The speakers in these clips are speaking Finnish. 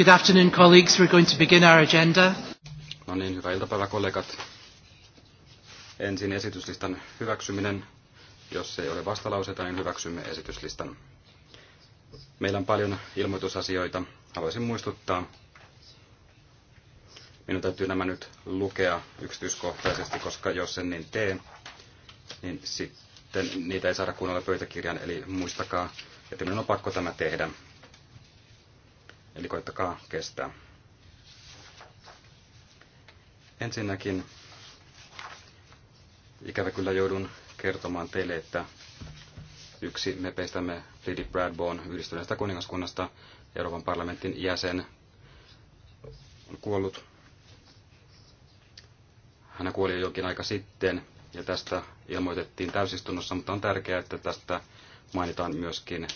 Good afternoon, colleagues. We're going to begin our agenda. No niin, hyvää iltapäivää, kollegat. Ensin esityslistan hyväksyminen. Jos ei ole vastalauseita, niin hyväksymme esityslistan. Meillä on paljon ilmoitusasioita. Haluaisin muistuttaa, minun täytyy nämä nyt lukea yksityiskohtaisesti, koska jos sen niin tee, niin sitten niitä ei saada kunnolla pöytäkirjan. eli muistakaa, että minun on pakko tämä tehdä. Eli koittakaa kestää. Ensinnäkin ikävä kyllä joudun kertomaan teille, että yksi mepeistämme Lady Bradbourne yhdistyneestä kuningaskunnasta Euroopan parlamentin jäsen on kuollut. Hän kuoli jo jokin aika sitten ja tästä ilmoitettiin täysistunnossa, mutta on tärkeää, että tästä mainitaan myöskin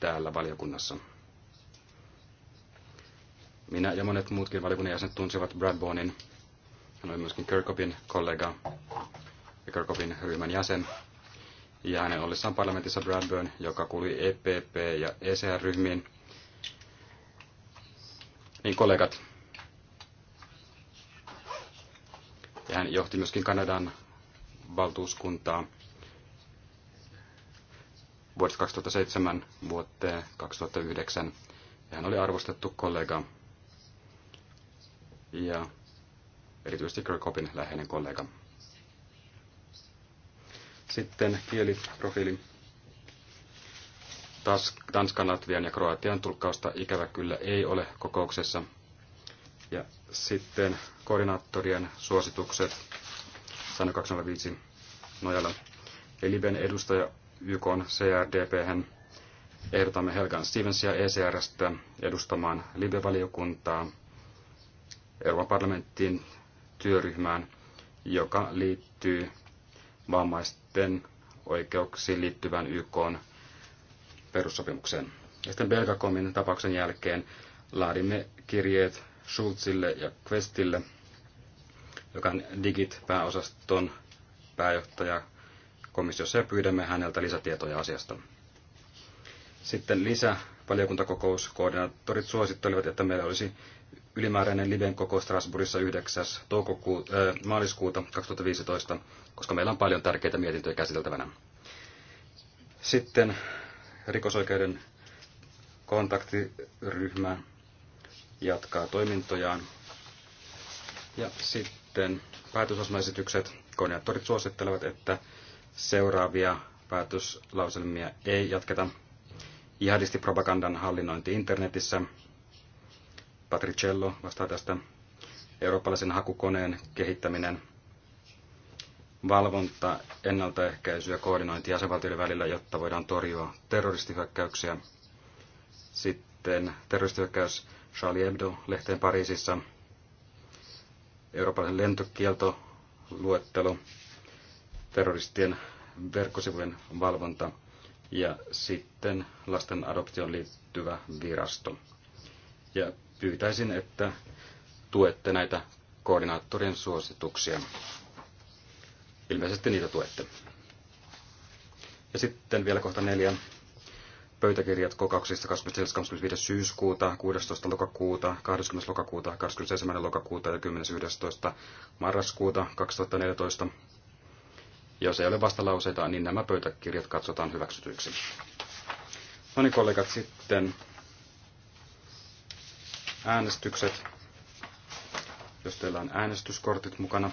täällä valiokunnassa. Minä ja monet muutkin valiokunnan jäsenet tunsivat Bradbonin. Hän oli myöskin Kirkopin kollega ja Kirkopin ryhmän jäsen. Ja hänen ollessaan parlamentissa Bradburn, joka kuului EPP ja ECR-ryhmiin, niin kollegat. Ja hän johti myöskin Kanadan valtuuskuntaa vuodesta 2007 vuoteen 2009. Ja hän oli arvostettu kollega ja erityisesti Kirkhopin läheinen kollega. Sitten kieliprofiili. Tanskan, Latvian ja Kroatian tulkkausta ikävä kyllä ei ole kokouksessa. Ja sitten koordinaattorien suositukset sano 205 nojalla. Eli Ben edustaja YK CRDP ehdotamme Helgan Stevensia ECRstä edustamaan libe valiokuntaa Euroopan parlamenttiin työryhmään, joka liittyy vammaisten oikeuksiin liittyvän YK perussopimukseen. Ja sitten Belgacomin tapauksen jälkeen laadimme kirjeet Schulzille ja Questille, joka on Digit-pääosaston pääjohtaja komissiossa, ja pyydämme häneltä lisätietoja asiasta. Sitten lisä valiokuntakokous suosittelivat, että meillä olisi ylimääräinen Liben koko Strasbourgissa 9. Toukokuu, äh, maaliskuuta 2015, koska meillä on paljon tärkeitä mietintöjä käsiteltävänä. Sitten rikosoikeuden kontaktiryhmä jatkaa toimintojaan. Ja sitten päätösosmaesitykset. Koordinaattorit suosittelevat, että seuraavia päätöslauselmia ei jatketa. Jihadistipropagandan hallinnointi internetissä – Patricello vastaa tästä. Eurooppalaisen hakukoneen kehittäminen, valvonta, ennaltaehkäisy ja koordinointi jäsenvaltioiden välillä, jotta voidaan torjua terroristihyökkäyksiä. Sitten terroristihyökkäys Charlie Hebdo-lehteen Pariisissa, eurooppalaisen luettelo, terroristien verkkosivujen valvonta ja sitten lasten adoptioon liittyvä virasto. Ja pyytäisin, että tuette näitä koordinaattorien suosituksia. Ilmeisesti niitä tuette. Ja sitten vielä kohta neljä. Pöytäkirjat kokouksista 24. 25. syyskuuta, 16. lokakuuta, 20. lokakuuta, 27. lokakuuta ja 10.11. marraskuuta 2014. Jos ei ole vastalauseita, niin nämä pöytäkirjat katsotaan hyväksytyiksi. No niin kollegat, sitten äänestykset, jos teillä on äänestyskortit mukana.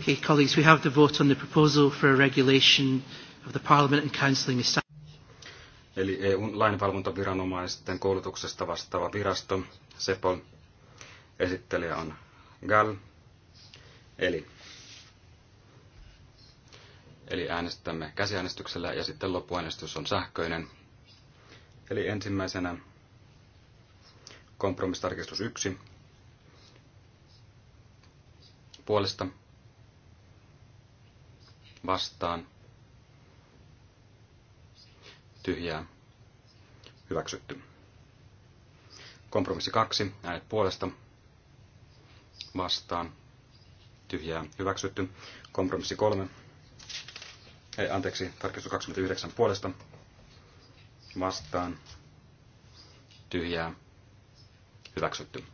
Okay, colleagues, we have the vote on the proposal for a regulation of the Parliament and Counselling Eli eu lainvalvontaviranomaisten koulutuksesta vastaava virasto, CEPOL, Esittelijä on Gal, Eli, eli äänestämme käsiäänestyksellä ja sitten loppuäänestys on sähköinen. Eli ensimmäisenä kompromistarkistus 1 puolesta vastaan tyhjää hyväksytty. Kompromissi 2, äänet puolesta vastaan tyhjää hyväksytty. Kompromissi 3, ei anteeksi, tarkistus 29 puolesta vastaan tyhjää hyväksytty.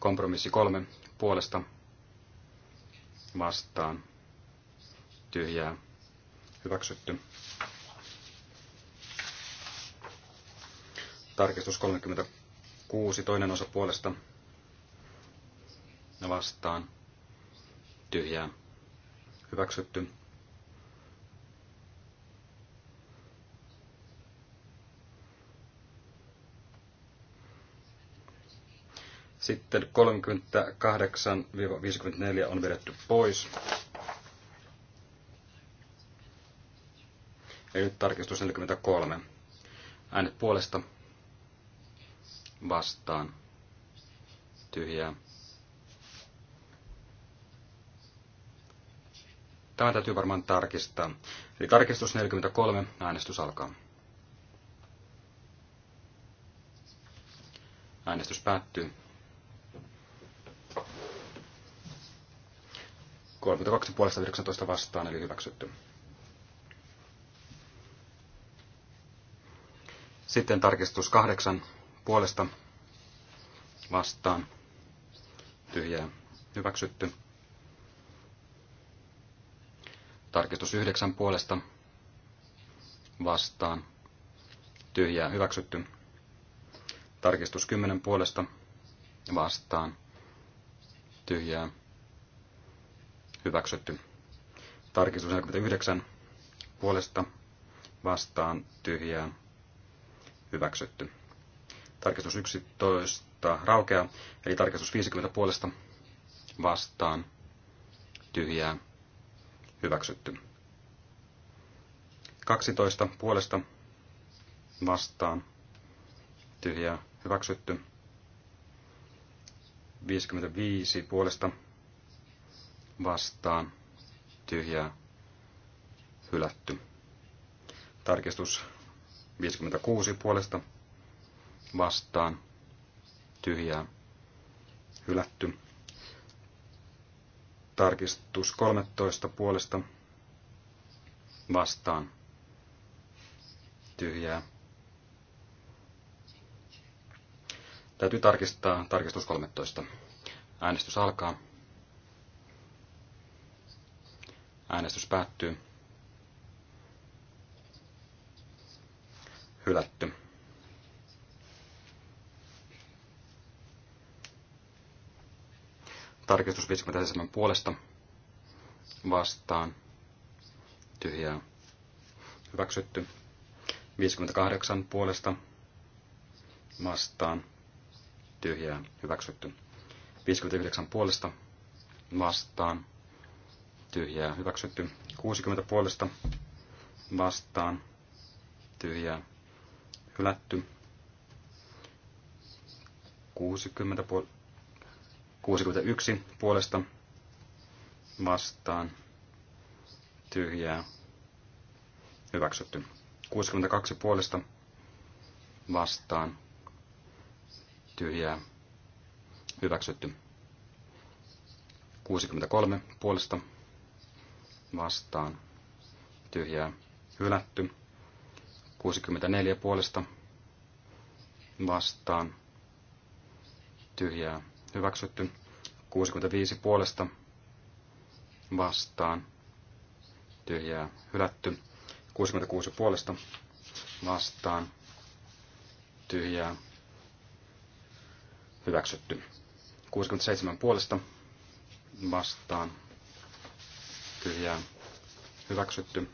Kompromissi 3 puolesta vastaan tyhjää hyväksytty. Tarkistus 36, toinen osa puolesta No vastaan tyhjää hyväksytty. Sitten 38-54 on vedetty pois. Ja nyt tarkistus 43. Äänet puolesta vastaan. Tyhjää. Tämä täytyy varmaan tarkistaa. Eli tarkistus 43, äänestys alkaa. Äänestys päättyy. 32 puolesta 19 vastaan, eli hyväksytty. Sitten tarkistus 8 puolesta vastaan, tyhjää, hyväksytty. Tarkistus yhdeksän puolesta vastaan. Tyhjää hyväksytty. Tarkistus kymmenen puolesta vastaan. Tyhjää hyväksytty. Tarkistus 49 puolesta vastaan tyhjää hyväksytty. Tarkistus 11 raukea, eli tarkistus 50 puolesta vastaan tyhjää hyväksytty. 12 puolesta vastaan tyhjää hyväksytty. 55 puolesta vastaan tyhjää hylätty. Tarkistus 56 puolesta vastaan tyhjää hylätty. Tarkistus 13 puolesta vastaan. Tyhjää. Täytyy tarkistaa tarkistus 13. Äänestys alkaa. Äänestys päättyy. Hylätty. Tarkistus 57 puolesta vastaan tyhjää hyväksytty. 58 puolesta vastaan tyhjää hyväksytty. 59 puolesta vastaan tyhjää hyväksytty. 60 puolesta vastaan tyhjää hylätty. 60 puolesta 61 puolesta vastaan tyhjää hyväksytty. 62 puolesta vastaan tyhjää hyväksytty. 63 puolesta vastaan tyhjää hylätty. 64 puolesta vastaan tyhjää hyväksytty. 65 puolesta vastaan tyhjää hylätty. 66 puolesta vastaan tyhjää hyväksytty. 67 puolesta vastaan tyhjää hyväksytty.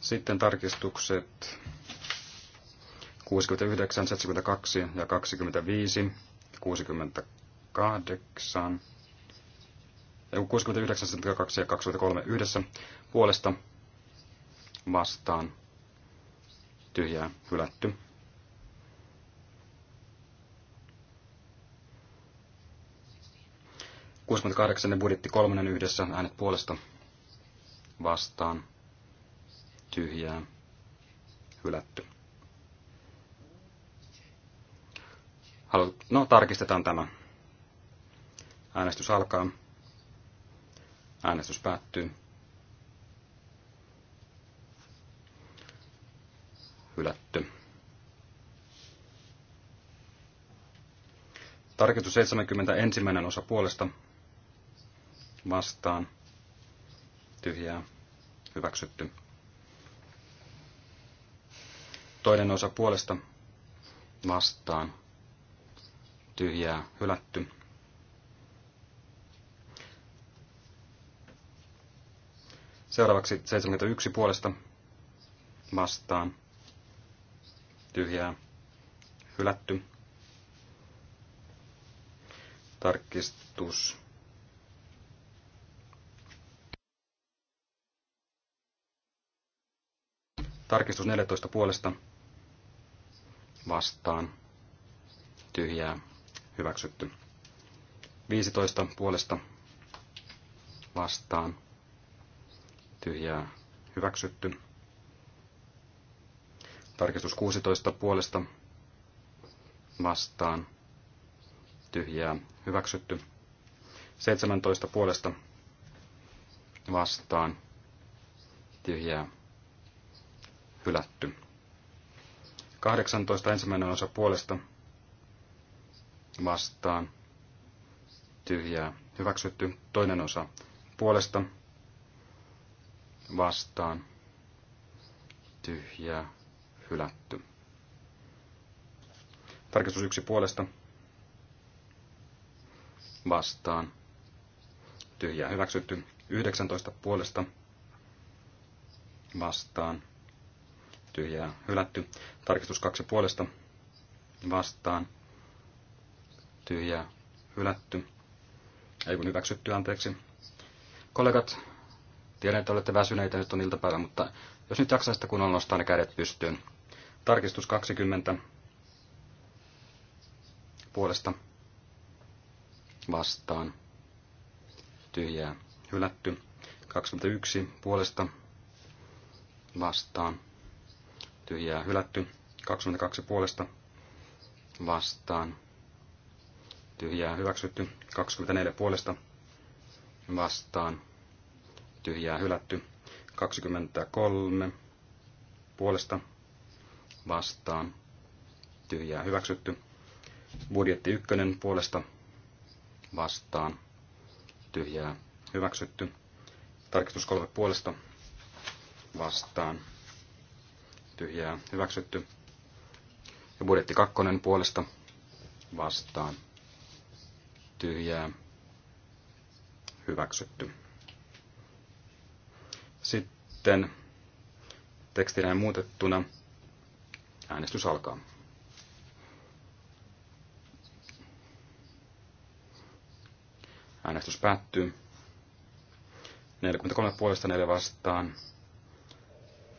Sitten tarkistukset 69, 72 ja 25, 68, 69, 72 ja 23 yhdessä puolesta vastaan tyhjää hylätty. Kuusikymmentäkahdeksan budjetti kolmannen yhdessä äänet puolesta vastaan tyhjää hylätty. Halu... No, tarkistetaan tämä. Äänestys alkaa. Äänestys päättyy. Hylätty. Tarkistus 71. osa puolesta vastaan. Tyhjää. Hyväksytty. Toinen osa puolesta vastaan tyhjää hylätty. Seuraavaksi 71 puolesta vastaan tyhjää hylätty. Tarkistus. Tarkistus 14 puolesta vastaan tyhjää hyväksytty. 15 puolesta vastaan tyhjää hyväksytty. Tarkistus 16 puolesta vastaan tyhjää hyväksytty. 17 puolesta vastaan tyhjää hylätty. 18 ensimmäinen osa puolesta vastaan tyhjää hyväksytty. Toinen osa puolesta vastaan tyhjää hylätty. Tarkistus yksi puolesta vastaan tyhjää hyväksytty. 19 puolesta vastaan tyhjää hylätty. Tarkistus kaksi puolesta vastaan tyhjää hylätty, ei kun hyväksytty, anteeksi. Kollegat, tiedän, että olette väsyneitä, nyt on iltapäivä, mutta jos nyt jaksaisitte kunnolla nostaa ne kädet pystyyn. Tarkistus 20 puolesta vastaan tyhjää hylätty. 21 puolesta vastaan tyhjää hylätty. 22 puolesta vastaan tyhjää hyväksytty, 24 puolesta vastaan, tyhjää hylätty, 23 puolesta vastaan, tyhjää hyväksytty, budjetti 1 puolesta vastaan, tyhjää hyväksytty, tarkistus 3 puolesta vastaan, tyhjää hyväksytty, ja budjetti 2 puolesta vastaan, tyhjää hyväksytty. Sitten teksti näin muutettuna. Äänestys alkaa. Äänestys päättyy. 43 puolesta 4 vastaan.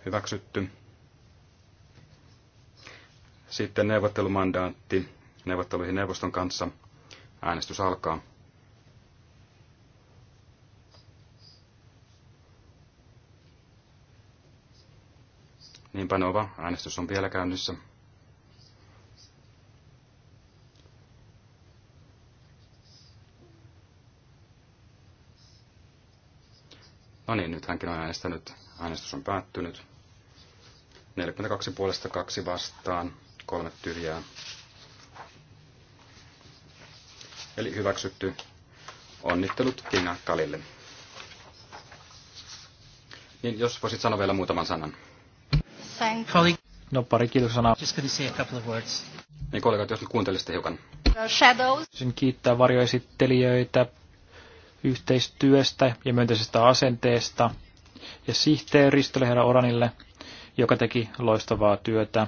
Hyväksytty. Sitten neuvottelumandaatti neuvotteluihin neuvoston kanssa – Äänestys alkaa. Niinpä Nova, äänestys on vielä käynnissä. No niin, nyt hänkin on äänestänyt. Äänestys on päättynyt. 42 puolesta kaksi vastaan, kolme tyhjää. Eli hyväksytty. Onnittelut Kinga Kalille. Niin, jos voisit sanoa vielä muutaman sanan. Thank No pari kiitosanaa. Just you say a couple of words. Niin kollegat, jos nyt kuuntelisitte hiukan. Shadows. Sen kiittää varjoesittelijöitä yhteistyöstä ja myönteisestä asenteesta ja sihteeristölle herra Oranille, joka teki loistavaa työtä.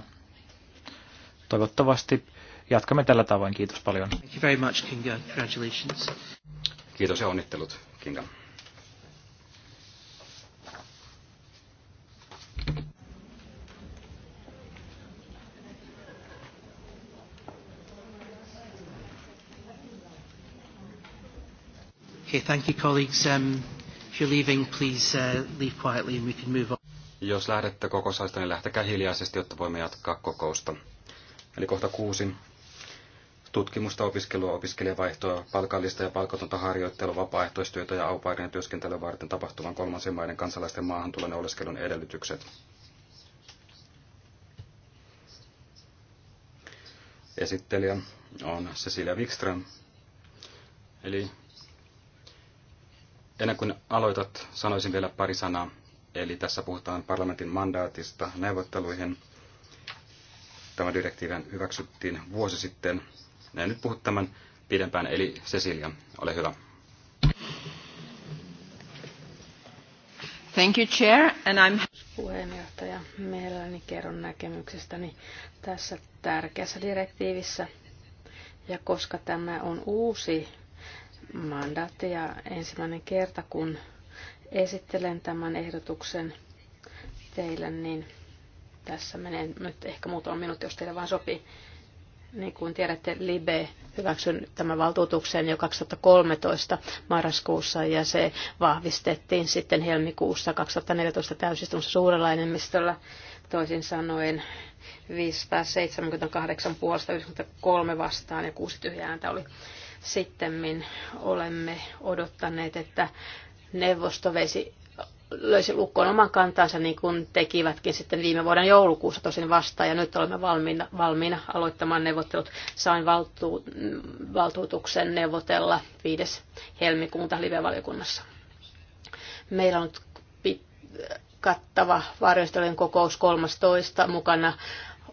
Toivottavasti jatkamme tällä tavoin. Kiitos paljon. Thank you very much, Kinga. Congratulations. Kiitos ja onnittelut, Kinga. Okay, thank you colleagues. Um, if you're leaving, please uh, leave quietly and we can move on. Jos lähdette kokoushaista, niin lähtekää hiljaisesti, jotta voimme jatkaa kokousta. Eli kohta kuusin tutkimusta, opiskelua, opiskelijavaihtoa, palkallista ja palkatonta harjoittelua, vapaaehtoistyötä ja aupaiden työskentelyä varten tapahtuvan kolmansien maiden kansalaisten maahantulon ja oleskelun edellytykset. Esittelijä on Cecilia Wikström. Eli ennen kuin aloitat, sanoisin vielä pari sanaa. Eli tässä puhutaan parlamentin mandaatista neuvotteluihin. Tämä direktiivi hyväksyttiin vuosi sitten minä en nyt puhu tämän pidempään, eli Cecilia, ole hyvä. Thank you, Chair, and I'm... Puheenjohtaja, mielelläni kerron näkemyksestäni tässä tärkeässä direktiivissä. Ja koska tämä on uusi mandaatti ja ensimmäinen kerta, kun esittelen tämän ehdotuksen teille, niin tässä menee nyt ehkä muutama minuutti, jos teille vain sopii. Niin kuin tiedätte, Libe hyväksyn tämän valtuutuksen jo 2013 marraskuussa ja se vahvistettiin sitten helmikuussa 2014 täysistunnossa suurella enemmistöllä. Toisin sanoen 578 puolesta 93 vastaan ja kuusi tyhjää ääntä oli. Sittemmin olemme odottaneet, että neuvosto veisi löysi lukkoon oman kantansa, niin kuin tekivätkin sitten viime vuoden joulukuussa tosin vasta, ja nyt olemme valmiina, valmiina aloittamaan neuvottelut. Sain valtu, valtuutuksen neuvotella 5. helmikuuta live-valiokunnassa. Meillä on nyt kattava varjostelujen kokous 13 mukana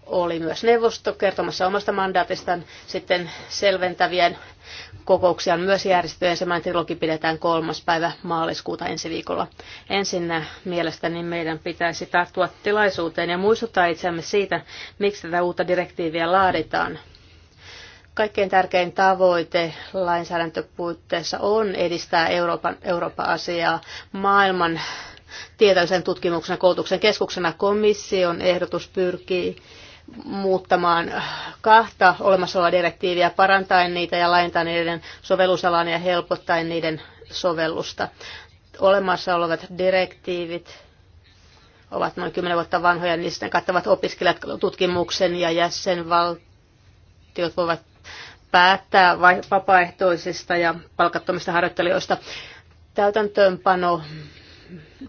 oli myös neuvosto kertomassa omasta mandaatistaan sitten selventävien kokouksia myös järjestetty. Ensimmäinen trilogi pidetään kolmas päivä maaliskuuta ensi viikolla. Ensinnä mielestäni meidän pitäisi tarttua tilaisuuteen ja muistuttaa itseämme siitä, miksi tätä uutta direktiiviä laaditaan. Kaikkein tärkein tavoite lainsäädäntöpuitteissa on edistää Euroopan, Eurooppa-asiaa maailman tietoisen tutkimuksen ja koulutuksen keskuksena komission ehdotus pyrkii muuttamaan kahta olemassa olevaa direktiiviä, parantaen niitä ja laajentaen niiden sovellusalan ja helpottaen niiden sovellusta. Olemassa olevat direktiivit ovat noin 10 vuotta vanhoja, niin sitten kattavat opiskelijat tutkimuksen ja jäsenvaltiot voivat päättää vapaaehtoisista ja palkattomista harjoittelijoista. Täytäntöönpano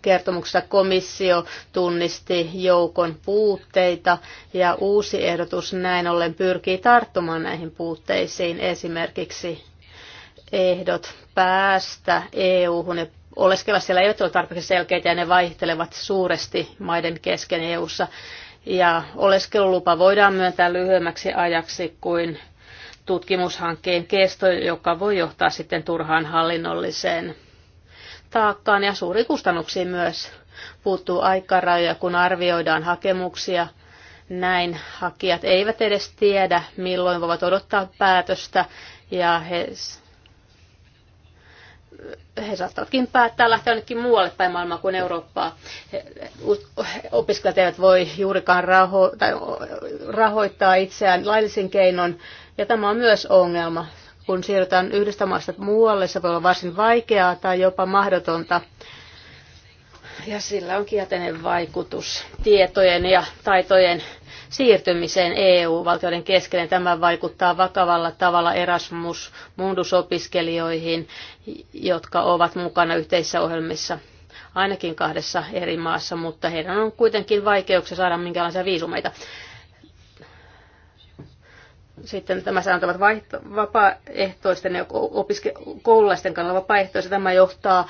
kertomuksessa komissio tunnisti joukon puutteita ja uusi ehdotus näin ollen pyrkii tarttumaan näihin puutteisiin esimerkiksi ehdot päästä EU-hun ja oleskella siellä eivät ole tarpeeksi selkeitä ja ne vaihtelevat suuresti maiden kesken EU-ssa. Ja oleskelulupa voidaan myöntää lyhyemmäksi ajaksi kuin tutkimushankkeen kesto, joka voi johtaa sitten turhaan hallinnolliseen taakkaan ja suuriin kustannuksiin myös. Puuttuu aikarajoja, kun arvioidaan hakemuksia. Näin hakijat eivät edes tiedä, milloin voivat odottaa päätöstä ja he, he saattavatkin päättää lähteä jonnekin muualle päin maailmaa kuin Eurooppaa. opiskelijat eivät voi juurikaan raho, tai rahoittaa itseään laillisin keinon ja tämä on myös ongelma kun siirrytään yhdestä maasta muualle, se voi olla varsin vaikeaa tai jopa mahdotonta. Ja sillä on kielteinen vaikutus tietojen ja taitojen siirtymiseen EU-valtioiden kesken. Tämä vaikuttaa vakavalla tavalla Erasmus Mundus-opiskelijoihin, jotka ovat mukana yhteisissä ohjelmissa ainakin kahdessa eri maassa, mutta heidän on kuitenkin vaikeuksia saada minkäänlaisia viisumeita. Sitten tämä sääntö ovat vaihto, vapaaehtoisten ja opiske, koululaisten kannalta vapaaehtoisia. Tämä johtaa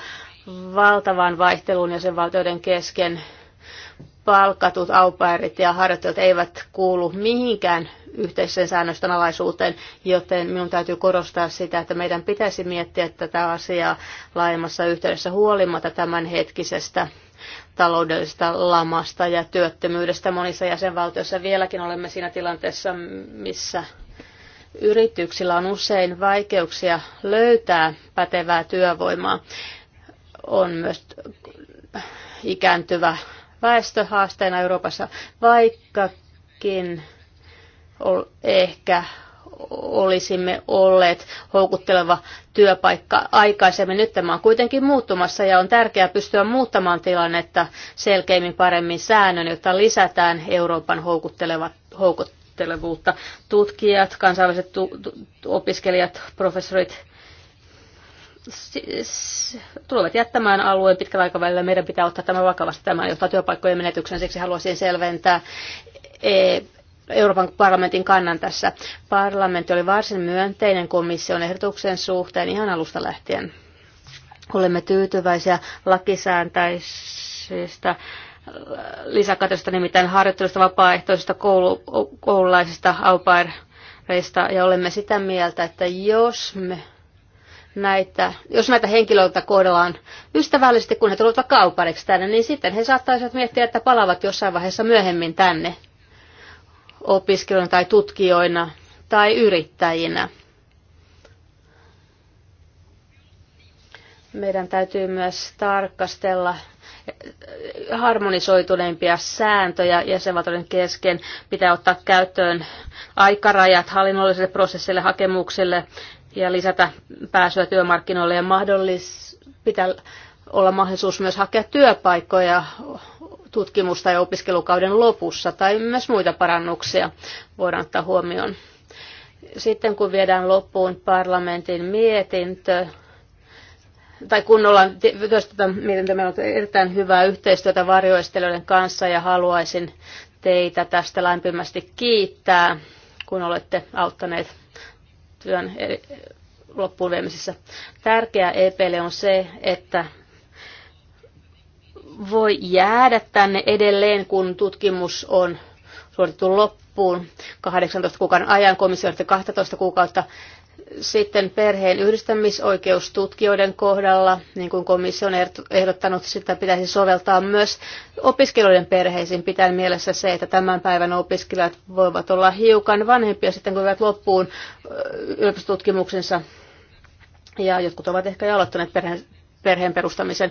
valtavaan vaihteluun valtioiden kesken. Palkatut aupairit ja harjoittajat eivät kuulu mihinkään yhteisen säännöstön alaisuuteen, joten minun täytyy korostaa sitä, että meidän pitäisi miettiä tätä asiaa laajemmassa yhteydessä huolimatta tämänhetkisestä taloudellisesta lamasta ja työttömyydestä monissa jäsenvaltioissa. Vieläkin olemme siinä tilanteessa, missä yrityksillä on usein vaikeuksia löytää pätevää työvoimaa. On myös ikääntyvä väestö haasteena Euroopassa, vaikkakin ehkä olisimme olleet houkutteleva työpaikka aikaisemmin. Nyt tämä on kuitenkin muuttumassa ja on tärkeää pystyä muuttamaan tilannetta selkeimmin paremmin säännön, jotta lisätään Euroopan houkuttelevuutta. Tutkijat, kansainväliset tu- tu- opiskelijat, professorit tulevat jättämään alueen pitkällä aikavälillä. Meidän pitää ottaa tämä vakavasti. Tämä jotta työpaikkojen menetyksen, siksi haluaisin selventää e- Euroopan parlamentin kannan tässä. Parlamentti oli varsin myönteinen komission ehdotuksen suhteen ihan alusta lähtien. Olemme tyytyväisiä lakisääntäisistä lisäkatosta, nimittäin harjoittelusta, vapaaehtoisista koulu, koululaisista, au ja olemme sitä mieltä, että jos me näitä, jos näitä henkilöitä kohdellaan ystävällisesti, kun he tulevat vaikka tänne, niin sitten he saattaisivat miettiä, että palavat jossain vaiheessa myöhemmin tänne opiskelijoina tai tutkijoina tai yrittäjinä. Meidän täytyy myös tarkastella harmonisoituneimpia sääntöjä jäsenvaltioiden kesken. Pitää ottaa käyttöön aikarajat hallinnolliselle prosessille, hakemuksille ja lisätä pääsyä työmarkkinoille ja mahdollis- pitää olla mahdollisuus myös hakea työpaikkoja tutkimusta ja opiskelukauden lopussa tai myös muita parannuksia voidaan ottaa huomioon. Sitten kun viedään loppuun parlamentin mietintö, tai kun ollaan työstettä mietintö, meillä on erittäin hyvää yhteistyötä varjoistelijoiden kanssa ja haluaisin teitä tästä lämpimästi kiittää, kun olette auttaneet työn loppuun viemisessä. Tärkeää EPlle on se, että voi jäädä tänne edelleen, kun tutkimus on suoritettu loppuun 18 kuukauden ajan, komissio 12 kuukautta sitten perheen yhdistämisoikeus tutkijoiden kohdalla, niin kuin komissio on ehdottanut, sitä pitäisi soveltaa myös opiskelijoiden perheisiin, pitää mielessä se, että tämän päivän opiskelijat voivat olla hiukan vanhempia sitten, kun ovat loppuun yliopistotutkimuksensa. Ja jotkut ovat ehkä jo aloittaneet perheen perheen perustamisen,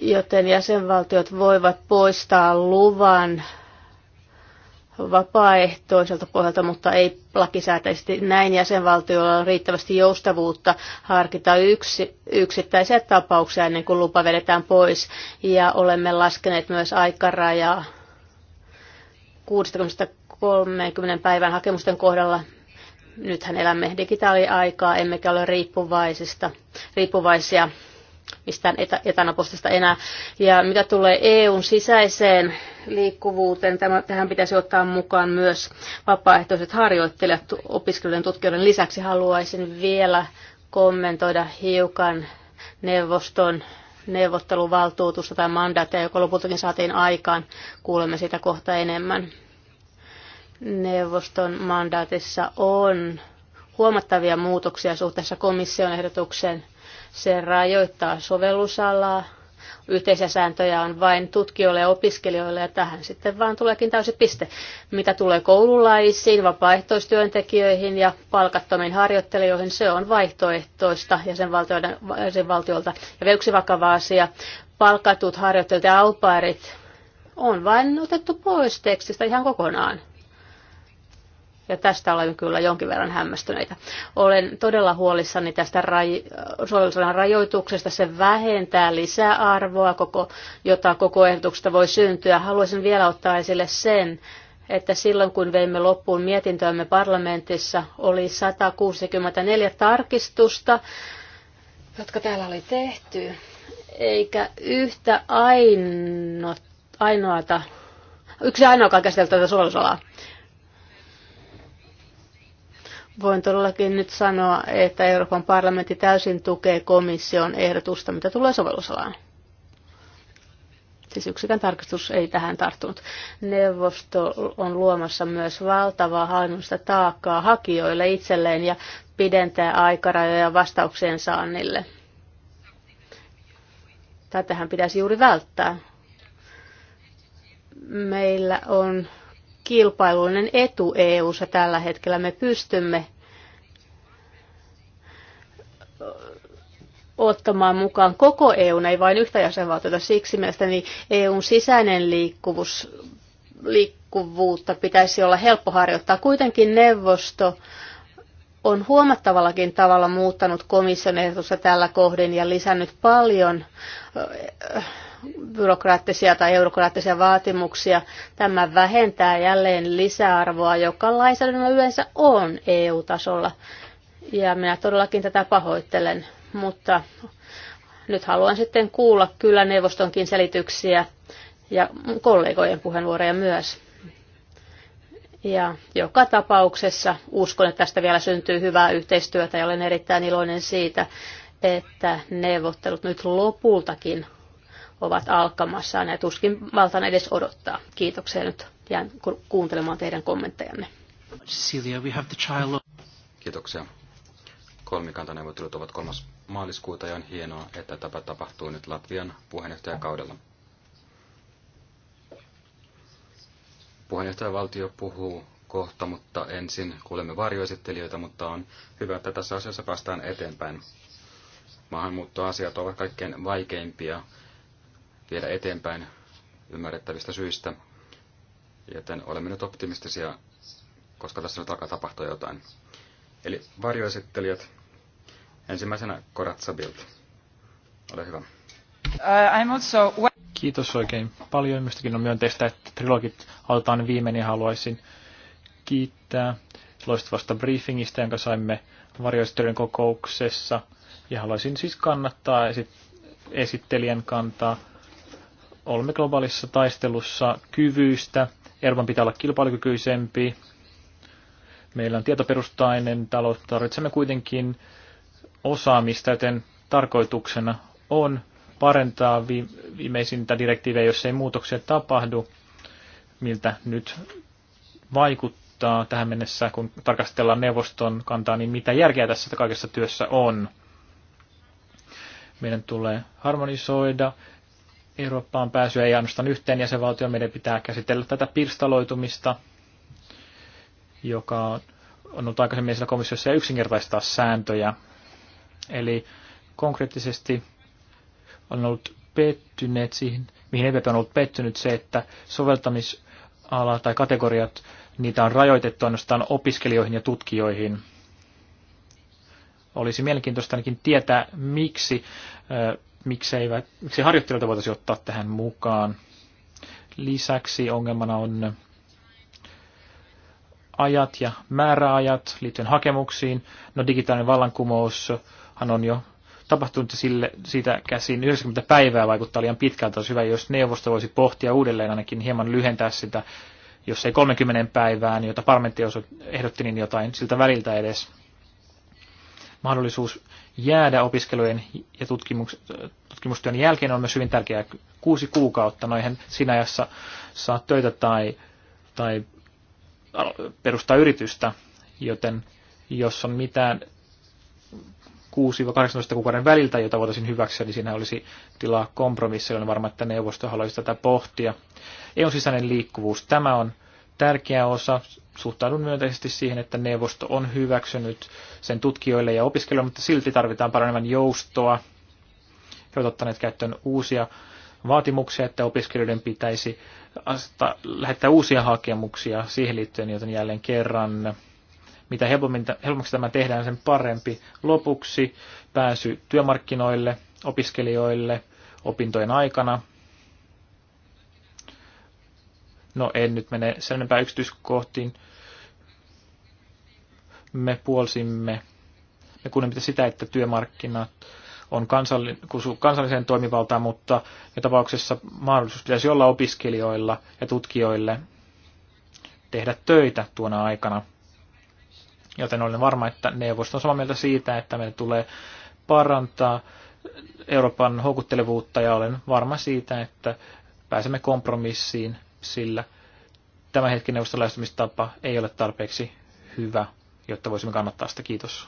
joten jäsenvaltiot voivat poistaa luvan vapaaehtoiselta pohjalta, mutta ei lakisääteisesti. Näin jäsenvaltioilla on riittävästi joustavuutta harkita yksi, yksittäisiä tapauksia ennen kuin lupa vedetään pois. Ja olemme laskeneet myös aikarajaa 60-30 päivän hakemusten kohdalla. Nythän elämme digitaaliaikaa, emmekä ole riippuvaisista, riippuvaisia mistään etänapostista enää. Ja mitä tulee EUn sisäiseen liikkuvuuteen, tämä, tähän pitäisi ottaa mukaan myös vapaaehtoiset harjoittelijat opiskelijoiden tutkijoiden lisäksi. Haluaisin vielä kommentoida hiukan neuvoston neuvotteluvaltuutusta tai mandaattia, joka lopultakin saatiin aikaan. Kuulemme sitä kohta enemmän. Neuvoston mandaatissa on huomattavia muutoksia suhteessa komission ehdotukseen – se rajoittaa sovellusalaa, yhteisiä sääntöjä on vain tutkijoille ja opiskelijoille ja tähän sitten vaan tuleekin täysi piste. Mitä tulee koululaisiin, vapaaehtoistyöntekijöihin ja palkattomiin harjoittelijoihin, se on vaihtoehtoista jäsenvaltiolta. Ja yksi vakava asia, palkatut harjoittelijat ja alpairit on vain otettu pois tekstistä ihan kokonaan. Ja tästä olemme kyllä jonkin verran hämmästyneitä. Olen todella huolissani tästä raj- sovellusalan rajoituksesta. Se vähentää lisäarvoa, koko, jota koko ehdotuksesta voi syntyä. Haluaisin vielä ottaa esille sen, että silloin kun veimme loppuun mietintöämme parlamentissa, oli 164 tarkistusta, jotka täällä oli tehty, eikä yhtä ainoata, yksi ainoa käsitelty sovellusalaa. Voin todellakin nyt sanoa, että Euroopan parlamentti täysin tukee komission ehdotusta, mitä tulee sovellusalaan. Siis yksikään tarkistus ei tähän tarttunut. Neuvosto on luomassa myös valtavaa hallinnollista taakkaa hakijoille itselleen ja pidentää aikarajoja vastaukseen saannille. Tätähän pitäisi juuri välttää. Meillä on kilpailullinen etu EU:ssa tällä hetkellä. Me pystymme ottamaan mukaan koko EU, ei vain yhtä jäsenvaltiota. Siksi mielestäni EUn sisäinen liikkuvuus, liikkuvuutta pitäisi olla helppo harjoittaa. Kuitenkin neuvosto on huomattavallakin tavalla muuttanut komission ehdotusta tällä kohdin ja lisännyt paljon byrokraattisia tai eurokraattisia vaatimuksia. Tämä vähentää jälleen lisäarvoa, joka lainsäädännöllä yleensä on EU-tasolla. Ja minä todellakin tätä pahoittelen, mutta nyt haluan sitten kuulla kyllä neuvostonkin selityksiä ja kollegojen puheenvuoroja myös. Ja joka tapauksessa uskon, että tästä vielä syntyy hyvää yhteistyötä ja olen erittäin iloinen siitä, että neuvottelut nyt lopultakin ovat alkamassa ja tuskin valtaan edes odottaa. Kiitoksia nyt jään kuuntelemaan teidän kommenttejanne. Cecilia, we have the Kiitoksia. Kolmikantaneuvottelut ovat kolmas maaliskuuta ja on hienoa, että tämä tapahtuu nyt Latvian puheenjohtajakaudella. Puheenjohtajavaltio puhuu kohta, mutta ensin kuulemme varjoesittelijöitä, mutta on hyvä, että tässä asiassa päästään eteenpäin. Maahanmuuttoasiat ovat kaikkein vaikeimpia viedä eteenpäin ymmärrettävistä syistä, joten olemme nyt optimistisia, koska tässä nyt alkaa tapahtua jotain. Eli varjoesittelijät, ensimmäisenä Koratsa Bild. Ole hyvä. Uh, I'm also... Kiitos oikein paljon. Minustakin on myönteistä, että trilogit aletaan viimein ja haluaisin kiittää loistavasta briefingistä, jonka saimme varjoistyön kokouksessa. Ja haluaisin siis kannattaa esittelijän kantaa olemme globaalissa taistelussa kyvyistä. Euroopan pitää olla kilpailukykyisempi. Meillä on tietoperustainen talous. Tarvitsemme kuitenkin osaamista, joten tarkoituksena on parentaa viimeisintä direktiivejä, jos ei muutoksia tapahdu, miltä nyt vaikuttaa tähän mennessä, kun tarkastellaan neuvoston kantaa, niin mitä järkeä tässä kaikessa työssä on. Meidän tulee harmonisoida Eurooppaan pääsyä ei ainoastaan yhteen jäsenvaltioon. Meidän pitää käsitellä tätä pirstaloitumista, joka on ollut aikaisemmin esillä komissiossa, ja yksinkertaistaa sääntöjä. Eli konkreettisesti on ollut pettyneet siihen, mihin EPP on ollut pettynyt se, että soveltamisala tai kategoriat, niitä on rajoitettu ainoastaan opiskelijoihin ja tutkijoihin. Olisi mielenkiintoista ainakin tietää, miksi Miksei miksei harjoittelijoita voitaisiin ottaa tähän mukaan. Lisäksi ongelmana on ajat ja määräajat liittyen hakemuksiin. No digitaalinen vallankumoushan on jo tapahtunut sille, siitä käsin 90 päivää vaikuttaa liian pitkältä. Olisi hyvä, jos neuvosto voisi pohtia uudelleen ainakin hieman lyhentää sitä, jos ei 30 päivään, jota parlamentti ehdotti, niin jotain siltä väliltä edes mahdollisuus jäädä opiskelujen ja tutkimus, tutkimustyön jälkeen on myös hyvin tärkeää. Kuusi kuukautta, no eihän siinä ajassa saa töitä tai, tai perustaa yritystä, joten jos on mitään 6-18 kuukauden väliltä, jota voitaisiin hyväksyä, niin siinä olisi tilaa kompromissille. on varma, että neuvosto haluaisi tätä pohtia. eu sisäinen liikkuvuus, tämä on tärkeä osa. Suhtaudun myönteisesti siihen, että neuvosto on hyväksynyt sen tutkijoille ja opiskelijoille, mutta silti tarvitaan paljon joustoa. He ovat ottaneet käyttöön uusia vaatimuksia, että opiskelijoiden pitäisi asetta, lähettää uusia hakemuksia siihen liittyen, joten jälleen kerran mitä helpommaksi tämä tehdään, sen parempi. Lopuksi pääsy työmarkkinoille, opiskelijoille, opintojen aikana – No en nyt mene sen enempää yksityiskohtiin. Me puolsimme, me kuulemme sitä, että työmarkkinat on kansalliseen toimivaltaan, mutta ja tapauksessa mahdollisuus pitäisi olla opiskelijoilla ja tutkijoille tehdä töitä tuona aikana. Joten olen varma, että neuvosto on samaa mieltä siitä, että meidän tulee parantaa Euroopan houkuttelevuutta ja olen varma siitä, että pääsemme kompromissiin sillä tämä hetken neuvostolaistumistapa ei ole tarpeeksi hyvä, jotta voisimme kannattaa sitä. Kiitos.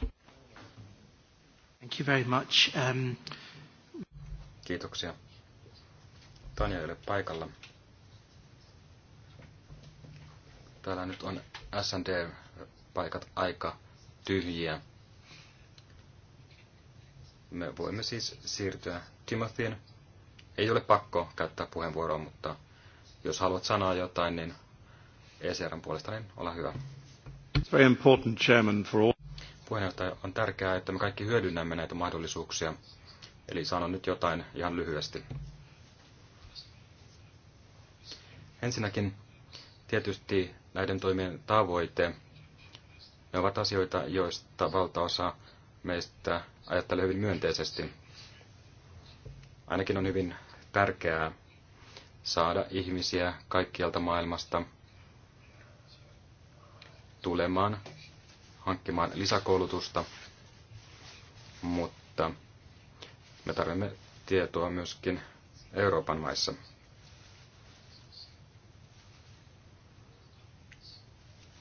Thank you very much. Um... Kiitoksia. Tanja ei ole paikalla. Täällä nyt on SND-paikat aika tyhjiä. Me voimme siis siirtyä Timothyin. Ei ole pakko käyttää puheenvuoroa, mutta jos haluat sanoa jotain, niin ECRn puolesta, niin ole hyvä. It's very important, Chairman, for all. Puheenjohtaja, on tärkeää, että me kaikki hyödynnämme näitä mahdollisuuksia. Eli sanon nyt jotain ihan lyhyesti. Ensinnäkin tietysti näiden toimien tavoite, ne ovat asioita, joista valtaosa meistä ajattelee hyvin myönteisesti. Ainakin on hyvin tärkeää saada ihmisiä kaikkialta maailmasta tulemaan, hankkimaan lisäkoulutusta, mutta me tarvitsemme tietoa myöskin Euroopan maissa.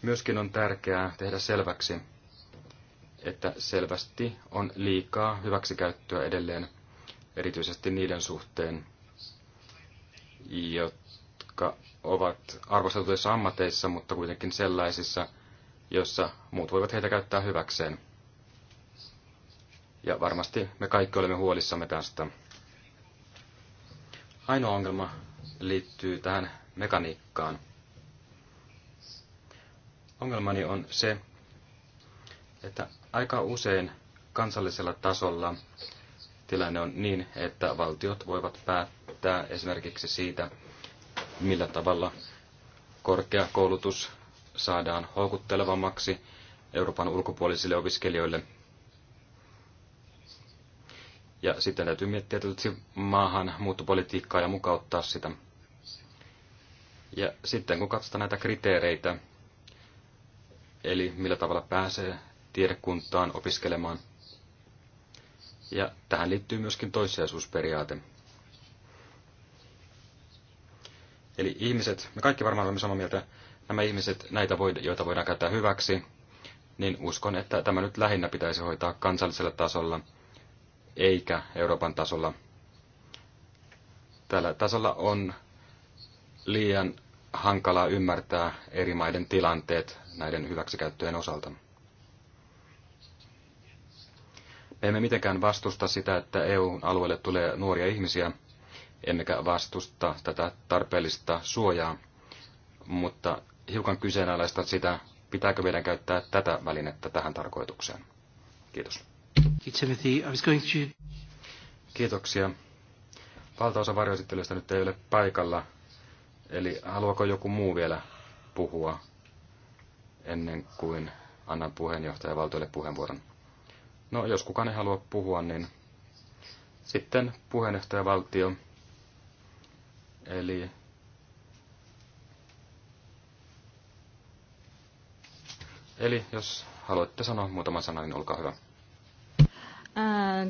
Myöskin on tärkeää tehdä selväksi, että selvästi on liikaa hyväksikäyttöä edelleen, erityisesti niiden suhteen, jotka ovat arvostetuissa ammateissa, mutta kuitenkin sellaisissa, jossa muut voivat heitä käyttää hyväkseen. Ja varmasti me kaikki olemme huolissamme tästä. Ainoa ongelma liittyy tähän mekaniikkaan. Ongelmani on se, että aika usein kansallisella tasolla tilanne on niin, että valtiot voivat päättää esimerkiksi siitä, millä tavalla korkeakoulutus saadaan houkuttelevammaksi Euroopan ulkopuolisille opiskelijoille. Ja sitten täytyy miettiä tietysti maahan muuttopolitiikkaa ja mukauttaa sitä. Ja sitten kun katsotaan näitä kriteereitä, eli millä tavalla pääsee tiedekuntaan opiskelemaan, ja tähän liittyy myöskin toissijaisuusperiaate. Eli ihmiset, me kaikki varmaan olemme samaa mieltä, nämä ihmiset, näitä voida, joita voidaan käyttää hyväksi, niin uskon, että tämä nyt lähinnä pitäisi hoitaa kansallisella tasolla, eikä Euroopan tasolla. Tällä tasolla on liian hankalaa ymmärtää eri maiden tilanteet näiden hyväksikäyttöjen osalta. emme mitenkään vastusta sitä, että EU-alueelle tulee nuoria ihmisiä, emmekä vastusta tätä tarpeellista suojaa, mutta hiukan kyseenalaista sitä, pitääkö meidän käyttää tätä välinettä tähän tarkoitukseen. Kiitos. Kiitoksia. Valtaosa varjoesittelystä nyt ei ole paikalla, eli haluaako joku muu vielä puhua ennen kuin annan valtoille puheenvuoron? No, jos kukaan ei halua puhua, niin sitten puheenjohtajavaltio, eli Eli jos haluatte sanoa muutaman sanan, niin olkaa hyvä. Uh,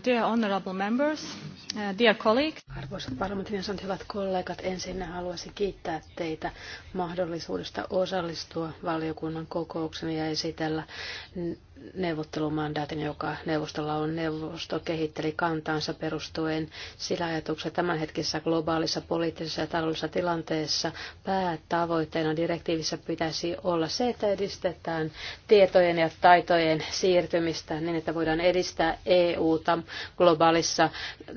dear honorable members, uh, dear colleagues. Arvoisat parlamentin jäsenet, hyvät kollegat, ensin haluaisin kiittää teitä mahdollisuudesta osallistua valiokunnan kokoukseen ja esitellä neuvottelumandaatin, joka neuvostolla on. Neuvosto kehitteli kantaansa perustuen sillä ajatuksella tämänhetkisessä globaalissa poliittisessa ja taloudellisessa tilanteessa päätavoitteena direktiivissä pitäisi olla se, että edistetään tietojen ja taitojen siirtymistä niin, että voidaan edistää EUta globaalissa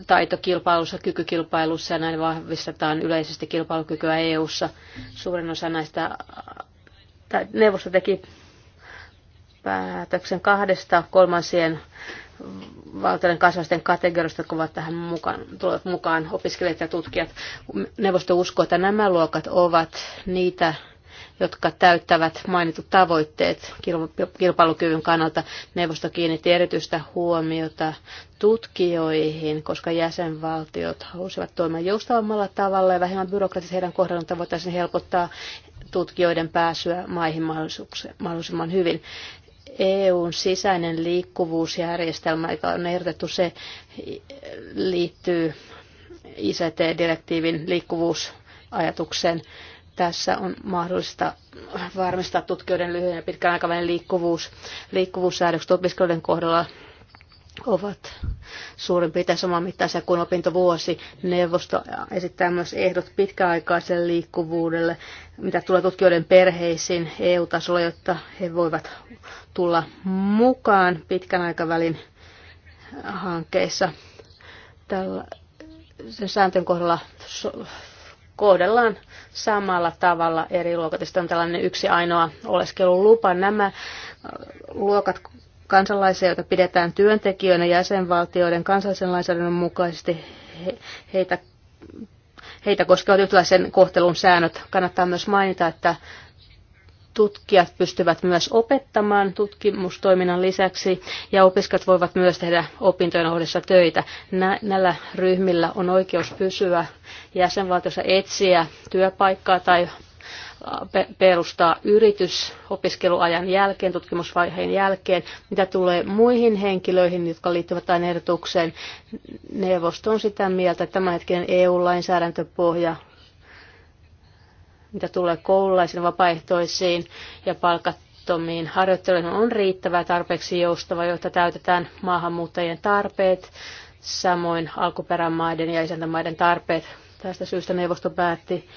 taitokilpailussa, kykykilpailussa ja näin vahvistetaan yleisesti kilpailukykyä EUssa. Suurin osa näistä neuvosto teki päätöksen kahdesta kolmansien valtioiden kansalaisten kategorioista, jotka ovat tähän mukaan, tulevat mukaan opiskelijat ja tutkijat. Neuvosto uskoo, että nämä luokat ovat niitä, jotka täyttävät mainitut tavoitteet kilpailukyvyn kannalta. Neuvosto kiinnitti erityistä huomiota tutkijoihin, koska jäsenvaltiot halusivat toimia joustavammalla tavalla ja vähemmän byrokratisesti heidän kohdallaan voitaisiin helpottaa tutkijoiden pääsyä maihin mahdollisimman hyvin. EUn sisäinen liikkuvuusjärjestelmä, joka on ehdotettu, se liittyy ICT-direktiivin liikkuvuusajatukseen. Tässä on mahdollista varmistaa tutkijoiden lyhyen ja pitkän aikavälin liikkuvuus. Liikkuvuussäädökset opiskelijoiden kohdalla ovat suurin piirtein samanmittaisia kuin opintovuosi. Neuvosto esittää myös ehdot pitkäaikaiselle liikkuvuudelle, mitä tulee tutkijoiden perheisiin EU-tasolla, jotta he voivat tulla mukaan pitkän aikavälin hankkeissa. Tällä, sen sääntöjen kohdalla kohdellaan samalla tavalla eri luokat. Sitten on tällainen yksi ainoa oleskelulupa. Nämä luokat kansalaisia, joita pidetään työntekijöinä jäsenvaltioiden kansallisen lainsäädännön mukaisesti. He, heitä, heitä koskevat yhtäläisen kohtelun säännöt. Kannattaa myös mainita, että tutkijat pystyvät myös opettamaan tutkimustoiminnan lisäksi ja opiskelijat voivat myös tehdä opintojen ohdessa töitä. Näillä ryhmillä on oikeus pysyä jäsenvaltiossa etsiä työpaikkaa tai perustaa yritys opiskeluajan jälkeen, tutkimusvaiheen jälkeen. Mitä tulee muihin henkilöihin, jotka liittyvät tähän ehdotukseen, neuvosto on sitä mieltä, että tämänhetkinen EU-lainsäädäntöpohja mitä tulee koululaisiin, vapaaehtoisiin ja palkattomiin harjoittelijoihin, on riittävä tarpeeksi joustava, jotta täytetään maahanmuuttajien tarpeet, samoin alkuperämaiden ja isäntämaiden tarpeet. Tästä syystä neuvosto päätti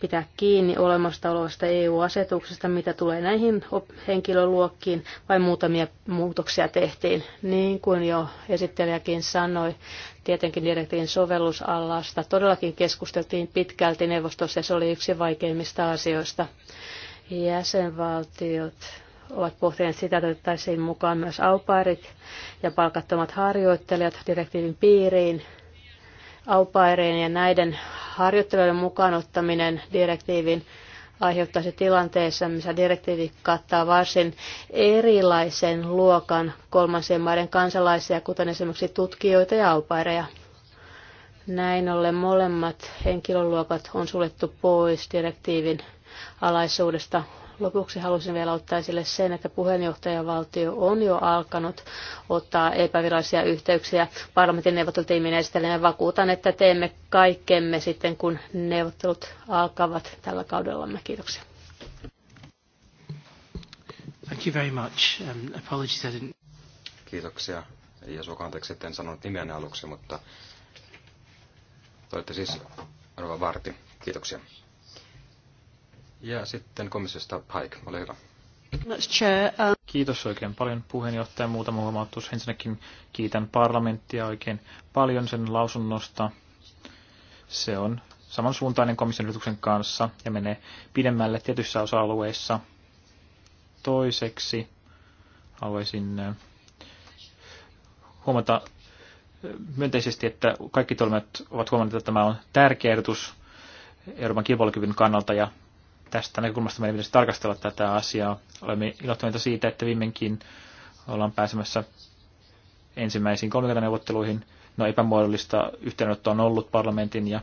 pitää kiinni olemasta olevasta EU-asetuksesta, mitä tulee näihin henkilöluokkiin, vai muutamia muutoksia tehtiin. Niin kuin jo esittelijäkin sanoi, tietenkin direktiivin sovellusalasta todellakin keskusteltiin pitkälti neuvostossa, ja se oli yksi vaikeimmista asioista. Jäsenvaltiot ovat pohtineet sitä, että otettaisiin mukaan myös aupairit ja palkattomat harjoittelijat direktiivin piiriin, aupaireen ja näiden mukaan ottaminen direktiivin aiheuttaisi tilanteessa, missä direktiivi kattaa varsin erilaisen luokan kolmansien maiden kansalaisia, kuten esimerkiksi tutkijoita ja aupaireja. Näin ollen molemmat henkilöluokat on suljettu pois direktiivin alaisuudesta Lopuksi haluaisin vielä ottaa esille sen, että puheenjohtajavaltio on jo alkanut ottaa epävirallisia yhteyksiä parlamentin neuvottelutiimin esitellen ja vakuutan, että teemme kaikkemme sitten, kun neuvottelut alkavat tällä kaudellamme. Kiitoksia. Thank you very much. Um, apologies, I didn't... Kiitoksia. Ja suoka anteeksi, että en sanonut nimeäni aluksi, mutta te olette siis arvoa Varti. Kiitoksia. Ja sitten komissiosta Pike, ole hyvä. Um, Kiitos oikein paljon puheenjohtaja. Muutama huomautus. Ensinnäkin kiitän parlamenttia oikein paljon sen lausunnosta. Se on samansuuntainen komission yrityksen kanssa ja menee pidemmälle tietyissä osa-alueissa. Toiseksi haluaisin äh, huomata äh, myönteisesti, että kaikki toimijat ovat huomanneet, että tämä on tärkeä ehdotus Euroopan kilpailukyvyn kannalta ja tästä näkökulmasta meidän pitäisi tarkastella tätä asiaa. Olemme ilottuneita siitä, että viimeinkin ollaan pääsemässä ensimmäisiin kolmikantaneuvotteluihin. No epämuodollista yhteydenottoa on ollut parlamentin ja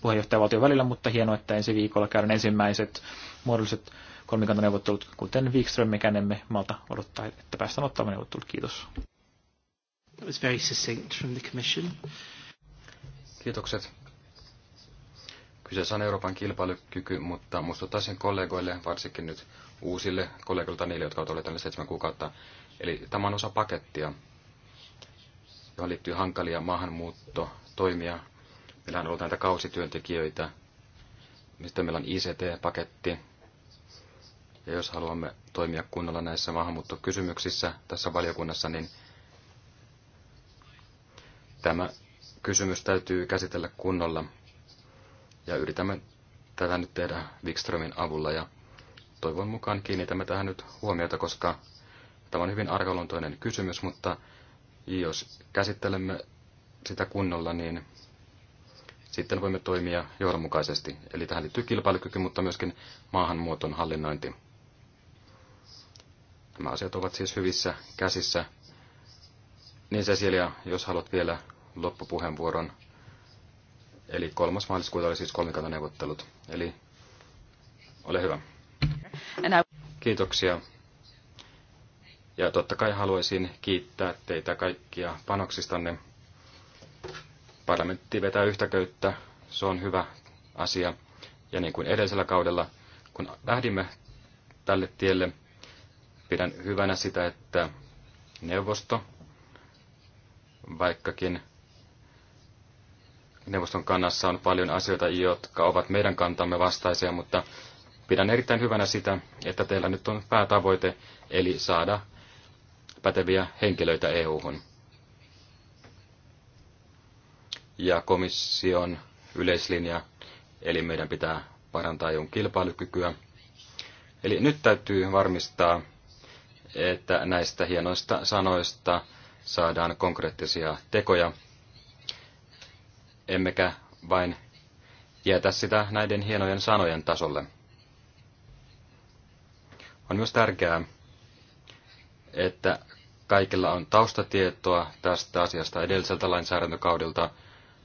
puheenjohtajavaltion välillä, mutta hienoa, että ensi viikolla käydään ensimmäiset muodolliset kolmikantaneuvottelut, kuten Wikström, mekään emme malta odottaa, että päästään ottamaan neuvottelut. Kiitos. was very succinct from the commission. Kiitokset. Kyseessä on Euroopan kilpailukyky, mutta muistuttaisin kollegoille, varsinkin nyt uusille kollegoilta, niille, jotka ovat olleet tänne seitsemän kuukautta. Eli tämä on osa pakettia, johon liittyy hankalia maahanmuuttotoimia. Meillähän on ollut näitä kausityöntekijöitä, mistä meillä on ICT-paketti. Ja jos haluamme toimia kunnolla näissä maahanmuuttokysymyksissä tässä valiokunnassa, niin tämä kysymys täytyy käsitellä kunnolla – ja yritämme tätä nyt tehdä Wikströmin avulla ja toivon mukaan kiinnitämme tähän nyt huomiota, koska tämä on hyvin arkaluontoinen kysymys, mutta jos käsittelemme sitä kunnolla, niin sitten voimme toimia johdonmukaisesti. Eli tähän liittyy kilpailukyky, mutta myöskin maahanmuuton hallinnointi. Nämä asiat ovat siis hyvissä käsissä. Niin Cecilia, jos haluat vielä loppupuheenvuoron Eli kolmas maaliskuuta oli siis kolmikantaneuvottelut. Eli ole hyvä. Kiitoksia. Ja totta kai haluaisin kiittää teitä kaikkia panoksistanne. Parlamentti vetää yhtä köyttä. Se on hyvä asia. Ja niin kuin edellisellä kaudella, kun lähdimme tälle tielle, pidän hyvänä sitä, että neuvosto, vaikkakin neuvoston kannassa on paljon asioita, jotka ovat meidän kantamme vastaisia, mutta pidän erittäin hyvänä sitä, että teillä nyt on päätavoite, eli saada päteviä henkilöitä EU-hun. Ja komission yleislinja, eli meidän pitää parantaa EUn kilpailukykyä. Eli nyt täytyy varmistaa, että näistä hienoista sanoista saadaan konkreettisia tekoja, emmekä vain jätä sitä näiden hienojen sanojen tasolle. On myös tärkeää, että kaikilla on taustatietoa tästä asiasta edelliseltä lainsäädäntökaudelta,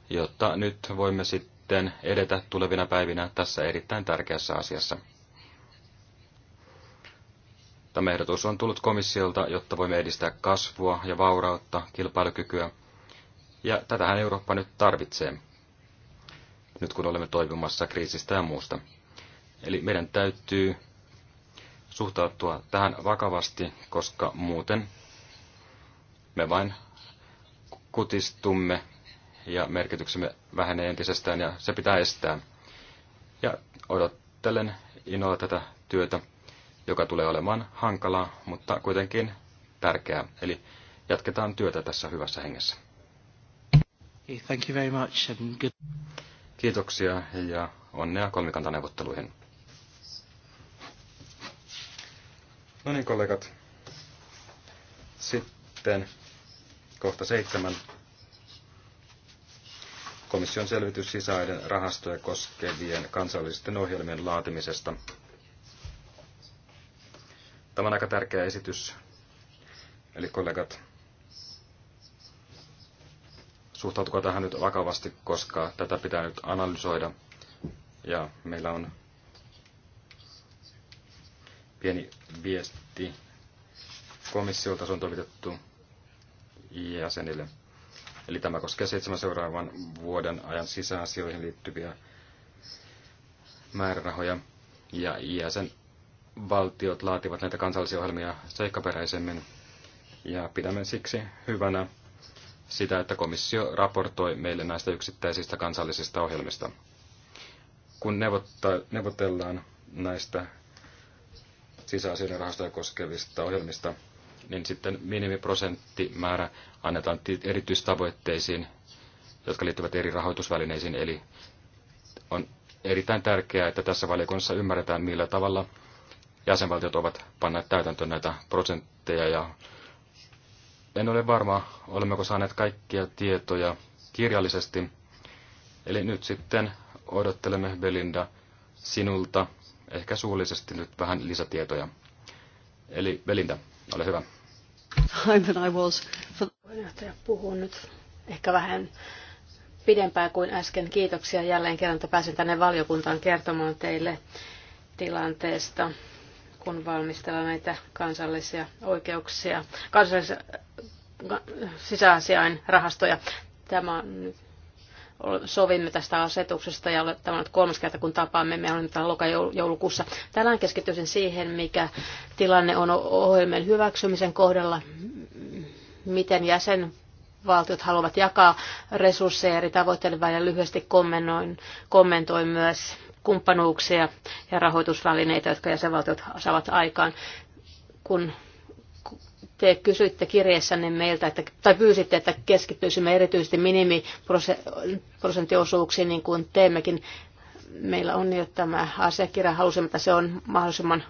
jotta nyt voimme sitten edetä tulevina päivinä tässä erittäin tärkeässä asiassa. Tämä ehdotus on tullut komissiolta, jotta voimme edistää kasvua ja vaurautta, kilpailukykyä ja tätähän Eurooppa nyt tarvitsee, nyt kun olemme toipumassa kriisistä ja muusta. Eli meidän täytyy suhtautua tähän vakavasti, koska muuten me vain kutistumme ja merkityksemme vähenee entisestään ja se pitää estää. Ja odottelen innolla tätä työtä, joka tulee olemaan hankalaa, mutta kuitenkin tärkeää. Eli jatketaan työtä tässä hyvässä hengessä. Okay, thank you very much and good... Kiitoksia ja onnea kolmikantaneuvotteluihin. No niin, kollegat. Sitten kohta seitsemän. Komission selvitys sisäiden rahastoja koskevien kansallisten ohjelmien laatimisesta. Tämä on aika tärkeä esitys. Eli kollegat, suhtautukaa tähän nyt vakavasti, koska tätä pitää nyt analysoida. Ja meillä on pieni viesti komissiolta, se on toimitettu jäsenille. Eli tämä koskee seitsemän seuraavan vuoden ajan sisäasioihin liittyviä määrärahoja. Ja jäsen valtiot laativat näitä kansallisia ohjelmia seikkaperäisemmin. Ja pidämme siksi hyvänä sitä, että komissio raportoi meille näistä yksittäisistä kansallisista ohjelmista. Kun neuvotellaan näistä sisäasioiden rahastoja koskevista ohjelmista, niin sitten minimiprosenttimäärä annetaan erityistavoitteisiin, jotka liittyvät eri rahoitusvälineisiin. Eli on erittäin tärkeää, että tässä valiokunnassa ymmärretään, millä tavalla jäsenvaltiot ovat panneet täytäntöön näitä prosentteja ja en ole varma, olemmeko saaneet kaikkia tietoja kirjallisesti. Eli nyt sitten odottelemme Belinda sinulta ehkä suullisesti nyt vähän lisätietoja. Eli Belinda, ole hyvä. Than I was. Puheenjohtaja puhuu nyt ehkä vähän pidempään kuin äsken. Kiitoksia jälleen kerran, että pääsin tänne valiokuntaan kertomaan teille tilanteesta kun valmistellaan näitä kansallisia oikeuksia, kansallisia sisäasiain rahastoja. Tämä nyt sovimme tästä asetuksesta ja tämä on nyt kolmas kerta kun tapaamme, me olemme täällä loka-joulukuussa. Tänään keskityisin siihen, mikä tilanne on ohjelmien hyväksymisen kohdalla, miten valtiot haluavat jakaa resursseja eri tavoitteiden välillä. Lyhyesti kommentoin, kommentoin myös kumppanuuksia ja rahoitusvälineitä, jotka jäsenvaltiot saavat aikaan. Kun te kysyitte kirjeessänne meiltä, että, tai pyysitte, että keskittyisimme erityisesti minimiprosenttiosuuksiin, niin kuin teemmekin. Meillä on jo tämä asiakirja, halusimme, että se on mahdollisimman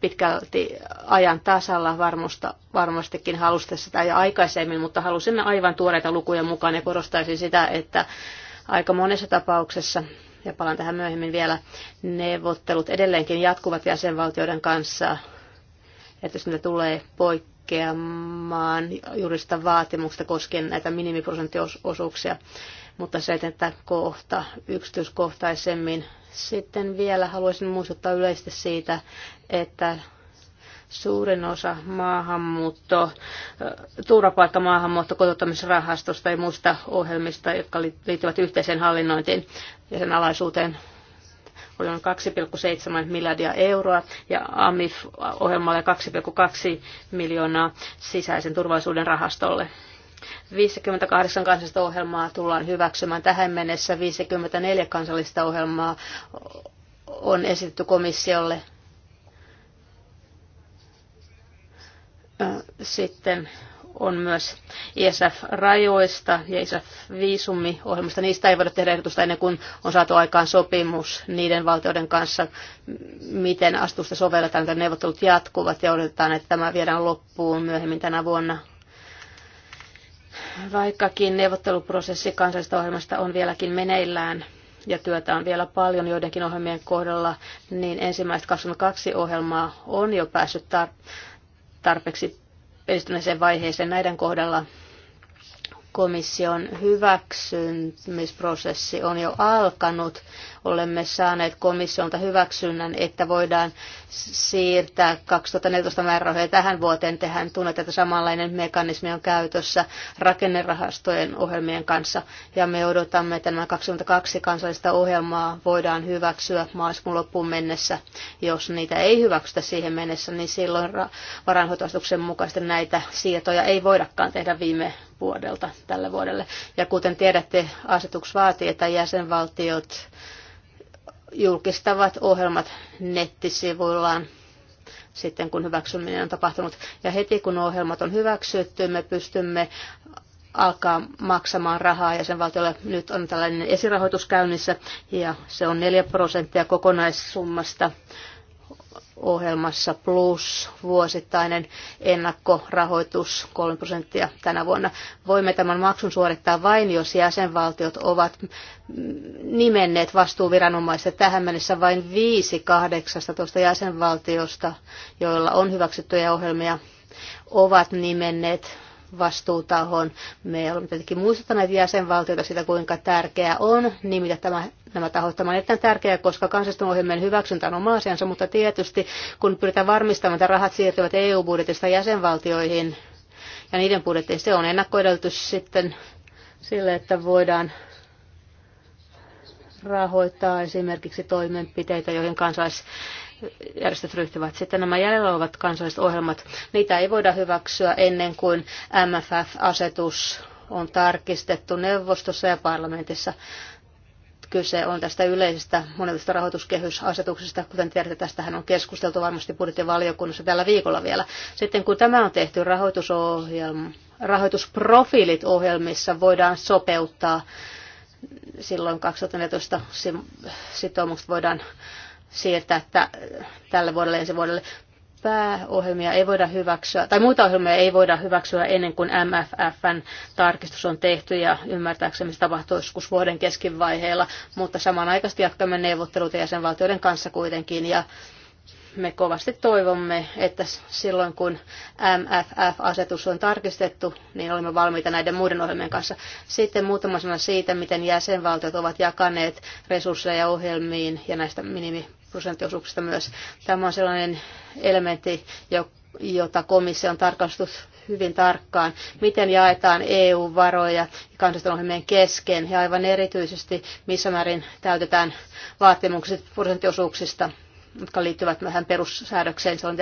pitkälti ajan tasalla varmusta, varmastikin halusitte sitä ja aikaisemmin, mutta halusimme aivan tuoreita lukuja mukaan ja korostaisin sitä, että aika monessa tapauksessa ja palaan tähän myöhemmin vielä, neuvottelut edelleenkin jatkuvat jäsenvaltioiden kanssa, että jos niitä tulee poikkeamaan juurista vaatimuksista koskien näitä minimiprosenttiosuuksia, mutta se että kohta yksityiskohtaisemmin. Sitten vielä haluaisin muistuttaa yleisesti siitä, että Suurin osa maahanmuutto, äh, turvapaikkamaahanmuutto kotouttamisrahastosta ja muista ohjelmista, jotka liittyvät yhteiseen hallinnointiin ja sen alaisuuteen oli noin 2,7 miljardia euroa ja AMIF-ohjelmalle 2,2 miljoonaa sisäisen turvallisuuden rahastolle. 58 kansallista ohjelmaa tullaan hyväksymään. Tähän mennessä 54 kansallista ohjelmaa on esitetty komissiolle Sitten on myös ISF-rajoista ja ISF-viisumiohjelmista. Niistä ei voida tehdä ehdotusta ennen kuin on saatu aikaan sopimus niiden valtioiden kanssa, miten astusta sovelletaan, että neuvottelut jatkuvat ja odotetaan, että tämä viedään loppuun myöhemmin tänä vuonna. Vaikkakin neuvotteluprosessi kansallisesta ohjelmasta on vieläkin meneillään ja työtä on vielä paljon joidenkin ohjelmien kohdalla, niin ensimmäistä 22 ohjelmaa on jo päässyt tar- tarpeeksi edistyneeseen vaiheeseen näiden kohdalla komission hyväksymisprosessi on jo alkanut. Olemme saaneet komissiolta hyväksynnän, että voidaan siirtää 2014 määrärahoja tähän vuoteen. Tehän tunnet, että samanlainen mekanismi on käytössä rakennerahastojen ohjelmien kanssa. Ja me odotamme, että nämä 22 kansallista ohjelmaa voidaan hyväksyä maaliskuun loppuun mennessä. Jos niitä ei hyväksytä siihen mennessä, niin silloin varainhoitoistuksen mukaisesti näitä siirtoja ei voidakaan tehdä viime vuodelta tälle vuodelle. Ja kuten tiedätte, asetus vaatii, että jäsenvaltiot julkistavat ohjelmat nettisivuillaan sitten kun hyväksyminen on tapahtunut. Ja heti kun ohjelmat on hyväksytty, me pystymme alkaa maksamaan rahaa jäsenvaltiolle. Nyt on tällainen esirahoitus käynnissä ja se on 4 prosenttia kokonaissummasta ohjelmassa plus vuosittainen ennakkorahoitus 3 prosenttia tänä vuonna. Voimme tämän maksun suorittaa vain, jos jäsenvaltiot ovat nimenneet vastuuviranomaiset. Tähän mennessä vain 5 18 jäsenvaltiosta, joilla on hyväksyttyjä ohjelmia, ovat nimenneet vastuutahon. Me olemme tietenkin muistuttaneet jäsenvaltioita siitä, kuinka tärkeää on nimitä tämä, nämä tahot. Tämä on erittäin tärkeää, koska kansallisten ohjelmien hyväksyntä on oma asiansa, mutta tietysti kun pyritään varmistamaan, että rahat siirtyvät EU-budjetista jäsenvaltioihin ja niiden budjettiin, se on ennakkoedellytys sitten sille, että voidaan rahoittaa esimerkiksi toimenpiteitä, joihin kansalais järjestöt ryhtyvät. Sitten nämä jäljellä olevat kansalliset ohjelmat, niitä ei voida hyväksyä ennen kuin MFF-asetus on tarkistettu neuvostossa ja parlamentissa. Kyse on tästä yleisestä monellisesta rahoituskehysasetuksesta, kuten tiedätte, tästähän on keskusteltu varmasti budjettivaliokunnassa tällä viikolla vielä. Sitten kun tämä on tehty rahoitusohjelma, rahoitusprofiilit ohjelmissa voidaan sopeuttaa silloin 2014 sitoumukset voidaan siirtää t- tälle vuodelle ensi vuodelle. Pääohjelmia ei voida hyväksyä, tai muita ohjelmia ei voida hyväksyä ennen kuin MFFn tarkistus on tehty ja ymmärtääksemme se tapahtuu joskus vuoden keskivaiheella, mutta samanaikaisesti jatkamme neuvotteluita jäsenvaltioiden kanssa kuitenkin ja me kovasti toivomme, että silloin kun MFF-asetus on tarkistettu, niin olemme valmiita näiden muiden ohjelmien kanssa. Sitten muutama sana siitä, miten jäsenvaltiot ovat jakaneet resursseja ohjelmiin ja näistä minimiprosenttiosuuksista myös. Tämä on sellainen elementti, jota komissio on tarkastus hyvin tarkkaan, miten jaetaan EU-varoja kansallisten ohjelmien kesken ja aivan erityisesti missä määrin täytetään vaatimukset prosenttiosuuksista jotka liittyvät vähän perussäädökseen. Se on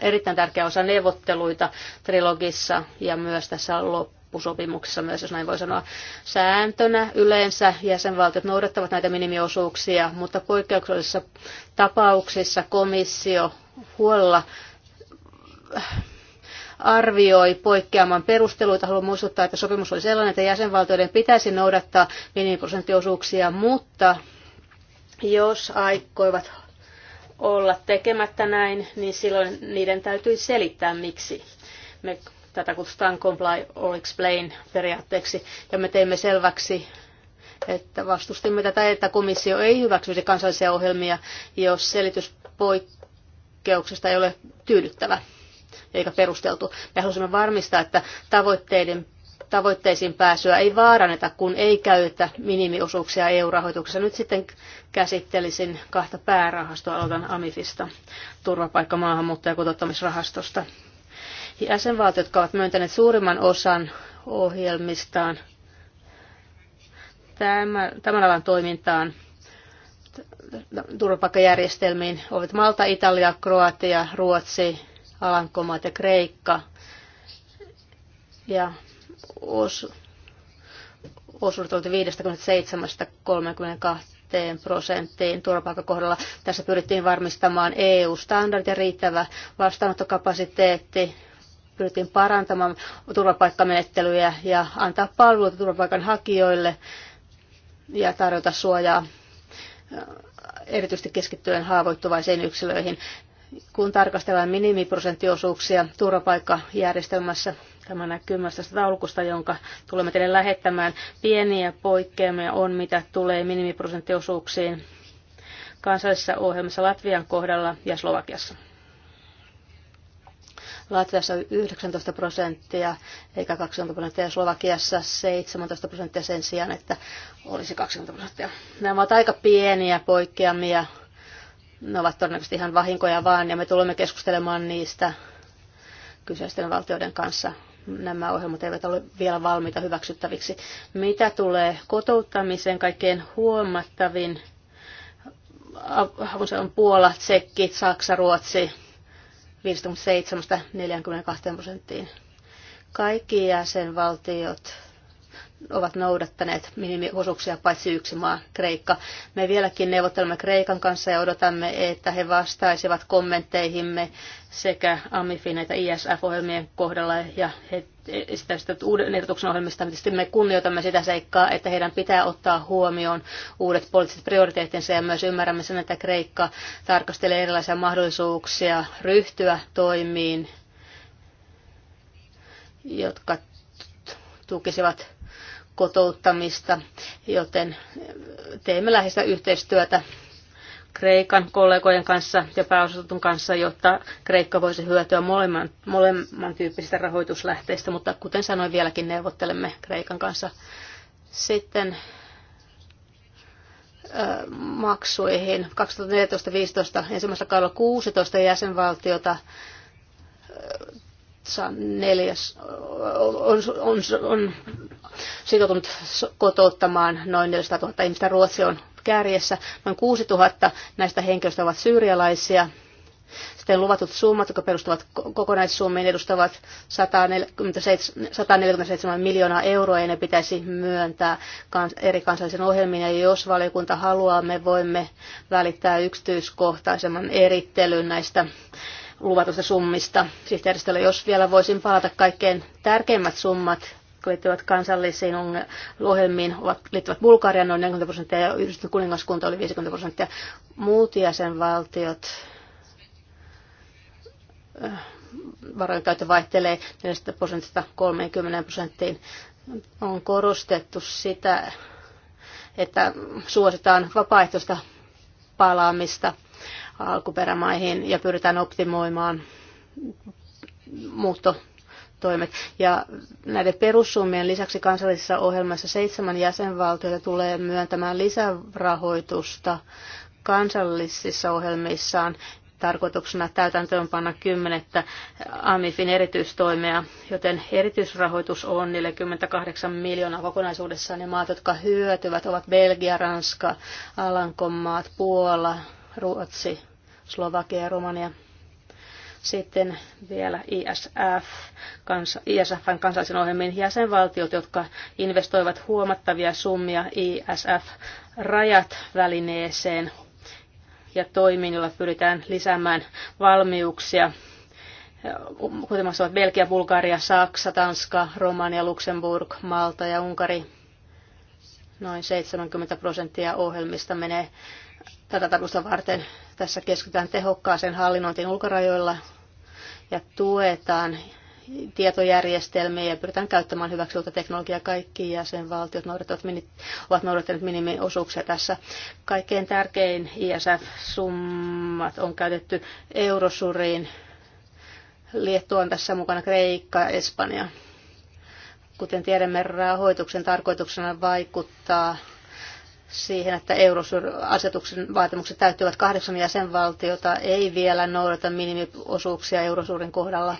erittäin tärkeä osa neuvotteluita trilogissa ja myös tässä loppusopimuksessa myös, jos näin voi sanoa. Sääntönä yleensä jäsenvaltiot noudattavat näitä minimiosuuksia, mutta poikkeuksellisissa tapauksissa komissio huolella äh, arvioi poikkeaman perusteluita. Haluan muistuttaa, että sopimus oli sellainen, että jäsenvaltioiden pitäisi noudattaa minimiprosenttiosuuksia, mutta jos aikoivat olla tekemättä näin, niin silloin niiden täytyy selittää miksi. Me tätä kutsutaan comply or explain periaatteeksi, ja me teimme selväksi, että vastustimme tätä, että komissio ei hyväksyisi kansallisia ohjelmia, jos selitys poikkeuksesta ei ole tyydyttävä eikä perusteltu. Me halusimme varmistaa, että tavoitteiden tavoitteisiin pääsyä ei vaaranneta, kun ei käytetä minimiosuuksia EU-rahoituksessa. Nyt sitten käsittelisin kahta päärahastoa, aloitan AMIFista, turvapaikka maahanmuutto- ja kotouttamisrahastosta. Jäsenvaltiot, jotka ovat myöntäneet suurimman osan ohjelmistaan tämän alan toimintaan, turvapaikkajärjestelmiin, ovat Malta, Italia, Kroatia, Ruotsi, Alankomaat ja Kreikka. Ja osuudet 57-32 prosenttiin turvapaikkakohdalla. Tässä pyrittiin varmistamaan EU-standardit ja riittävä vastaanottokapasiteetti. Pyrittiin parantamaan turvapaikkamenettelyjä ja antaa palveluita turvapaikanhakijoille ja tarjota suojaa äh, erityisesti keskittyen haavoittuvaisiin yksilöihin. Kun tarkastellaan minimiprosenttiosuuksia turvapaikkajärjestelmässä, Tämä näkyy myös tästä taulukosta, jonka tulemme teille lähettämään. Pieniä poikkeamia on, mitä tulee minimiprosenttiosuuksiin kansallisessa ohjelmassa Latvian kohdalla ja Slovakiassa. Latviassa 19 prosenttia eikä 20 prosenttia ja Slovakiassa 17 prosenttia sen sijaan, että olisi 20 prosenttia. Nämä ovat aika pieniä poikkeamia. Ne ovat todennäköisesti ihan vahinkoja vaan ja me tulemme keskustelemaan niistä kyseisten valtioiden kanssa nämä ohjelmat eivät ole vielä valmiita hyväksyttäviksi. Mitä tulee kotouttamiseen, kaikkein huomattavin äh, on Puola, Tsekki, Saksa, Ruotsi 57-42 prosenttiin. Kaikki jäsenvaltiot ovat noudattaneet minimiosuuksia, paitsi yksi maa, Kreikka. Me vieläkin neuvottelemme Kreikan kanssa ja odotamme, että he vastaisivat kommentteihimme sekä AMIFin että ISF-ohjelmien kohdalla ja he esittävät uuden ehdotuksen ohjelmista. Tietysti me kunnioitamme sitä seikkaa, että heidän pitää ottaa huomioon uudet poliittiset prioriteettinsa ja myös ymmärrämme sen, että Kreikka tarkastelee erilaisia mahdollisuuksia ryhtyä toimiin, jotka tukisivat kotouttamista, joten teemme läheistä yhteistyötä Kreikan kollegojen kanssa ja pääosatun kanssa, jotta Kreikka voisi hyötyä molemman, molemman tyyppisistä rahoituslähteistä, mutta kuten sanoin, vieläkin neuvottelemme Kreikan kanssa. Sitten maksuihin. 2014-2015 ensimmäisellä kaudella 16 jäsenvaltiota Saksa neljäs, on, on, on sitoutunut kotouttamaan noin 400 000 ihmistä. Ruotsi on kärjessä. Noin 6 000 näistä henkilöistä ovat syyrialaisia. Sitten luvatut summat, jotka perustuvat kokonaissummiin, edustavat 147 miljoonaa euroa ja ne pitäisi myöntää eri kansallisen ohjelmiin. Ja jos valiokunta haluaa, me voimme välittää yksityiskohtaisemman erittelyn näistä luvatusta summista sihteeristölle. Jos vielä voisin palata kaikkein tärkeimmät summat, jotka liittyvät kansallisiin ohjelmiin, ovat, liittyvät Bulgarian noin 40 prosenttia ja yhdistynyt kuningaskunta oli 50 prosenttia. Muut jäsenvaltiot eh, varojen käyttö vaihtelee 40 prosentista 30 prosenttiin. On korostettu sitä, että suositaan vapaaehtoista palaamista alkuperämaihin ja pyritään optimoimaan muutto toimet. Ja näiden perussummien lisäksi kansallisessa ohjelmassa seitsemän jäsenvaltiota tulee myöntämään lisärahoitusta kansallisissa ohjelmissaan tarkoituksena täytäntöönpanna kymmenettä AMIFin erityistoimea, joten erityisrahoitus on 48 miljoonaa kokonaisuudessaan. Ne maat, jotka hyötyvät, ovat Belgia, Ranska, Alankomaat, Puola, Ruotsi, Slovakia ja Romania. Sitten vielä ISF, kans, ISFn kansallisen ohjelmin jäsenvaltiot, jotka investoivat huomattavia summia ISF-rajat välineeseen ja toimiin, joilla pyritään lisäämään valmiuksia kuten ovat Belgia, Bulgaria, Saksa, Tanska, Romania, Luxemburg, Malta ja Unkari. Noin 70 prosenttia ohjelmista menee tätä tarkoitusta varten tässä keskitytään tehokkaaseen hallinnointiin ulkorajoilla ja tuetaan tietojärjestelmiä ja pyritään käyttämään hyväksi uutta teknologiaa. Kaikki jäsenvaltiot noudattavat, ovat noudattaneet minimiosuuksia tässä. Kaikkein tärkein ISF-summat on käytetty eurosuriin. Liettua on tässä mukana Kreikka ja Espanja. Kuten tiedämme, rahoituksen tarkoituksena vaikuttaa siihen, että eurosuur-asetuksen vaatimukset täyttyvät kahdeksan jäsenvaltiota, ei vielä noudata minimiosuuksia eurosuurin kohdalla.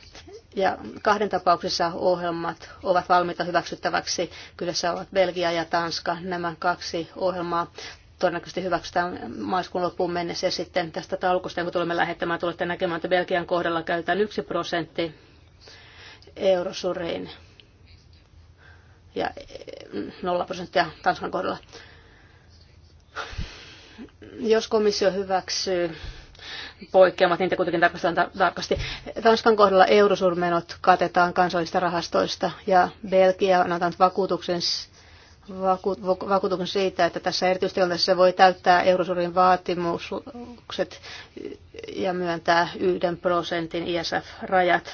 Ja kahden tapauksessa ohjelmat ovat valmiita hyväksyttäväksi. Kyseessä ovat Belgia ja Tanska. Nämä kaksi ohjelmaa todennäköisesti hyväksytään maaliskuun loppuun mennessä. Ja sitten tästä taulukosta, kun tulemme lähettämään, tulette näkemään, että Belgian kohdalla käytetään yksi prosentti eurosuriin ja nolla prosenttia Tanskan kohdalla. Jos komissio hyväksyy poikkeamat, niitä kuitenkin tarkastellaan tarkasti. Tanskan kohdalla eurosurmenot katetaan kansallisista rahastoista ja Belgia on antanut vakuutuksen vakuutuksen siitä, että tässä erityistilanteessa voi täyttää Eurosurin vaatimukset ja myöntää yhden prosentin ISF-rajat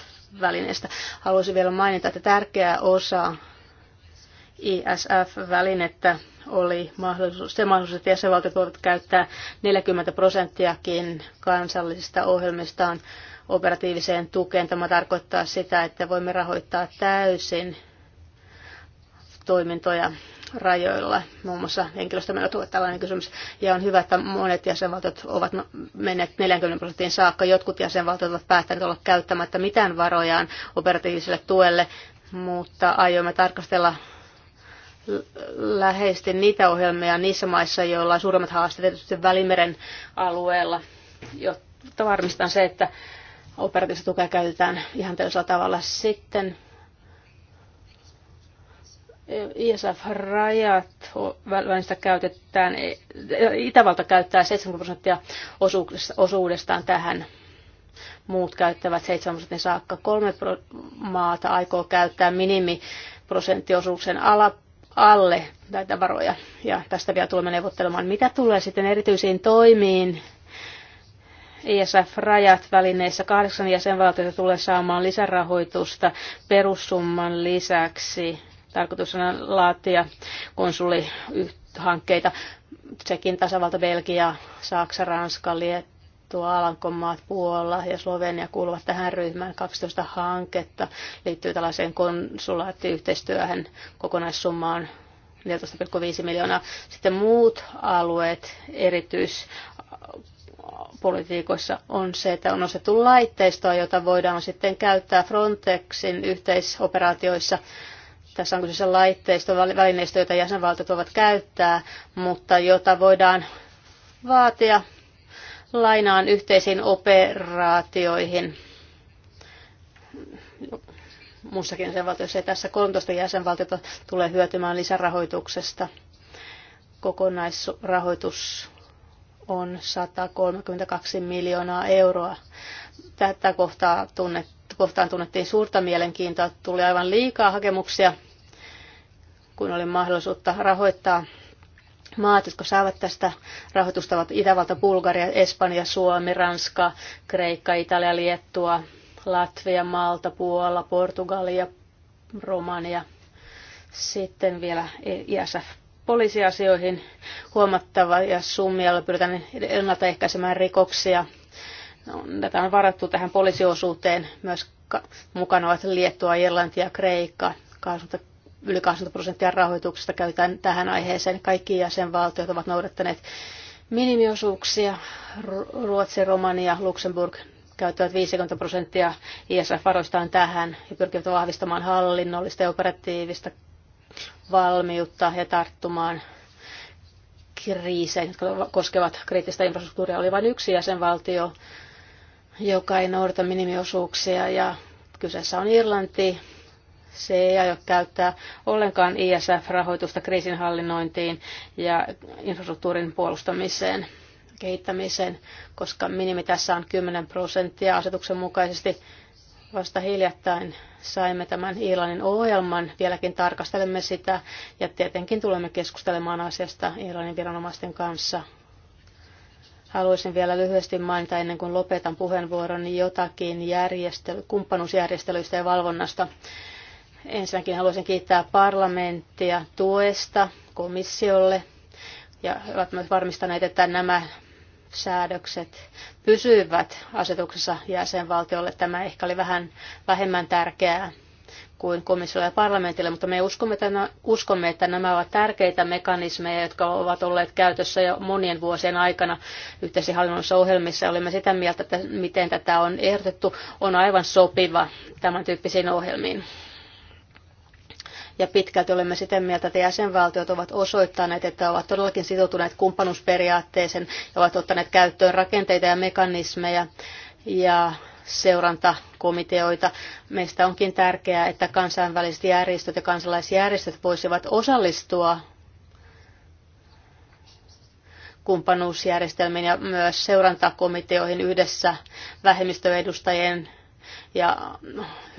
välineestä. Haluaisin vielä mainita, että tärkeä osa ISF-välinettä oli mahdollisuus, se mahdollisuus, että jäsenvaltiot voivat käyttää 40 prosenttiakin kansallisista ohjelmistaan operatiiviseen tukeen. Tämä tarkoittaa sitä, että voimme rahoittaa täysin toimintoja rajoilla, muun muassa henkilöstömenot ovat tällainen kysymys. Ja on hyvä, että monet jäsenvaltiot ovat no, menneet 40 prosenttiin saakka. Jotkut jäsenvaltiot ovat päättäneet olla käyttämättä mitään varojaan operatiiviselle tuelle, mutta aiomme tarkastella läheisesti niitä ohjelmia niissä maissa, joilla on suuremmat haasteet tietysti Välimeren alueella, jotta varmistan se, että operatiivista tukea käytetään ihan täysillä tavalla. Sitten ISF-rajat välistä käytetään, Itävalta käyttää 70 prosenttia osuudestaan tähän. Muut käyttävät 7 prosentin saakka. Kolme maata aikoo käyttää minimiprosenttiosuuksen alapuolella alle näitä varoja. Ja tästä vielä tulemme neuvottelemaan. Mitä tulee sitten erityisiin toimiin? ESF-rajat välineissä kahdeksan jäsenvaltiota tulee saamaan lisärahoitusta perussumman lisäksi. Tarkoitus on laatia konsulihankkeita. Tsekin tasavalta, Belgia, Saksa, Ranska, Liet, tuo Alankomaat, Puola ja Slovenia kuuluvat tähän ryhmään. 12 hanketta liittyy tällaiseen konsulaattiyhteistyöhön. Kokonaissumma on 14,5 miljoonaa. Sitten muut alueet erityis politiikoissa on se, että on osettu laitteistoa, jota voidaan sitten käyttää Frontexin yhteisoperaatioissa. Tässä on kyseessä laitteisto, välineistö, jota jäsenvaltiot voivat käyttää, mutta jota voidaan vaatia lainaan yhteisiin operaatioihin. Muussakin jäsenvaltioissa ei tässä 13 jäsenvaltiota tulee hyötymään lisärahoituksesta. Kokonaisrahoitus on 132 miljoonaa euroa. Tätä kohtaa tunnet, kohtaan tunnettiin suurta mielenkiintoa. Tuli aivan liikaa hakemuksia, kun oli mahdollisuutta rahoittaa maat, jotka saavat tästä rahoitusta, ovat Itävalta, Bulgaria, Espanja, Suomi, Ranska, Kreikka, Italia, Liettua, Latvia, Malta, Puola, Portugalia, Romania. Sitten vielä e ISF poliisiasioihin huomattava ja summia, pyritään ennaltaehkäisemään rikoksia. No, tätä on varattu tähän poliisiosuuteen. Myös mukana ovat Liettua, Irlanti ja Kreikka yli 20 prosenttia rahoituksesta käytetään tähän aiheeseen. Kaikki jäsenvaltiot ovat noudattaneet minimiosuuksia. Ruotsi, Romania, Luxemburg käyttävät 50 prosenttia ISF-varoistaan tähän ja pyrkivät vahvistamaan hallinnollista ja operatiivista valmiutta ja tarttumaan kriiseihin, jotka koskevat kriittistä infrastruktuuria. Oli vain yksi jäsenvaltio, joka ei noudata minimiosuuksia ja kyseessä on Irlanti, se ei aio käyttää ollenkaan ISF-rahoitusta kriisinhallinnointiin ja infrastruktuurin puolustamiseen kehittämiseen, koska minimi tässä on 10 prosenttia asetuksen mukaisesti. Vasta hiljattain saimme tämän Irlannin ohjelman, vieläkin tarkastelemme sitä ja tietenkin tulemme keskustelemaan asiasta Irlannin viranomaisten kanssa. Haluaisin vielä lyhyesti mainita ennen kuin lopetan puheenvuoron jotakin kumppanuusjärjestelyistä ja valvonnasta. Ensinnäkin haluaisin kiittää parlamenttia tuesta komissiolle ja he ovat myös varmistaneet, että nämä säädökset pysyvät asetuksessa jäsenvaltiolle. Tämä ehkä oli vähän vähemmän tärkeää kuin komissiolle ja parlamentille, mutta me uskomme että, uskomme, että nämä ovat tärkeitä mekanismeja, jotka ovat olleet käytössä jo monien vuosien aikana yhteisissä hallinnollisissa ohjelmissa. Olemme sitä mieltä, että miten tätä on ehdotettu, on aivan sopiva tämän tyyppisiin ohjelmiin ja pitkälti olemme sitä mieltä, että jäsenvaltiot ovat osoittaneet, että ovat todellakin sitoutuneet kumppanuusperiaatteeseen ja ovat ottaneet käyttöön rakenteita ja mekanismeja ja seurantakomiteoita. Meistä onkin tärkeää, että kansainväliset järjestöt ja kansalaisjärjestöt voisivat osallistua kumppanuusjärjestelmiin ja myös seurantakomiteoihin yhdessä vähemmistöedustajien ja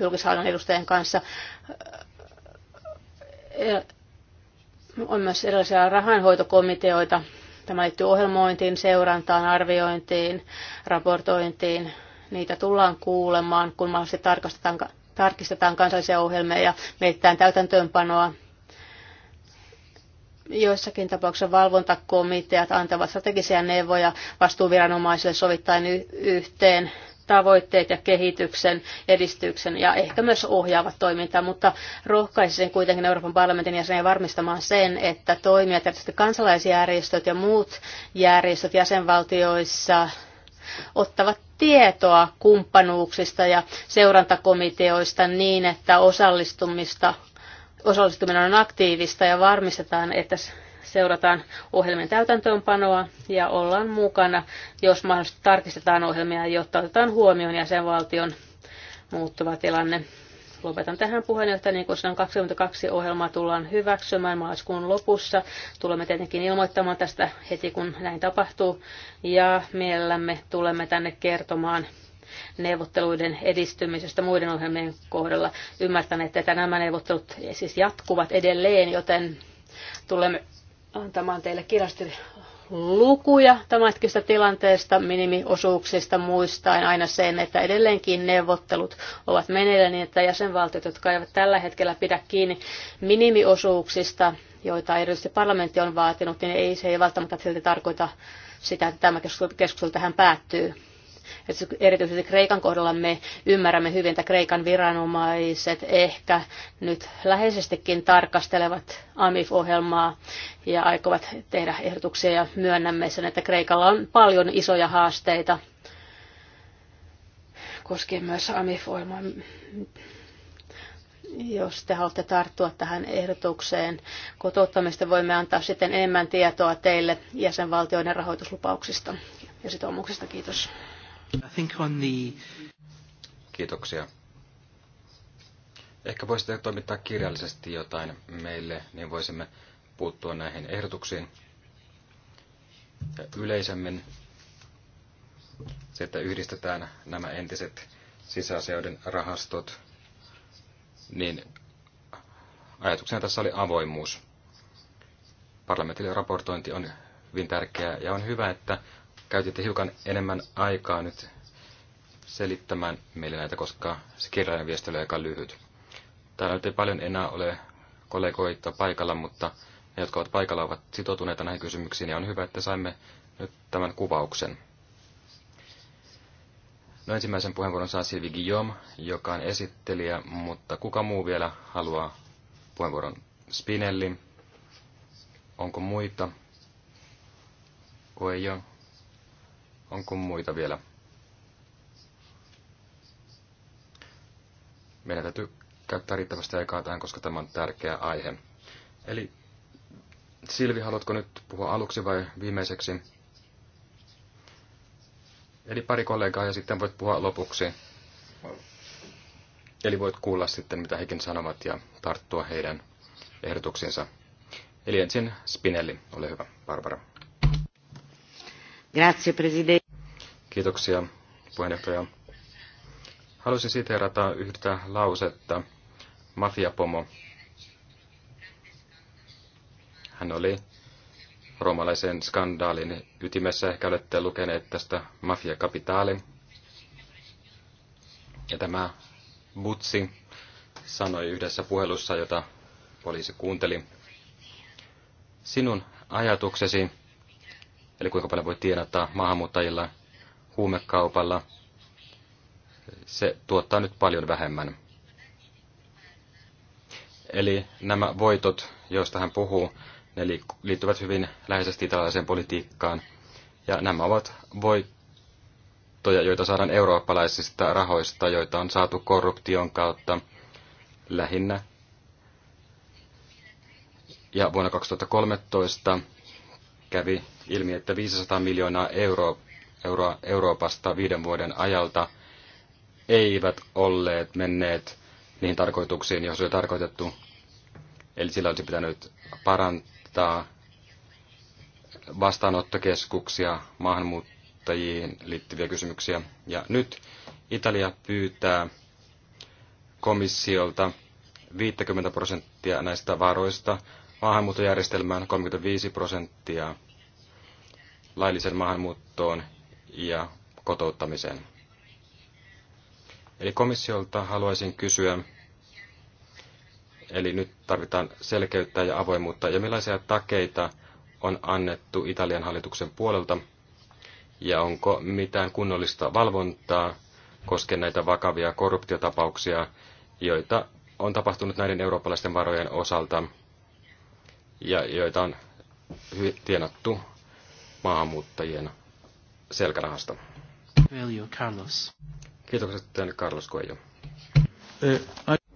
julkishallinnon edustajien kanssa. On myös erilaisia rahanhoitokomiteoita. Tämä liittyy ohjelmointiin, seurantaan, arviointiin, raportointiin. Niitä tullaan kuulemaan, kun mahdollisesti tarkistetaan tarkistetaan kansallisia ohjelmia ja mietitään täytäntöönpanoa joissakin tapauksissa valvontakomiteat antavat strategisia neuvoja vastuuviranomaisille sovittain yhteen tavoitteet ja kehityksen edistyksen ja ehkä myös ohjaavat toimintaa, mutta rohkaisisin kuitenkin Euroopan parlamentin jäseniä varmistamaan sen, että toimijat, erityisesti kansalaisjärjestöt ja muut järjestöt jäsenvaltioissa ottavat tietoa kumppanuuksista ja seurantakomiteoista niin, että osallistumista, osallistuminen on aktiivista ja varmistetaan, että seurataan ohjelmien täytäntöönpanoa ja ollaan mukana, jos mahdollisesti tarkistetaan ohjelmia, jotta otetaan huomioon jäsenvaltion muuttuva tilanne. Lopetan tähän puheenjohtajan, niin kun on 22 ohjelmaa tullaan hyväksymään maaliskuun lopussa. Tulemme tietenkin ilmoittamaan tästä heti, kun näin tapahtuu. Ja mielellämme tulemme tänne kertomaan neuvotteluiden edistymisestä muiden ohjelmien kohdalla. Ymmärtän, että nämä neuvottelut siis jatkuvat edelleen, joten tulemme antamaan teille kirjallisesti lukuja tämänhetkisestä tilanteesta, minimiosuuksista muistaen aina sen, että edelleenkin neuvottelut ovat meneillään niin, että jäsenvaltiot, jotka eivät tällä hetkellä pidä kiinni minimiosuuksista, joita erityisesti parlamentti on vaatinut, niin ei, se ei välttämättä silti tarkoita sitä, että tämä keskustelu tähän päättyy Erityisesti Kreikan kohdalla me ymmärrämme hyvin, että Kreikan viranomaiset ehkä nyt läheisestikin tarkastelevat AMIF-ohjelmaa ja aikovat tehdä ehdotuksia ja myönnämme sen, että Kreikalla on paljon isoja haasteita koskien myös AMIF-ohjelmaa jos te haluatte tarttua tähän ehdotukseen kotouttamista, voimme antaa sitten enemmän tietoa teille jäsenvaltioiden rahoituslupauksista ja sitoumuksista. Kiitos. Kiitoksia. Ehkä voisitte toimittaa kirjallisesti jotain meille, niin voisimme puuttua näihin ehdotuksiin. Ja yleisemmin se, että yhdistetään nämä entiset sisäasioiden rahastot, niin ajatuksena tässä oli avoimuus. Parlamentille raportointi on hyvin tärkeää ja on hyvä, että käytitte hiukan enemmän aikaa nyt selittämään meille näitä, koska se kirjainen viesti oli aika lyhyt. Täällä nyt ei paljon enää ole kollegoita paikalla, mutta ne, jotka ovat paikalla, ovat sitoutuneita näihin kysymyksiin, ja on hyvä, että saimme nyt tämän kuvauksen. No ensimmäisen puheenvuoron saa Silvi Guillaume, joka on esittelijä, mutta kuka muu vielä haluaa puheenvuoron? Spinelli, onko muita? Oejo, Onko muita vielä? Meidän täytyy käyttää riittävästi aikaa tähän, koska tämä on tärkeä aihe. Eli Silvi, haluatko nyt puhua aluksi vai viimeiseksi? Eli pari kollegaa ja sitten voit puhua lopuksi. Eli voit kuulla sitten, mitä hekin sanovat ja tarttua heidän ehdotuksiinsa. Eli ensin Spinelli, ole hyvä, Barbara. Grazie, presidente. Kiitoksia, puheenjohtaja. Haluaisin siteerata yhtä lausetta. Mafiapomo. Hän oli roomalaisen skandaalin ytimessä. Ehkä olette lukeneet tästä mafiakapitaali. Ja tämä Butsi sanoi yhdessä puhelussa, jota poliisi kuunteli. Sinun ajatuksesi, eli kuinka paljon voi tienata maahanmuuttajilla, huumekaupalla, se tuottaa nyt paljon vähemmän. Eli nämä voitot, joista hän puhuu, ne liittyvät hyvin läheisesti tällaiseen politiikkaan. Ja nämä ovat voittoja, joita saadaan eurooppalaisista rahoista, joita on saatu korruption kautta lähinnä. Ja vuonna 2013 kävi ilmi, että 500 miljoonaa euroa Euro- Euroopasta viiden vuoden ajalta eivät olleet menneet niihin tarkoituksiin, joihin se oli tarkoitettu. Eli sillä olisi pitänyt parantaa vastaanottokeskuksia, maahanmuuttajiin liittyviä kysymyksiä. Ja nyt Italia pyytää komissiolta 50 prosenttia näistä varoista maahanmuuttojärjestelmään, 35 prosenttia lailliseen maahanmuuttoon ja kotouttamiseen. Eli komissiolta haluaisin kysyä, eli nyt tarvitaan selkeyttä ja avoimuutta, ja millaisia takeita on annettu Italian hallituksen puolelta, ja onko mitään kunnollista valvontaa koskien näitä vakavia korruptiotapauksia, joita on tapahtunut näiden eurooppalaisten varojen osalta, ja joita on tienattu maahanmuuttajien selkärahasta. Coelho, Carlos. Kiitokset teille, Carlos Coelho.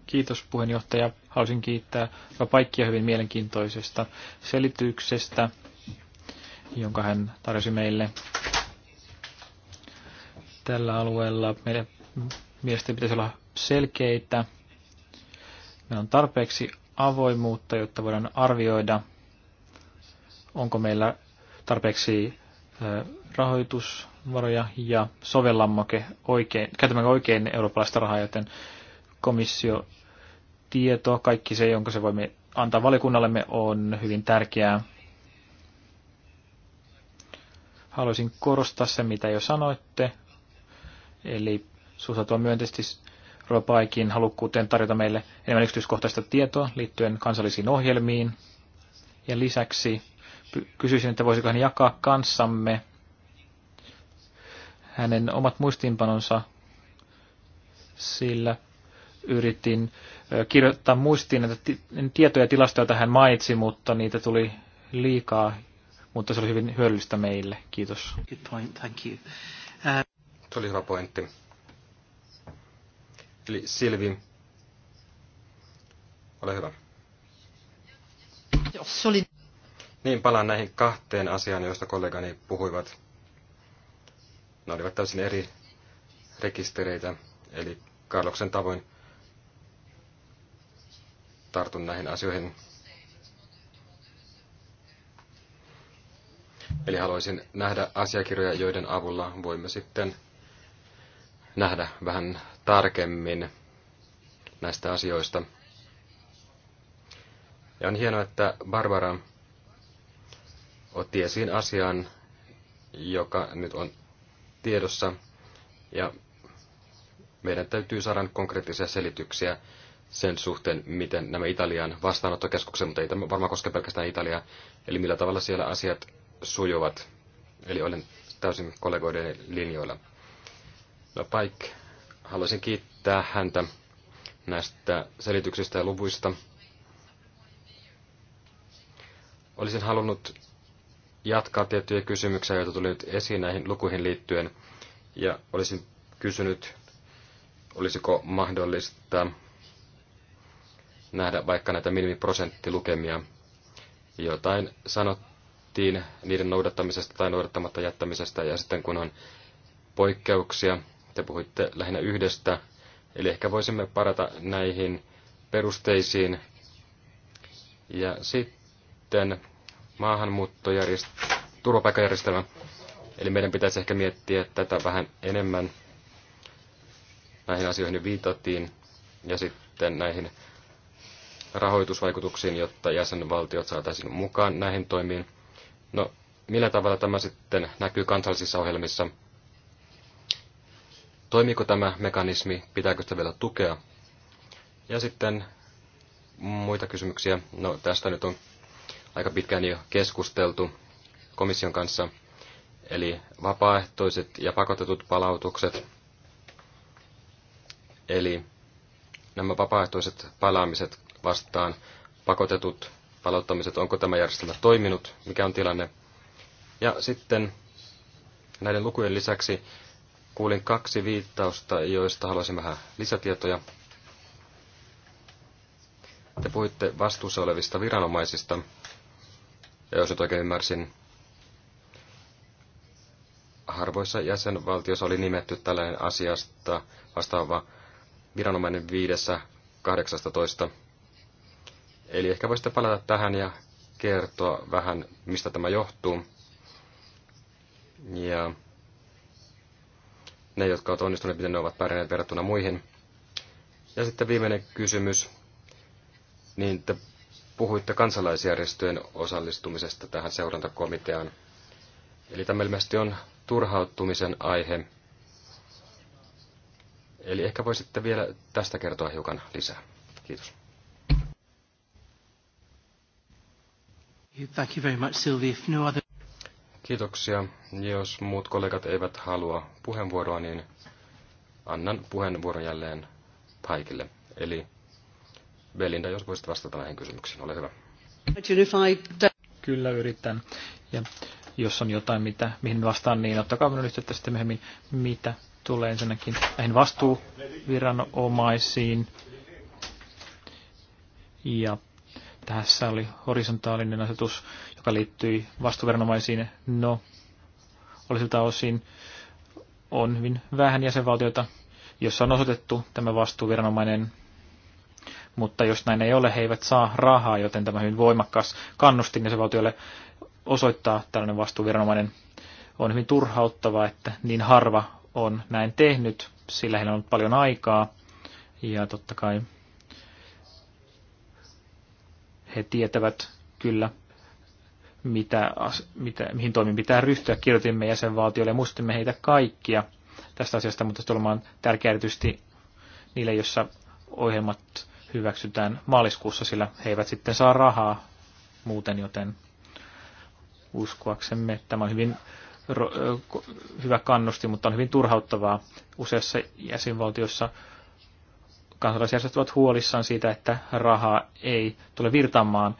Kiitos puheenjohtaja. Haluaisin kiittää kaikkia hyvin mielenkiintoisesta selityksestä, jonka hän tarjosi meille tällä alueella. Meidän mielestäni pitäisi olla selkeitä. Meillä on tarpeeksi avoimuutta, jotta voidaan arvioida, onko meillä tarpeeksi rahoitusvaroja ja sovellammoke oikein, käytämmekö oikein eurooppalaista rahaa, joten komissio tieto, kaikki se, jonka se voimme antaa valikunnallemme, on hyvin tärkeää. Haluaisin korostaa se, mitä jo sanoitte, eli suhtautua myönteisesti Robaikin halukkuuteen tarjota meille enemmän yksityiskohtaista tietoa liittyen kansallisiin ohjelmiin. Ja lisäksi kysyisin, että voisiko hän jakaa kanssamme hänen omat muistiinpanonsa, sillä yritin kirjoittaa muistiin näitä tietoja ja tilastoja, joita hän mainitsi, mutta niitä tuli liikaa, mutta se oli hyvin hyödyllistä meille. Kiitos. Good point, thank you. Uh... Se oli hyvä pointti. Eli Silvi, ole hyvä. Niin palaan näihin kahteen asiaan, joista kollegani puhuivat. Ne olivat täysin eri rekistereitä, eli Karloksen tavoin tartun näihin asioihin. Eli haluaisin nähdä asiakirjoja, joiden avulla voimme sitten nähdä vähän tarkemmin näistä asioista. Ja on hienoa, että Barbara otti esiin asian, joka nyt on tiedossa, ja meidän täytyy saada konkreettisia selityksiä sen suhteen, miten nämä Italian vastaanottokeskukset, mutta ei tämä varmaan koske pelkästään Italiaa, eli millä tavalla siellä asiat sujuvat. Eli olen täysin kollegoiden linjoilla. No, Paik, haluaisin kiittää häntä näistä selityksistä ja luvuista. Olisin halunnut jatkaa tiettyjä kysymyksiä, joita tuli nyt esiin näihin lukuihin liittyen. Ja olisin kysynyt, olisiko mahdollista nähdä vaikka näitä minimiprosenttilukemia. Jotain sanottiin niiden noudattamisesta tai noudattamatta jättämisestä, ja sitten kun on poikkeuksia, te puhuitte lähinnä yhdestä, eli ehkä voisimme parata näihin perusteisiin. Ja sitten maahanmuuttojärjestelmä, turvapaikkajärjestelmä. Eli meidän pitäisi ehkä miettiä tätä vähän enemmän. Näihin asioihin viitattiin ja sitten näihin rahoitusvaikutuksiin, jotta jäsenvaltiot saataisiin mukaan näihin toimiin. No, millä tavalla tämä sitten näkyy kansallisissa ohjelmissa? Toimiiko tämä mekanismi? Pitääkö sitä vielä tukea? Ja sitten muita kysymyksiä. No, tästä nyt on aika pitkään jo keskusteltu komission kanssa, eli vapaaehtoiset ja pakotetut palautukset. Eli nämä vapaaehtoiset palaamiset vastaan pakotetut palauttamiset, onko tämä järjestelmä toiminut, mikä on tilanne. Ja sitten näiden lukujen lisäksi kuulin kaksi viittausta, joista haluaisin vähän lisätietoja. Te puhuitte vastuussa olevista viranomaisista. Ja jos nyt oikein ymmärsin, harvoissa jäsenvaltioissa oli nimetty tällainen asiasta vastaava viranomainen viidessä 18. Eli ehkä voisitte palata tähän ja kertoa vähän, mistä tämä johtuu. Ja ne, jotka ovat onnistuneet, miten ne ovat pärjänneet verrattuna muihin. Ja sitten viimeinen kysymys. Niin te puhuitte kansalaisjärjestöjen osallistumisesta tähän seurantakomiteaan. Eli tämä ilmeisesti on turhauttumisen aihe. Eli ehkä voisitte vielä tästä kertoa hiukan lisää. Kiitos. Thank you very much, Sylvie. If no other... Kiitoksia. Jos muut kollegat eivät halua puheenvuoroa, niin annan puheenvuoron jälleen Paikille. Eli Belinda, jos voisit vastata näihin kysymyksiin, ole hyvä. Kyllä yritän. Ja jos on jotain, mitä, mihin vastaan, niin ottakaa minun yhteyttä sitten myöhemmin, mitä tulee ensinnäkin näihin vastuuviranomaisiin. Ja tässä oli horisontaalinen asetus, joka liittyi vastuuviranomaisiin. No, oli siltä osin on hyvin vähän jäsenvaltioita, jossa on osoitettu tämä vastuuviranomainen mutta jos näin ei ole, he eivät saa rahaa, joten tämä hyvin voimakkaas kannustin ja se valtiolle osoittaa tällainen vastuuviranomainen on hyvin turhauttava, että niin harva on näin tehnyt, sillä heillä on paljon aikaa ja totta kai he tietävät kyllä, mitä, mitä, mihin toimin pitää ryhtyä. Kirjoitimme jäsenvaltioille ja muistimme heitä kaikkia tästä asiasta, mutta se tulee tärkeää erityisesti niille, joissa ohjelmat hyväksytään maaliskuussa, sillä he eivät sitten saa rahaa muuten, joten uskoaksemme tämä on hyvin hyvä kannusti, mutta on hyvin turhauttavaa useassa jäsenvaltiossa kansalaisjärjestöt ovat huolissaan siitä, että rahaa ei tule virtaamaan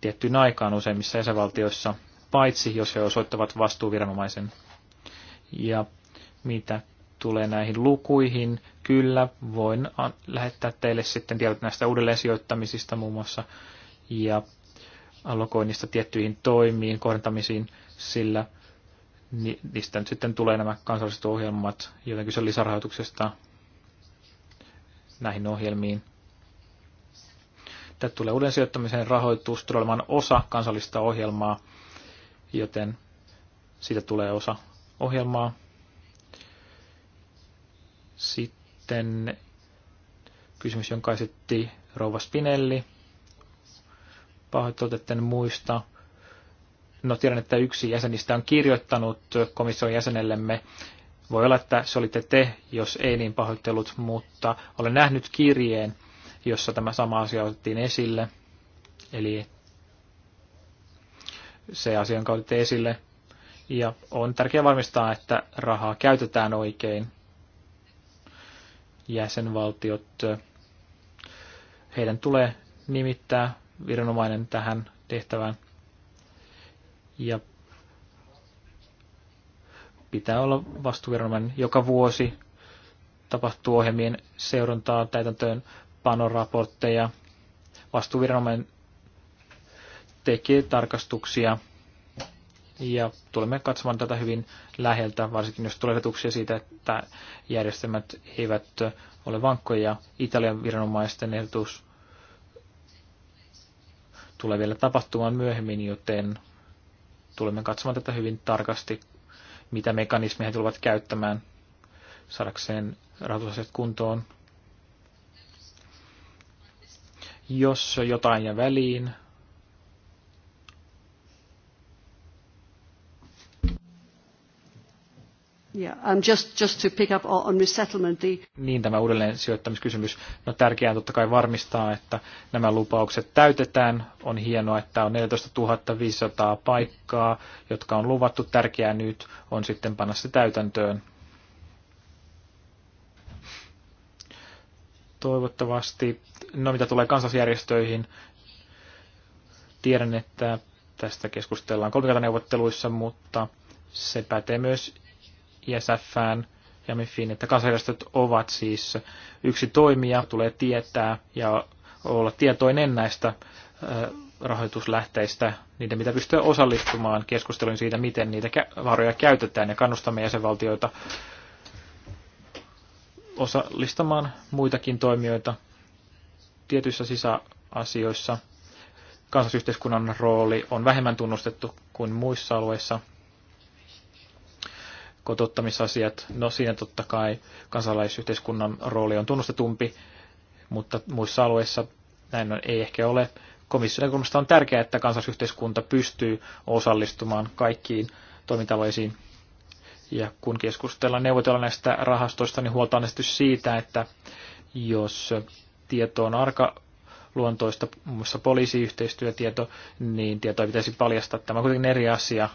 tiettyyn aikaan useimmissa jäsenvaltioissa, paitsi jos he osoittavat vastuuviranomaisen. Ja mitä tulee näihin lukuihin, kyllä voin lähettää teille sitten tiedot näistä uudelleen sijoittamisista muun muassa ja allokoinnista tiettyihin toimiin, kohdentamisiin, sillä niistä nyt sitten tulee nämä kansalliset ohjelmat, joten kyse lisärahoituksesta näihin ohjelmiin. Tätä tulee uuden sijoittamisen rahoitus olemaan osa kansallista ohjelmaa, joten siitä tulee osa ohjelmaa. Sitten kysymys, jonka esitti Rouva Spinelli. Pahoittelut, etten muista. No tiedän, että yksi jäsenistä on kirjoittanut komission jäsenellemme. Voi olla, että se olitte te, jos ei niin pahoittelut, mutta olen nähnyt kirjeen, jossa tämä sama asia otettiin esille. Eli se asia, jonka otitte esille. Ja on tärkeää varmistaa, että rahaa käytetään oikein jäsenvaltiot, heidän tulee nimittää viranomainen tähän tehtävään. Ja pitää olla vastuviranomainen joka vuosi. Tapahtuu ohjelmien seurantaa, täytäntöön panoraportteja. Vastuviranomainen tekee tarkastuksia ja tulemme katsomaan tätä hyvin läheltä, varsinkin jos tulee vetuksia siitä, että järjestelmät eivät ole vankkoja. Italian viranomaisten ehdotus tulee vielä tapahtumaan myöhemmin, joten tulemme katsomaan tätä hyvin tarkasti, mitä mekanismeja he tulevat käyttämään saadakseen rahoitusasiat kuntoon. Jos jotain ja väliin, Yeah, just, just to pick up on resettlement, the... Niin tämä uudelleen sijoittamiskysymys. No tärkeää on totta kai varmistaa, että nämä lupaukset täytetään. On hienoa, että on 14 500 paikkaa, jotka on luvattu. Tärkeää nyt on sitten panna se täytäntöön. Toivottavasti, no mitä tulee kansasjärjestöihin, tiedän, että tästä keskustellaan kolmikantaneuvotteluissa, mutta se pätee myös ISFään ja MIFIin, että kansanjärjestöt ovat siis yksi toimija, tulee tietää ja olla tietoinen näistä rahoituslähteistä, niiden mitä pystyy osallistumaan keskusteluun siitä, miten niitä varoja käytetään ja kannustamme jäsenvaltioita osallistamaan muitakin toimijoita tietyissä sisäasioissa. Kansallisyhteiskunnan rooli on vähemmän tunnustettu kuin muissa alueissa, kotouttamisasiat, no siinä totta kai kansalaisyhteiskunnan rooli on tunnustetumpi, mutta muissa alueissa näin on, ei ehkä ole. Komission näkökulmasta on tärkeää, että kansalaisyhteiskunta pystyy osallistumaan kaikkiin toimintaloisiin. Ja kun keskustellaan neuvotella näistä rahastoista, niin huolta on siitä, että jos tieto on arka luontoista, muun muassa poliisiyhteistyötieto, niin tietoa pitäisi paljastaa. Tämä on kuitenkin eri asia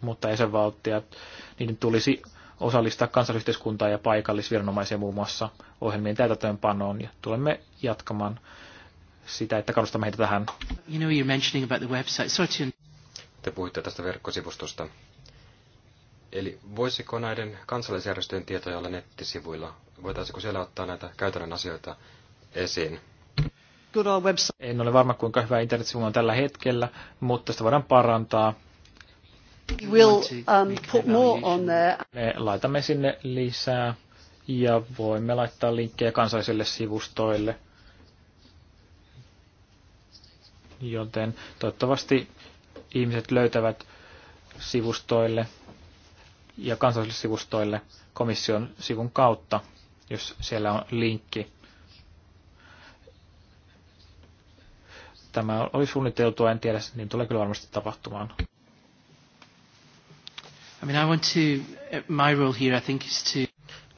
mutta jäsenvaltiot, niiden tulisi osallistaa kansallisyhteiskuntaa ja paikallisviranomaisia muun muassa ohjelmien täytäntöönpanoon ja tulemme jatkamaan sitä, että kannustamme heitä tähän. You know, you're mentioning about the website. Sorry to... Te puhuitte tästä verkkosivustosta. Eli voisiko näiden kansalaisjärjestöjen tietoja olla nettisivuilla? Voitaisiko siellä ottaa näitä käytännön asioita esiin? En ole varma, kuinka hyvä internetsivu on tällä hetkellä, mutta sitä voidaan parantaa We'll, um, put more on there. Me laitamme sinne lisää ja voimme laittaa linkkejä kansallisille sivustoille. Joten toivottavasti ihmiset löytävät sivustoille ja kansallisille sivustoille komission sivun kautta, jos siellä on linkki. Tämä oli suunniteltua, en tiedä, niin tulee kyllä varmasti tapahtumaan. I mean, I want to, uh, my role here I think is to...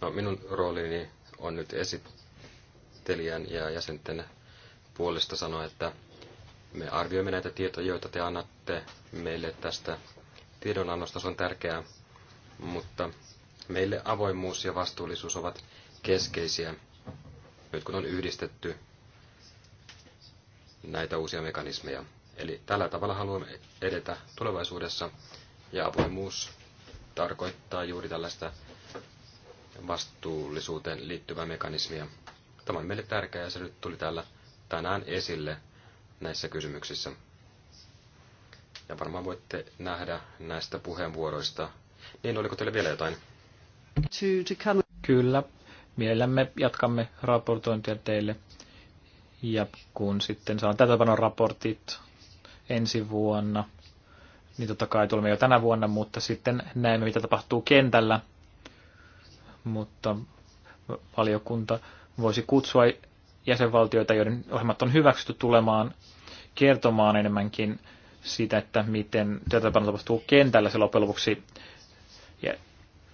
No, minun roolini on nyt esittelijän ja jäsenten puolesta sanoa, että me arvioimme näitä tietoja, joita te annatte meille tästä tiedonannosta. Se on tärkeää, mutta meille avoimuus ja vastuullisuus ovat keskeisiä, nyt kun on yhdistetty näitä uusia mekanismeja. Eli tällä tavalla haluamme edetä tulevaisuudessa ja avoimuus tarkoittaa juuri tällaista vastuullisuuteen liittyvää mekanismia. Tämä on meille tärkeää ja se nyt tuli täällä tänään esille näissä kysymyksissä. Ja varmaan voitte nähdä näistä puheenvuoroista. Niin, oliko teille vielä jotain? Kyllä, mielellämme jatkamme raportointia teille. Ja kun sitten saan tätä raportit ensi vuonna, niin totta kai tulemme jo tänä vuonna, mutta sitten näemme, mitä tapahtuu kentällä. Mutta valiokunta voisi kutsua jäsenvaltioita, joiden ohjelmat on hyväksytty tulemaan kertomaan enemmänkin siitä, että miten työtäpano tapahtuu kentällä se loppujen lopuksi. Ja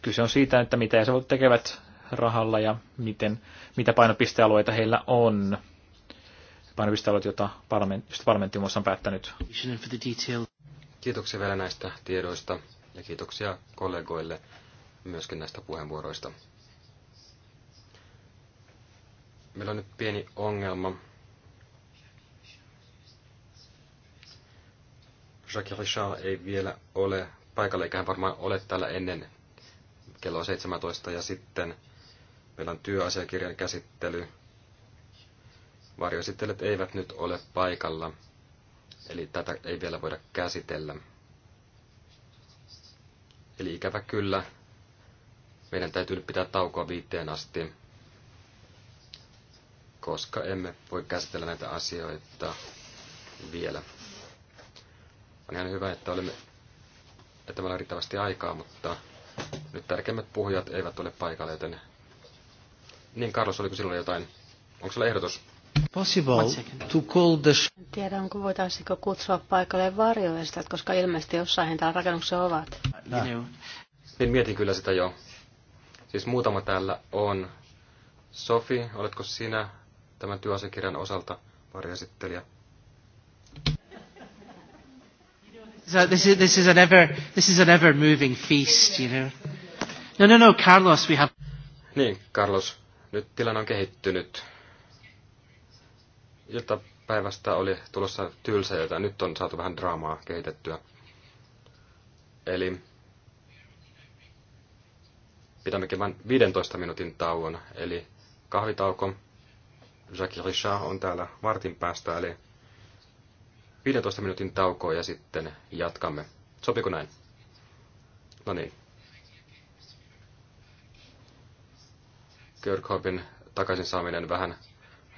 kyse on siitä, että mitä jäsenvaltiot tekevät rahalla ja miten, mitä painopistealueita heillä on. Painopistealueita, joita parlamentti, parlamentti on päättänyt. Kiitoksia vielä näistä tiedoista ja kiitoksia kollegoille myöskin näistä puheenvuoroista. Meillä on nyt pieni ongelma. Jacques Richard ei vielä ole paikalla, eikä hän varmaan ole täällä ennen kello 17. Ja sitten meillä on työasiakirjan käsittely. Varjoesittelijät eivät nyt ole paikalla. Eli tätä ei vielä voida käsitellä. Eli ikävä kyllä, meidän täytyy nyt pitää taukoa viiteen asti, koska emme voi käsitellä näitä asioita vielä. On ihan hyvä, että olemme että meillä on riittävästi aikaa, mutta nyt tärkeimmät puhujat eivät ole paikalla, joten... Niin, Carlos, oliko silloin jotain? Onko sulla ehdotus? Possible to call the... En tiedä, onko voitaisiinko kutsua paikalle varjoista, koska ilmeisesti jossain he täällä rakennuksessa ovat. Niin mietin kyllä sitä jo. Siis muutama täällä on. Sofi, oletko sinä tämän työasiakirjan osalta varjoesittelijä? So this is, this is an ever this is an ever moving feast, you know. No no no, Carlos, we have. Niin, Carlos, nyt tilanne on kehittynyt iltapäivästä oli tulossa tylsä, jota nyt on saatu vähän draamaa kehitettyä. Eli pidämmekin vain 15 minuutin tauon, eli kahvitauko. Jacques Richard on täällä vartin päästä, eli 15 minuutin tauko ja sitten jatkamme. Sopiko näin? No niin. Kirkhopin takaisin saaminen vähän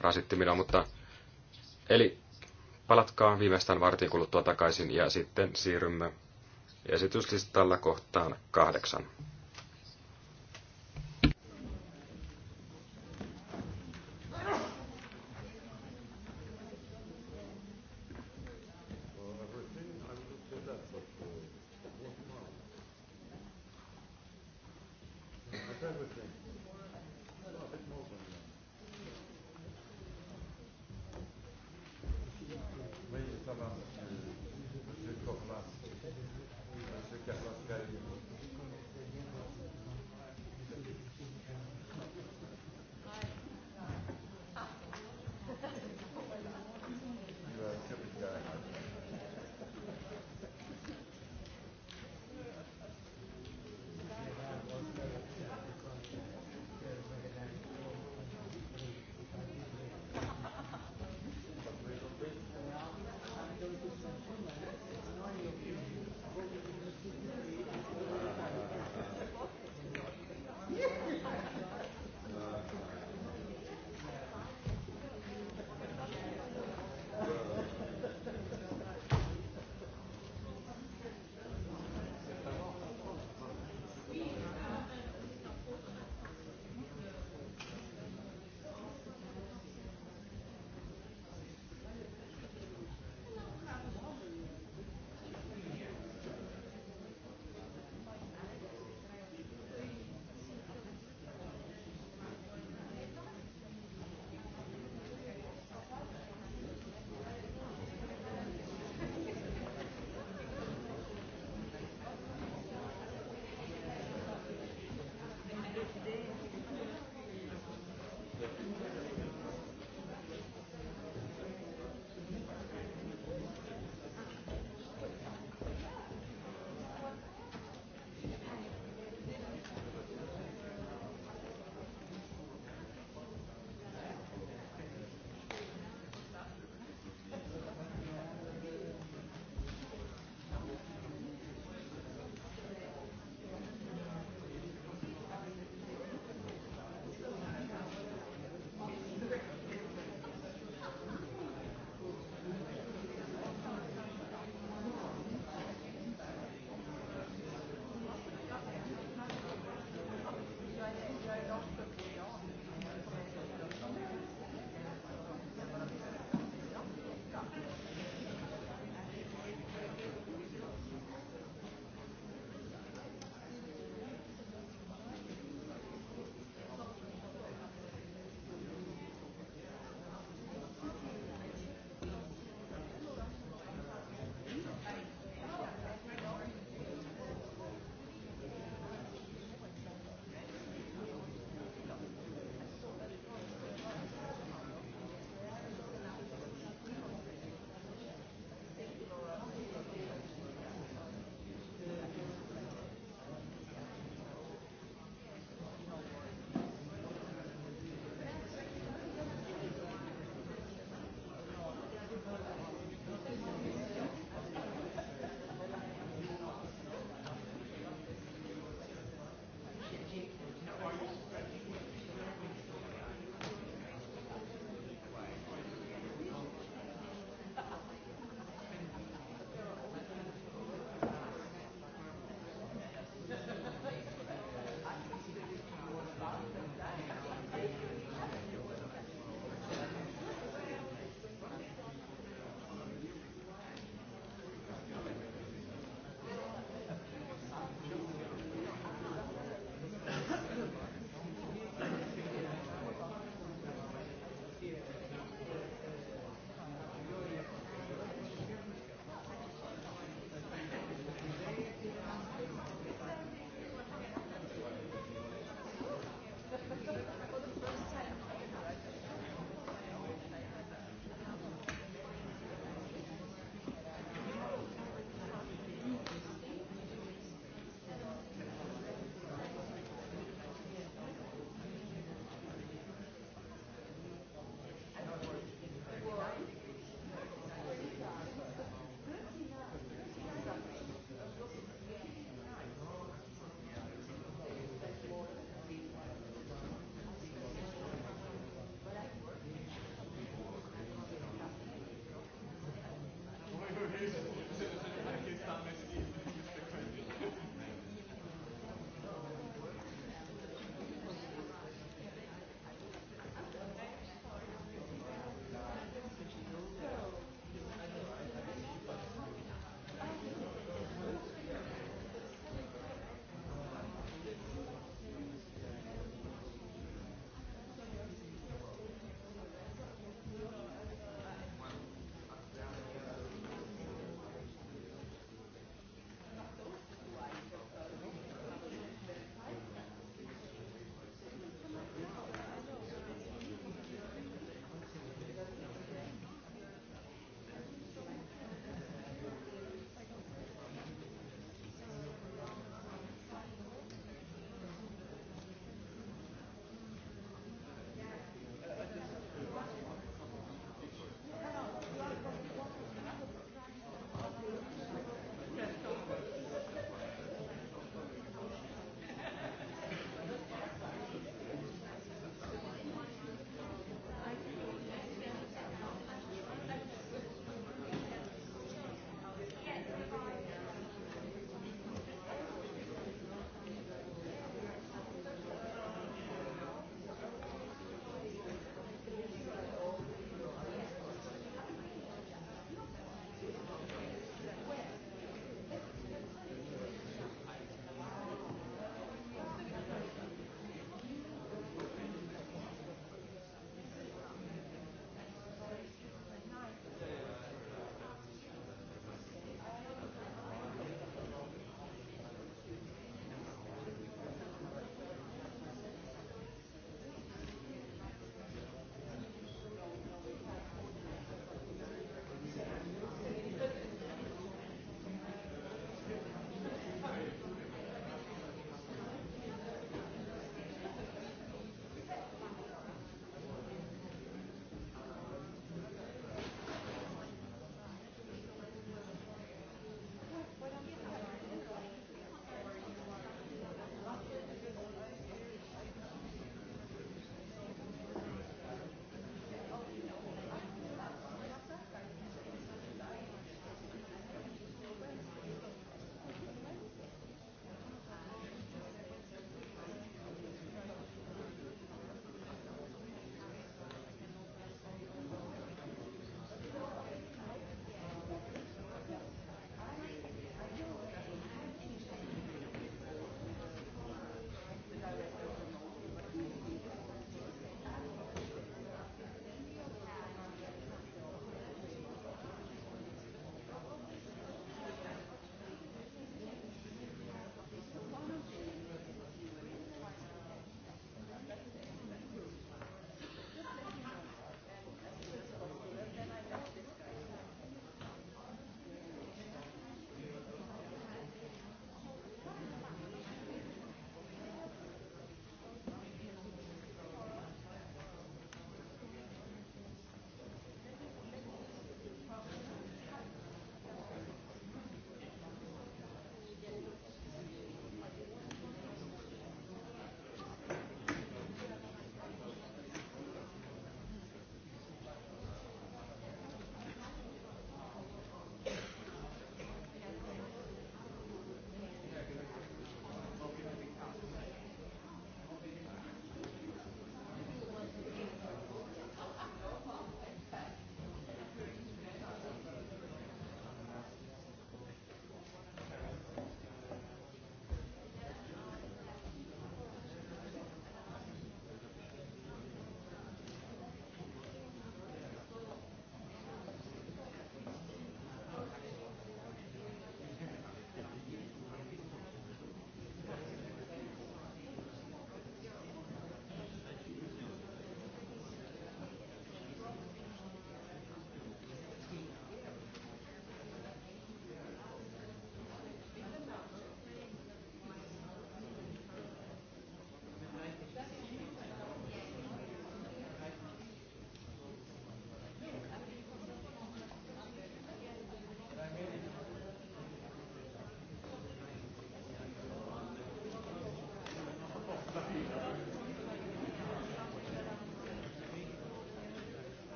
rasitti minua, mutta Eli palatkaa viimeistään vartin kuluttua takaisin ja sitten siirrymme esityslistalla kohtaan kahdeksan.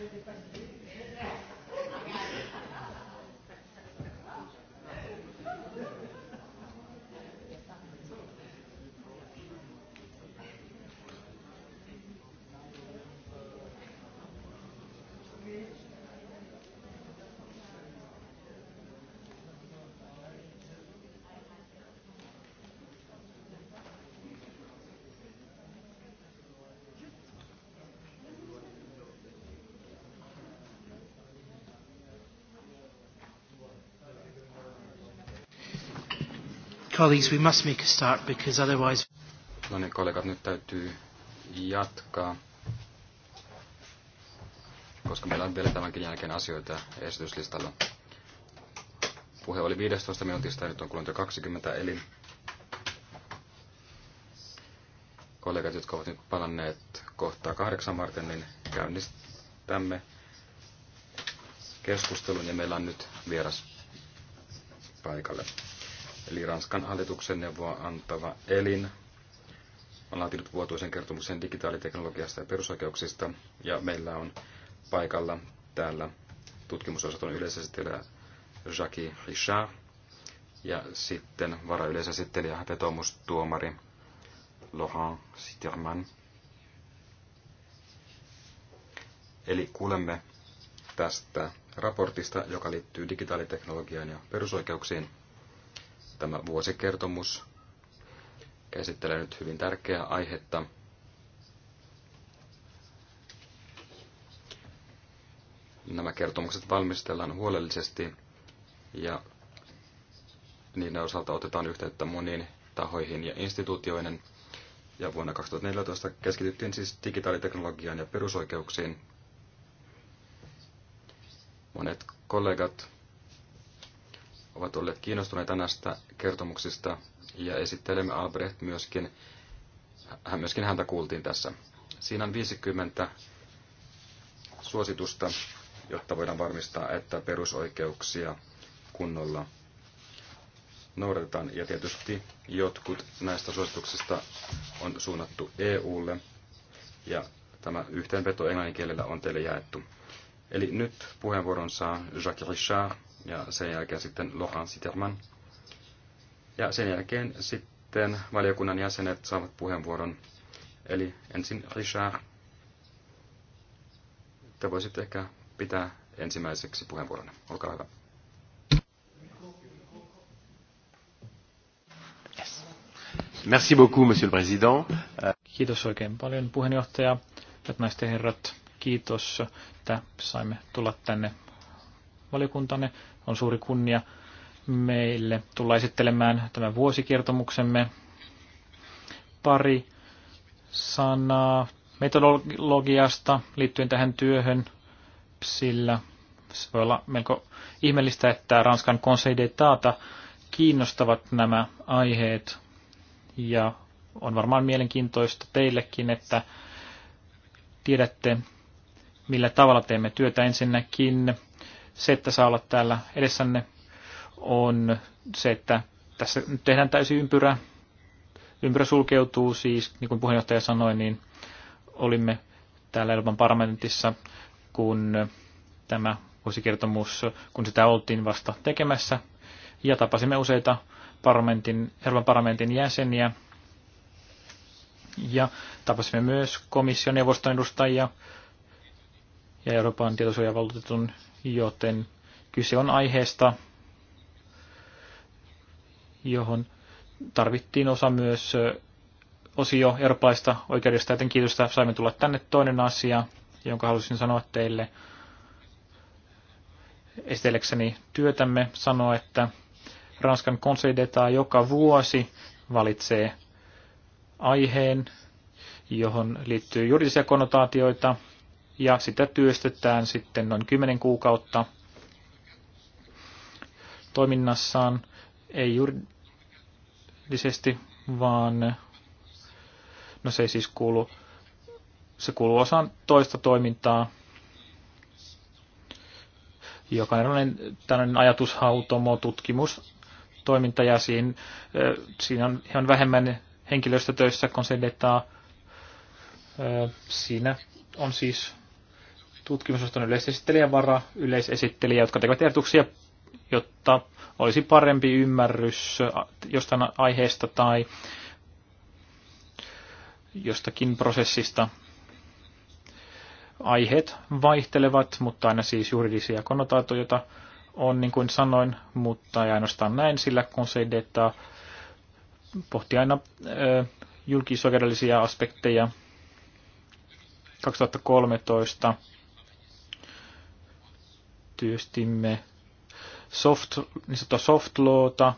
Gracias. colleagues, we must make a start because otherwise... No niin, kollegat, nyt täytyy jatkaa, koska meillä on vielä tämänkin jälkeen asioita esityslistalla. Puhe oli 15 minuutista ja nyt on kulunut jo 20, eli kollegat, jotka ovat nyt palanneet kohtaa kahdeksan varten, niin käynnistämme keskustelun ja meillä on nyt vieras paikalle eli Ranskan hallituksen neuvoa antava elin, on laatinut vuotuisen kertomuksen digitaaliteknologiasta ja perusoikeuksista, ja meillä on paikalla täällä tutkimusosaston yleisesittelijä Jacques Richard, ja sitten varayleisesittelijä vetomustuomari Laurent Sitterman. Eli kuulemme tästä raportista, joka liittyy digitaaliteknologiaan ja perusoikeuksiin. Tämä vuosikertomus käsittelee nyt hyvin tärkeää aihetta. Nämä kertomukset valmistellaan huolellisesti ja niiden osalta otetaan yhteyttä moniin tahoihin ja instituutioiden. Ja vuonna 2014 keskityttiin siis digitaaliteknologiaan ja perusoikeuksiin. Monet kollegat ovat olleet kiinnostuneita näistä kertomuksista ja esittelemme Albrecht myöskin, hän myöskin häntä kuultiin tässä. Siinä on 50 suositusta, jotta voidaan varmistaa, että perusoikeuksia kunnolla noudatetaan. Ja tietysti jotkut näistä suosituksista on suunnattu EUlle ja tämä yhteenveto kielellä on teille jaettu. Eli nyt puheenvuoron saa Jacques Richard, ja sen jälkeen sitten Lohan Siterman. Ja sen jälkeen sitten valiokunnan jäsenet saavat puheenvuoron. Eli ensin Richard. Te voisitte ehkä pitää ensimmäiseksi puheenvuoron. Olkaa hyvä. Merci beaucoup, monsieur le président. Kiitos oikein paljon puheenjohtaja. Hyvät naiset ja herrat, kiitos, että saimme tulla tänne valiokuntanne. On suuri kunnia meille tulla esittelemään tämän vuosikertomuksemme. Pari sanaa metodologiasta liittyen tähän työhön, sillä se voi olla melko ihmeellistä, että Ranskan Conseil d'Etata kiinnostavat nämä aiheet ja on varmaan mielenkiintoista teillekin, että tiedätte, millä tavalla teemme työtä. Ensinnäkin se, että saa olla täällä edessänne, on se, että tässä nyt tehdään täysi ympyrä. Ympyrä sulkeutuu siis, niin kuin puheenjohtaja sanoi, niin olimme täällä Euroopan parlamentissa, kun tämä vuosikertomus, kun sitä oltiin vasta tekemässä, ja tapasimme useita parlamentin, Euroopan parlamentin jäseniä, ja tapasimme myös komission neuvoston edustajia ja Euroopan tietosuojavaltuutetun joten kyse on aiheesta, johon tarvittiin osa myös osio eurooppalaista oikeudesta, joten kiitosta saimme tulla tänne. Toinen asia, jonka halusin sanoa teille esitellekseni työtämme, sanoa, että Ranskan Conseil joka vuosi valitsee aiheen, johon liittyy juridisia konnotaatioita, ja sitä työstetään sitten noin 10 kuukautta toiminnassaan, ei juridisesti, vaan no se ei siis kuulu, se kuuluu osaan toista toimintaa, joka on tällainen ajatushautomo, toiminta ja siinä, siinä on ihan vähemmän henkilöstötöissä, kun se Siinä on siis tutkimusosaston yleisesittelijän vara, yleisesittelijä, jotka tekevät ehdotuksia, jotta olisi parempi ymmärrys jostain aiheesta tai jostakin prosessista. Aiheet vaihtelevat, mutta aina siis juridisia konnotaatioita on, niin kuin sanoin, mutta ei ainoastaan näin, sillä se että pohti aina julkisoikeudellisia aspekteja 2013 työstimme soft, niin sanottua soft lawta,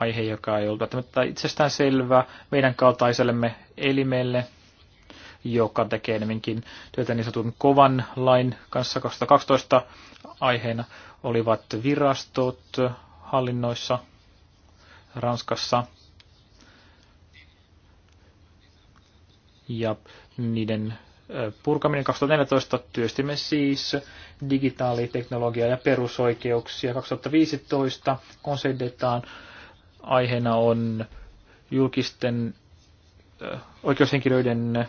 aihe, joka ei ollut välttämättä itsestään selvä meidän kaltaisellemme elimelle, joka tekee enemmänkin työtä niin sanotun kovan lain kanssa 2012 aiheena olivat virastot hallinnoissa Ranskassa ja niiden purkaminen 2014 työstimme siis digitaaliteknologiaa ja perusoikeuksia. 2015 konsedetaan aiheena on julkisten oikeushenkilöiden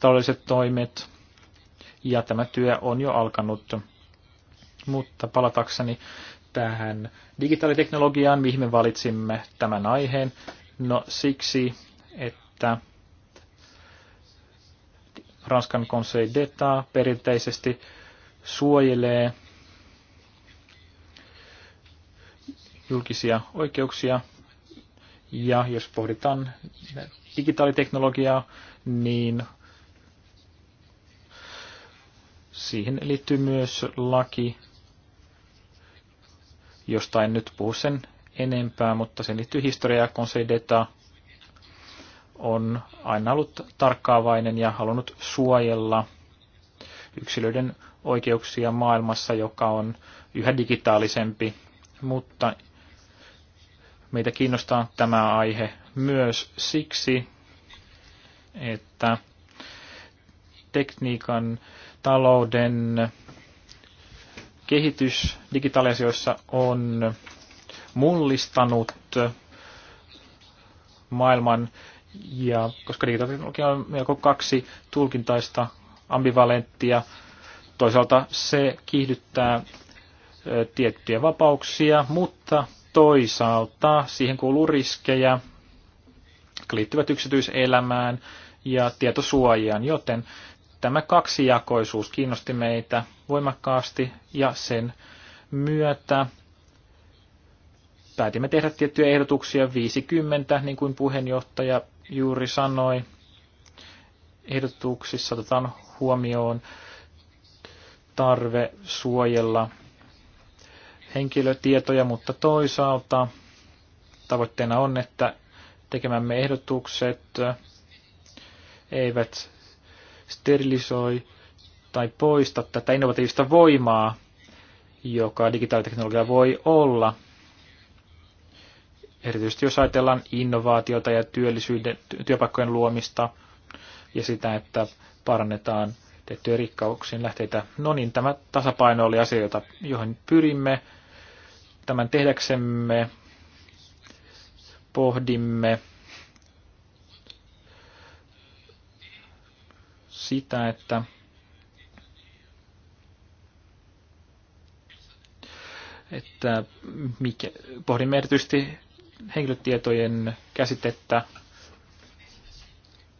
taloudelliset toimet ja tämä työ on jo alkanut. Mutta palatakseni tähän digitaaliteknologiaan, mihin me valitsimme tämän aiheen, no siksi, että Ranskan Conseil d'État perinteisesti suojelee julkisia oikeuksia. Ja jos pohditaan digitaaliteknologiaa, niin siihen liittyy myös laki, josta en nyt puhu sen enempää, mutta sen liittyy historiaa, konseideta, on aina ollut tarkkaavainen ja halunnut suojella yksilöiden oikeuksia maailmassa, joka on yhä digitaalisempi, mutta meitä kiinnostaa tämä aihe myös siksi, että tekniikan, talouden kehitys digitaalisioissa on mullistanut maailman ja koska digitaaliteknologia on melko kaksi tulkintaista ambivalenttia, toisaalta se kiihdyttää tiettyjä vapauksia, mutta toisaalta siihen kuuluu riskejä, jotka liittyvät yksityiselämään ja tietosuojaan, joten tämä kaksijakoisuus kiinnosti meitä voimakkaasti ja sen myötä päätimme tehdä tiettyjä ehdotuksia 50, niin kuin puheenjohtaja juuri sanoi, ehdotuksissa otetaan huomioon tarve suojella henkilötietoja, mutta toisaalta tavoitteena on, että tekemämme ehdotukset eivät sterilisoi tai poista tätä innovatiivista voimaa, joka digitaaliteknologia voi olla – erityisesti jos ajatellaan innovaatiota ja työllisyyden, työpaikkojen luomista ja sitä, että parannetaan tiettyjä rikkauksien lähteitä. No niin, tämä tasapaino oli asia, jota, johon pyrimme. Tämän tehdäksemme pohdimme sitä, että että mikä, pohdimme erityisesti henkilötietojen käsitettä.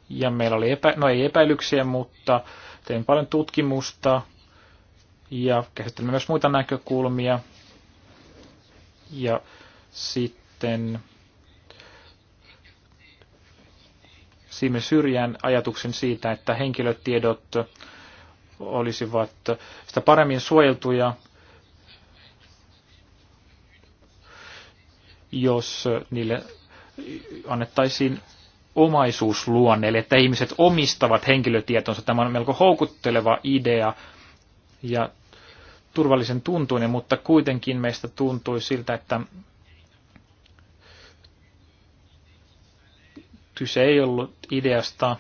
Ja meillä oli, epä, no ei epäilyksiä, mutta tein paljon tutkimusta ja käsittelimme myös muita näkökulmia. Ja sitten siimme syrjään ajatuksen siitä, että henkilötiedot olisivat sitä paremmin suojeltuja jos niille annettaisiin omaisuusluonne, eli että ihmiset omistavat henkilötietonsa. Tämä on melko houkutteleva idea ja turvallisen tuntuinen, mutta kuitenkin meistä tuntui siltä, että kyse ei ollut ideasta,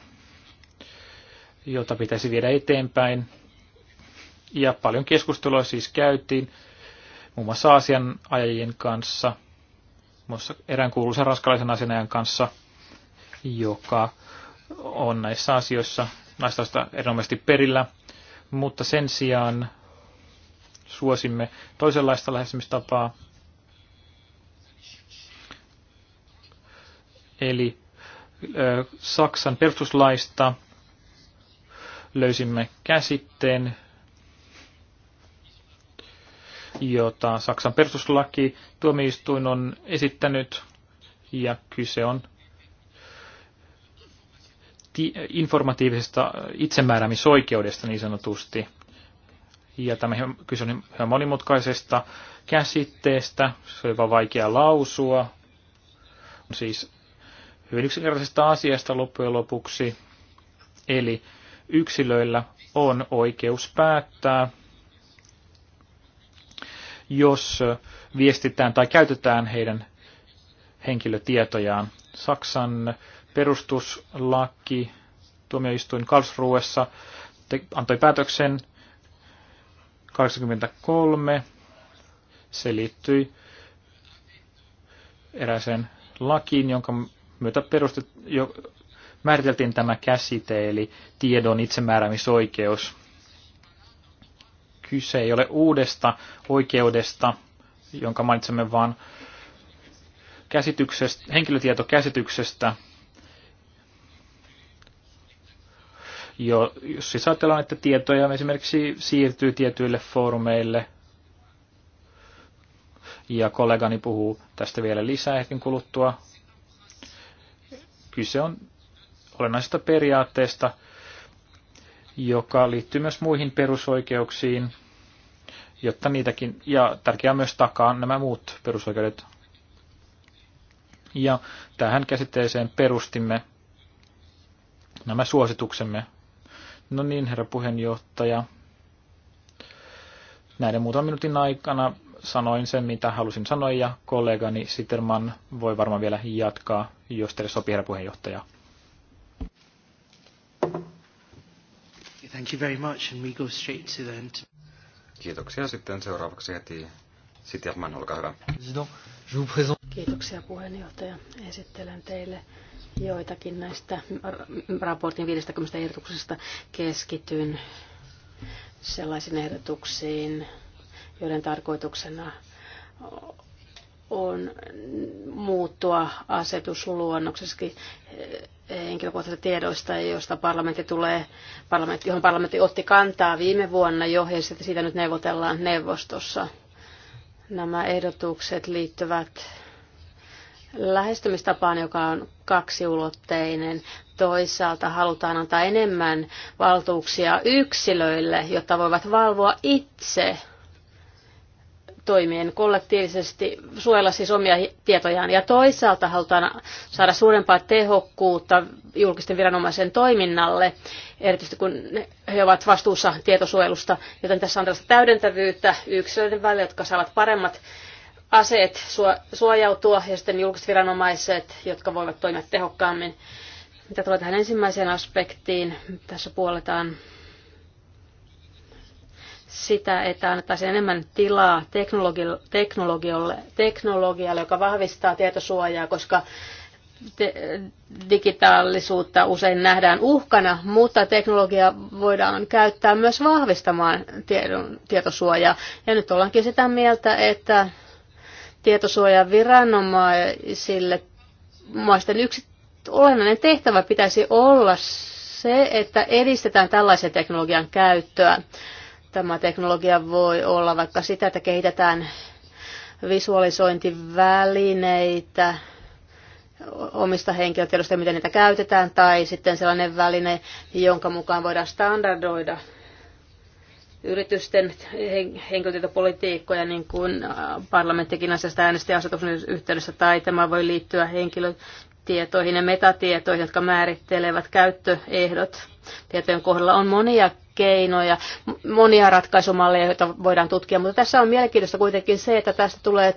jota pitäisi viedä eteenpäin. Ja paljon keskustelua siis käytiin muun muassa asianajajien kanssa – muassa erään kuuluisen raskalaisen asianajan kanssa, joka on näissä asioissa naistausta erinomaisesti perillä, mutta sen sijaan suosimme toisenlaista lähestymistapaa. Eli Saksan perustuslaista löysimme käsitteen, jota Saksan perustuslaki tuomioistuin on esittänyt, ja kyse on informatiivisesta itsemääräämisoikeudesta niin sanotusti. Ja tämä kyse on ihan monimutkaisesta käsitteestä, se on jopa vaikea lausua. On siis hyvin yksinkertaisesta asiasta loppujen lopuksi. Eli yksilöillä on oikeus päättää jos viestitään tai käytetään heidän henkilötietojaan. Saksan perustuslaki tuomioistuin Karlsruessa antoi päätöksen 83. Se liittyi erääseen lakiin, jonka myötä perustet, jo, määriteltiin tämä käsite, eli tiedon itsemääräämisoikeus kyse ei ole uudesta oikeudesta, jonka mainitsemme, vaan käsityksestä, henkilötietokäsityksestä, jo, jos siis ajatellaan, että tietoja esimerkiksi siirtyy tietyille foorumeille, ja kollegani puhuu tästä vielä lisää ehkä kuluttua. Kyse on olennaisesta periaatteesta, joka liittyy myös muihin perusoikeuksiin, jotta niitäkin, ja tärkeää myös takaa nämä muut perusoikeudet. Ja tähän käsitteeseen perustimme nämä suosituksemme. No niin, herra puheenjohtaja. Näiden muutaman minuutin aikana sanoin sen, mitä halusin sanoa, ja kollegani Sitterman voi varmaan vielä jatkaa, jos teille sopii, herra puheenjohtaja. Thank you very much, and we go straight to the end. Kiitoksia. Sitten seuraavaksi heti sitten olkaa hyvä. Kiitoksia puheenjohtaja. Esittelen teille joitakin näistä raportin 50 ehdotuksesta. Keskityn sellaisiin ehdotuksiin, joiden tarkoituksena on muuttua asetusluonnoksessakin eh, henkilökohtaisista tiedoista, josta parlamentti tulee, parlamentti, johon parlamentti otti kantaa viime vuonna jo, ja sitten siitä nyt neuvotellaan neuvostossa. Nämä ehdotukset liittyvät lähestymistapaan, joka on kaksiulotteinen. Toisaalta halutaan antaa enemmän valtuuksia yksilöille, jotta voivat valvoa itse toimien kollektiivisesti suojella siis omia tietojaan ja toisaalta halutaan saada suurempaa tehokkuutta julkisten viranomaisen toiminnalle, erityisesti kun he ovat vastuussa tietosuojelusta, joten tässä on tällaista täydentävyyttä yksilöiden välillä, jotka saavat paremmat aseet suojautua ja sitten julkiset viranomaiset, jotka voivat toimia tehokkaammin. Mitä tulee tähän ensimmäiseen aspektiin, tässä puoletaan sitä, että annettaisiin enemmän tilaa teknologialle, teknologialle joka vahvistaa tietosuojaa, koska te- digitaalisuutta usein nähdään uhkana, mutta teknologiaa voidaan käyttää myös vahvistamaan tiedon, tietosuojaa. Ja nyt ollaankin sitä mieltä, että tietosuojan viranomaisille maisten yksi olennainen tehtävä pitäisi olla se, että edistetään tällaisen teknologian käyttöä. Tämä teknologia voi olla vaikka sitä, että kehitetään visualisointivälineitä omista henkilötiedosta, miten niitä käytetään, tai sitten sellainen väline, jonka mukaan voidaan standardoida yritysten henkilötietopolitiikkoja, niin kuin äh, parlamenttikin asiasta äänestäjä asetuksen yhteydessä, tai tämä voi liittyä henkilötietoihin ja metatietoihin, jotka määrittelevät käyttöehdot. Tietojen kohdalla on monia keinoja, monia ratkaisumalleja, joita voidaan tutkia, mutta tässä on mielenkiintoista kuitenkin se, että tästä tulee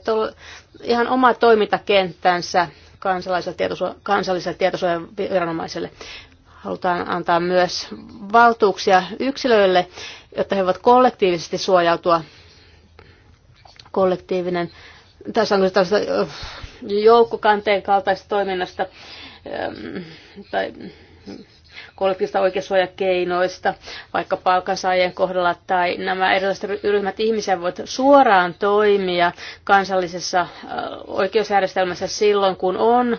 ihan oma toimintakenttänsä kansalliselle, tietosu- kansalliselle tietosuojaviranomaiselle. Halutaan antaa myös valtuuksia yksilöille, jotta he voivat kollektiivisesti suojautua. Kollektiivinen, tässä on tällaista joukkokanteen kaltaista toiminnasta, tai kollektiivista oikeussuojakeinoista, vaikka palkansaajien kohdalla, tai nämä erilaiset ryhmät ihmisiä voivat suoraan toimia kansallisessa oikeusjärjestelmässä silloin, kun on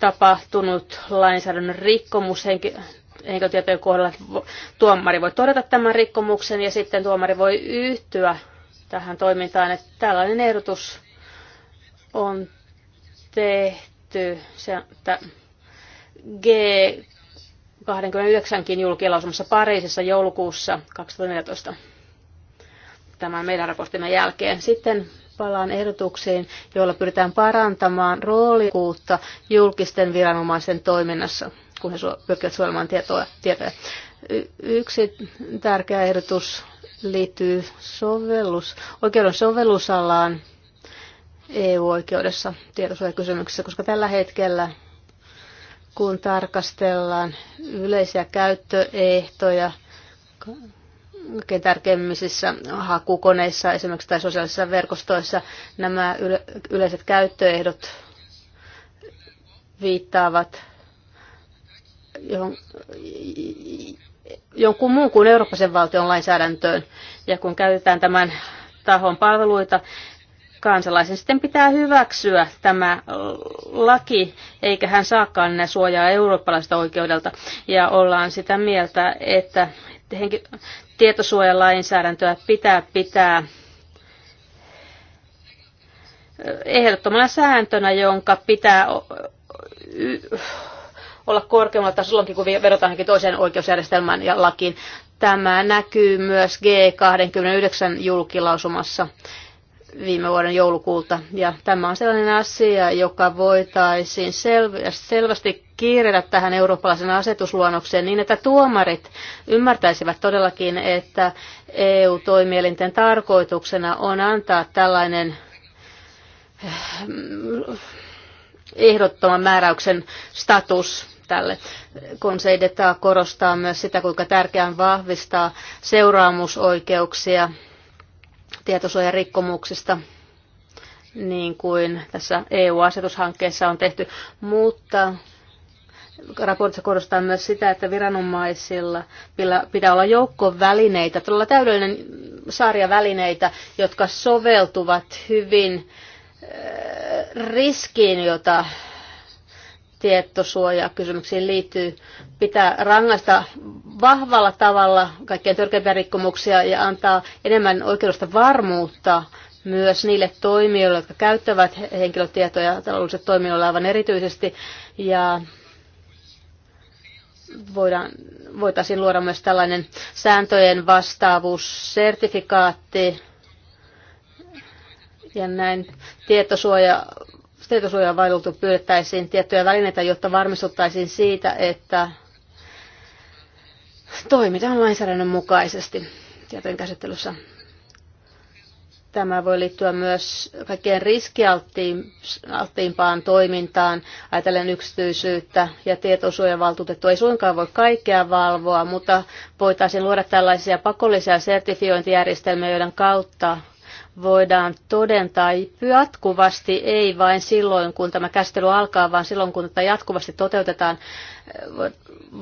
tapahtunut lainsäädännön rikkomus henkilötietojen kohdalla. Tuomari voi todeta tämän rikkomuksen ja sitten tuomari voi yhtyä tähän toimintaan. Että tällainen ehdotus on tehty. Se, että G 29 julkilausumassa Pariisissa joulukuussa 2014 tämän meidän raporttimme jälkeen. Sitten palaan ehdotuksiin, joilla pyritään parantamaan roolikuutta julkisten viranomaisten toiminnassa, kun he pyrkivät suojelemaan tietoa, tietoja. yksi tärkeä ehdotus liittyy sovellus, oikeuden sovellusalaan EU-oikeudessa tietosuojakysymyksessä, koska tällä hetkellä kun tarkastellaan yleisiä käyttöehtoja tärkeimmissä hakukoneissa esimerkiksi tai sosiaalisissa verkostoissa nämä yleiset käyttöehdot viittaavat jonkun muun kuin Euroopan valtion lainsäädäntöön. Ja kun käytetään tämän tahon palveluita, kansalaisen sitten pitää hyväksyä tämä laki, eikä hän saakaan enää suojaa eurooppalaista oikeudelta. Ja ollaan sitä mieltä, että tietosuojalainsäädäntöä pitää pitää ehdottomana sääntönä, jonka pitää olla korkeammalla tasolla, kun verotaankin toiseen oikeusjärjestelmään ja lakiin. Tämä näkyy myös G29 julkilausumassa viime vuoden joulukuulta. Ja tämä on sellainen asia, joka voitaisiin selvästi kiirellä tähän eurooppalaisen asetusluonnokseen niin, että tuomarit ymmärtäisivät todellakin, että EU-toimielinten tarkoituksena on antaa tällainen eh, ehdottoman määräyksen status tälle. edetään korostaa myös sitä, kuinka tärkeää on vahvistaa seuraamusoikeuksia tietosuojarikkomuksista, niin kuin tässä EU-asetushankkeessa on tehty, mutta raportissa korostaa myös sitä, että viranomaisilla pitää olla joukko välineitä, todella täydellinen sarja välineitä, jotka soveltuvat hyvin äh, riskiin, jota tietosuojakysymyksiin liittyy, pitää rangaista vahvalla tavalla kaikkien törkeimpiä rikkomuksia ja antaa enemmän oikeudesta varmuutta myös niille toimijoille, jotka käyttävät henkilötietoja taloudelliset toimijoille aivan erityisesti. Ja voidaan, voitaisiin luoda myös tällainen sääntöjen vastaavuussertifikaatti ja näin tietosuoja tietosuojavailulta pyydettäisiin tiettyjä välineitä, jotta varmistuttaisiin siitä, että toimitaan lainsäädännön mukaisesti tietojen käsittelyssä. Tämä voi liittyä myös kaikkein riskialttiimpaan toimintaan, ajatellen yksityisyyttä ja tietosuojavaltuutettu ei suinkaan voi kaikkea valvoa, mutta voitaisiin luoda tällaisia pakollisia sertifiointijärjestelmiä, joiden kautta voidaan todentaa jatkuvasti, ei vain silloin, kun tämä käsittely alkaa, vaan silloin, kun tätä jatkuvasti toteutetaan,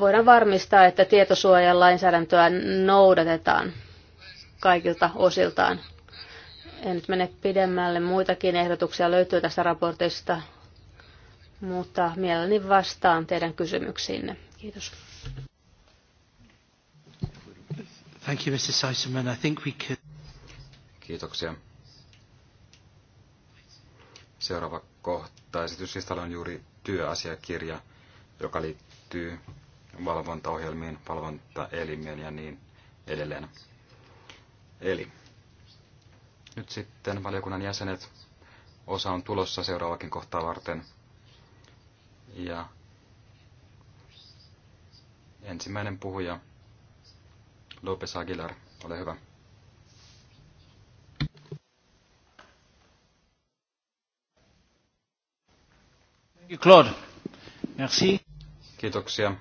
voidaan varmistaa, että tietosuojan lainsäädäntöä noudatetaan kaikilta osiltaan. En nyt mene pidemmälle, muitakin ehdotuksia löytyy tästä raportista, mutta mielelläni vastaan teidän kysymyksiinne. Kiitos. Thank you, Mr. Seisman. I think we could... Kiitoksia. Seuraava kohta esityslistalla on juuri työasiakirja, joka liittyy valvontaohjelmiin, valvontaelimien ja niin edelleen. Eli nyt sitten valiokunnan jäsenet. Osa on tulossa seuraavakin kohtaa varten. Ja ensimmäinen puhuja, Lopes Aguilar, ole hyvä. Claude. Merci. Kiitoksia.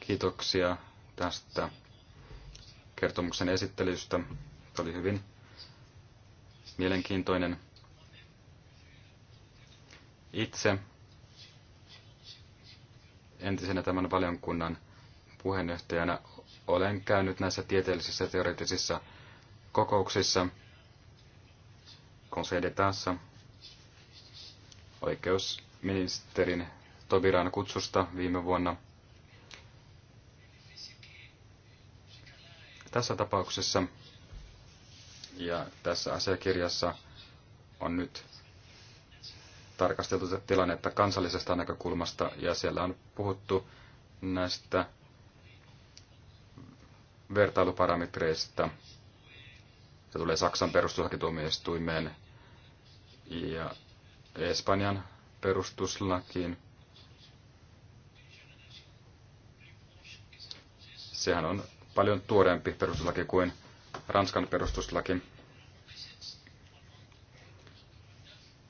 Kiitoksia tästä kertomuksen esittelystä. Se oli hyvin mielenkiintoinen. Itse entisenä tämän valiokunnan puheenjohtajana olen käynyt näissä tieteellisissä ja teoreettisissa kokouksissa Conseil d'Etatissa oikeusministerin Tobiran kutsusta viime vuonna. Tässä tapauksessa ja tässä asiakirjassa on nyt tarkasteltu tilannetta kansallisesta näkökulmasta ja siellä on puhuttu näistä vertailuparametreista. Se tulee Saksan perustuslakituomioistuimeen ja Espanjan perustuslakiin. Sehän on paljon tuoreempi perustuslaki kuin Ranskan perustuslaki.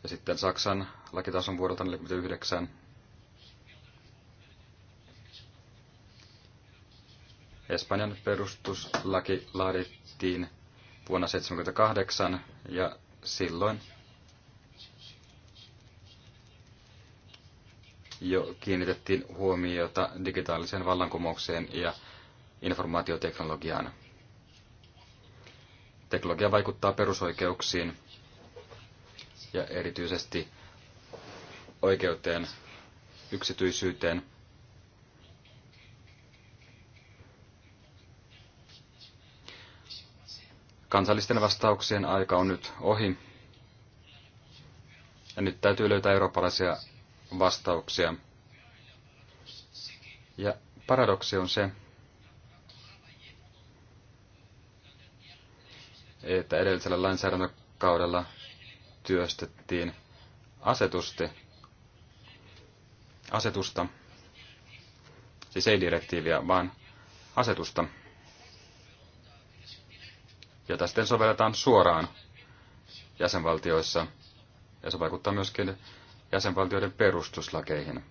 Ja sitten Saksan lakitason vuodelta 1949. Espanjan perustuslaki laadittiin vuonna 1978 ja silloin jo kiinnitettiin huomiota digitaaliseen vallankumoukseen ja informaatioteknologiaan. Teknologia vaikuttaa perusoikeuksiin ja erityisesti oikeuteen yksityisyyteen. Kansallisten vastauksien aika on nyt ohi. Ja nyt täytyy löytää eurooppalaisia vastauksia. Ja paradoksi on se, että edellisellä lainsäädäntökaudella työstettiin asetusti, asetusta, siis ei direktiiviä, vaan asetusta, jota sitten sovelletaan suoraan jäsenvaltioissa. Ja se vaikuttaa myöskin jäsenvaltioiden perustuslakeihin.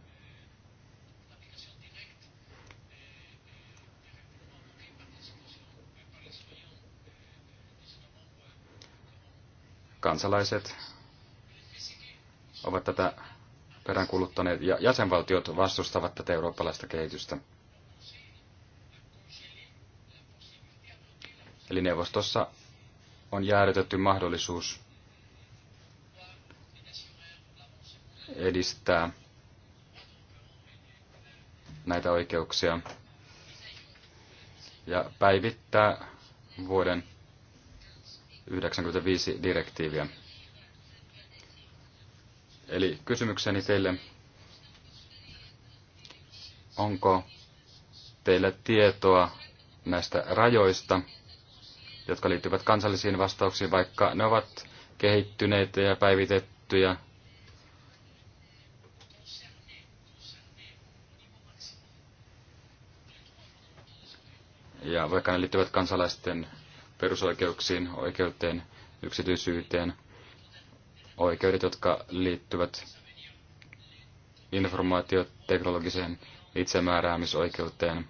Kansalaiset ovat tätä peräänkuluttaneet ja jäsenvaltiot vastustavat tätä eurooppalaista kehitystä. Eli neuvostossa on jäädytetty mahdollisuus edistää näitä oikeuksia ja päivittää vuoden 1995 direktiiviä. Eli kysymykseni teille, onko teillä tietoa näistä rajoista, jotka liittyvät kansallisiin vastauksiin, vaikka ne ovat kehittyneitä ja päivitettyjä ja vaikka ne liittyvät kansalaisten perusoikeuksiin, oikeuteen, yksityisyyteen, oikeudet, jotka liittyvät informaatioteknologiseen itsemääräämisoikeuteen.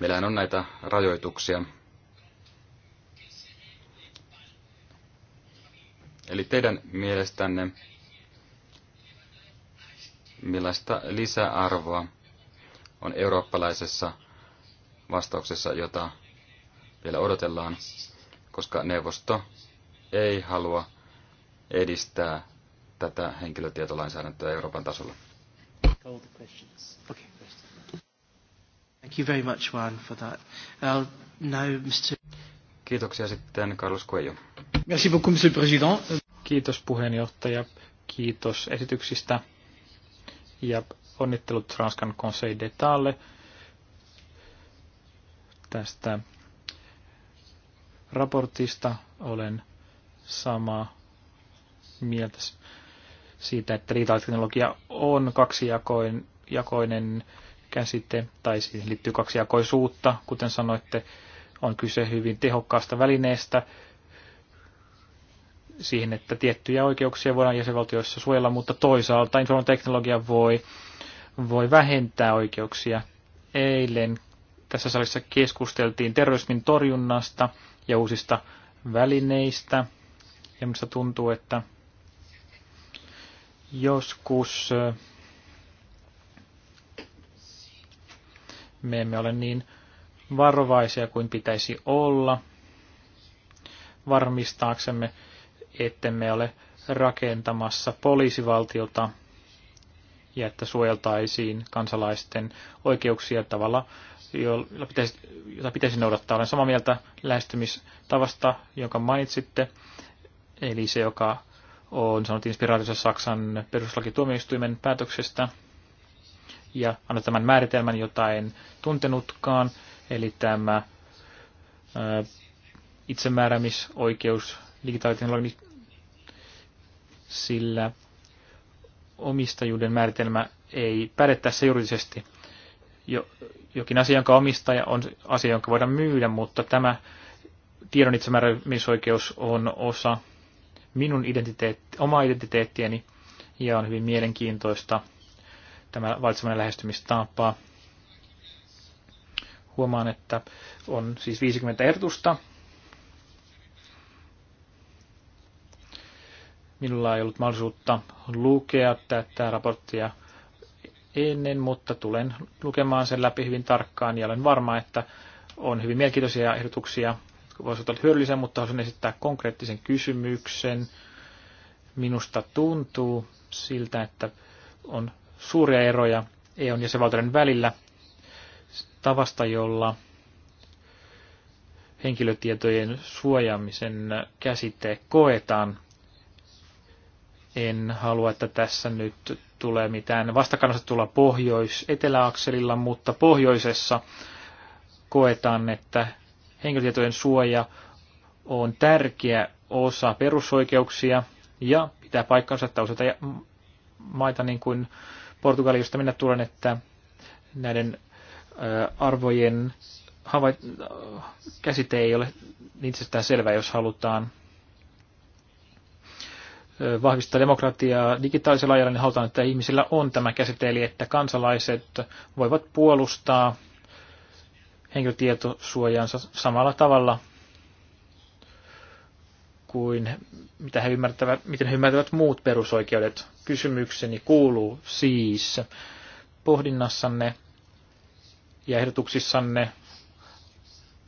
Meillähän on näitä rajoituksia, Eli teidän mielestänne, millaista lisäarvoa on eurooppalaisessa vastauksessa, jota vielä odotellaan, koska neuvosto ei halua edistää tätä henkilötietolainsäädäntöä Euroopan tasolla. Thank you very much, Juan, for that. now, Mr. Kiitoksia sitten, Carlos Cuello. Merci beaucoup, monsieur le président. Kiitos puheenjohtaja, kiitos esityksistä ja onnittelut Ranskan Conseil d'Etatlle tästä raportista. Olen samaa mieltä siitä, että liitalaisteknologia on kaksijakoinen jakoinen käsite, tai siihen liittyy kaksijakoisuutta, kuten sanoitte, on kyse hyvin tehokkaasta välineestä, siihen, että tiettyjä oikeuksia voidaan jäsenvaltioissa suojella, mutta toisaalta informaatioteknologia voi, voi vähentää oikeuksia. Eilen tässä salissa keskusteltiin terrorismin torjunnasta ja uusista välineistä. Ja minusta tuntuu, että joskus äh, me emme ole niin varovaisia kuin pitäisi olla varmistaaksemme että me ole rakentamassa poliisivaltiota ja että suojeltaisiin kansalaisten oikeuksia tavalla, jolla pitäisi, jota pitäisi noudattaa. Olen samaa mieltä lähestymistavasta, jonka mainitsitte, eli se, joka on sanottu inspiraatiossa Saksan perustuslakituomioistuimen päätöksestä ja anna tämän määritelmän, jota en tuntenutkaan, eli tämä ää, itsemääräämisoikeus, digitaalisen sillä omistajuuden määritelmä ei päde tässä juridisesti. Jo, jokin asia, jonka omistaja on asia, jonka voidaan myydä, mutta tämä tiedon itsemääräämisoikeus on osa minun identiteetti, omaa identiteettiäni ja on hyvin mielenkiintoista tämä valitsemani lähestymistapa. Huomaan, että on siis 50 ehdotusta Minulla ei ollut mahdollisuutta lukea tätä raporttia ennen, mutta tulen lukemaan sen läpi hyvin tarkkaan ja olen varma, että on hyvin mielenkiintoisia ehdotuksia, jotka voisivat olla hyödyllisiä, mutta haluaisin esittää konkreettisen kysymyksen. Minusta tuntuu siltä, että on suuria eroja EUn ja sen välillä tavasta, jolla henkilötietojen suojaamisen käsite koetaan. En halua, että tässä nyt tulee mitään vastakannasta tulla pohjois-eteläakselilla, mutta pohjoisessa koetaan, että henkilötietojen suoja on tärkeä osa perusoikeuksia ja pitää paikkansa, että osata maita niin kuin Portugali, josta minä tulen, että näiden arvojen käsite ei ole itsestään selvä, jos halutaan vahvistaa demokratiaa digitaalisella ajalla, niin halutaan, että ihmisillä on tämä käsite, eli että kansalaiset voivat puolustaa henkilötietosuojansa samalla tavalla kuin mitä he ymmärtävät, miten he ymmärtävät muut perusoikeudet. Kysymykseni kuuluu siis pohdinnassanne ja ehdotuksissanne,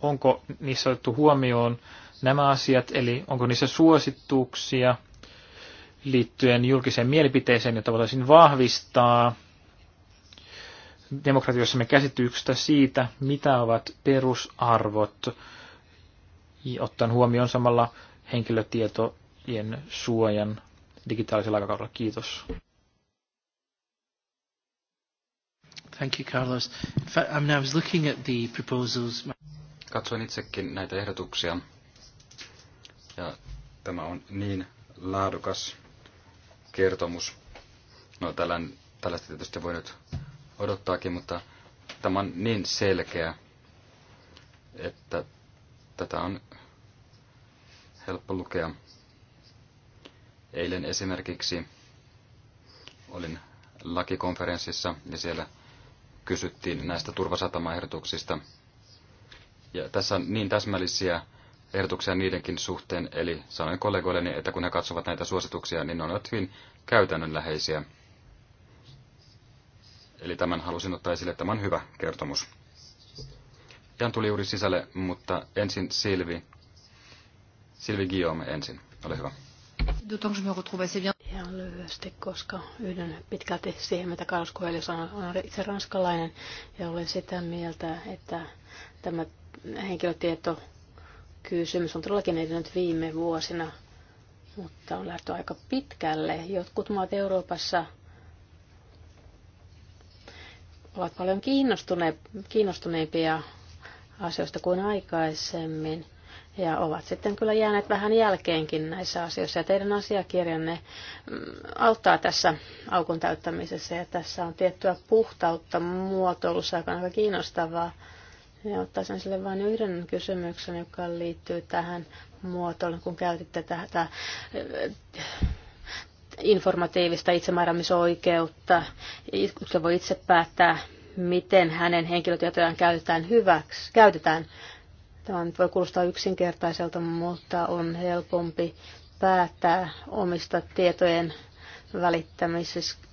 onko niissä otettu huomioon nämä asiat, eli onko niissä suosituksia – liittyen julkiseen mielipiteeseen, jota voitaisiin vahvistaa me käsityksestä siitä, mitä ovat perusarvot, ottaen huomioon samalla henkilötietojen suojan digitaalisella aikakaudella. Kiitos. Thank you, Carlos. In fact, I, mean, I was looking at the proposals. Katsoin itsekin näitä ehdotuksia, ja tämä on niin laadukas kertomus. No tällän, tällaista tietysti voi nyt odottaakin, mutta tämä on niin selkeä, että tätä on helppo lukea. Eilen esimerkiksi olin lakikonferenssissa ja siellä kysyttiin näistä turvasatamaehdotuksista. Ja tässä on niin täsmällisiä ehdotuksia niidenkin suhteen, eli sanoin kollegoilleni, että kun he katsovat näitä suosituksia, niin ne ovat hyvin käytännönläheisiä. Eli tämän halusin ottaa esille, tämä on hyvä kertomus. Jan tuli juuri sisälle, mutta ensin Silvi. Silvi Guillaume ensin, ole hyvä. D'autant que je me retrouve assez bien. Ihan lyhyesti, koska yhden pitkälti siihen, mitä Carlos Coelho sanoi, on itse ranskalainen ja olen sitä mieltä, että tämä henkilötieto kysymys on todellakin edennyt viime vuosina, mutta on lähtö aika pitkälle. Jotkut maat Euroopassa ovat paljon kiinnostuneempia kiinnostuneimpia asioista kuin aikaisemmin. Ja ovat sitten kyllä jääneet vähän jälkeenkin näissä asioissa. Ja teidän asiakirjanne mm, auttaa tässä aukon täyttämisessä. Ja tässä on tiettyä puhtautta muotoilussa, joka on aika kiinnostavaa. Ja ottaisin sille vain yhden kysymyksen, joka liittyy tähän muotoon, kun käytitte tätä eh, informatiivista itsemääräämisoikeutta. Yksilö voi itse päättää, miten hänen henkilötietojaan käytetään hyväksi. Käytetään. Tämä voi kuulostaa yksinkertaiselta, mutta on helpompi päättää omista tietojen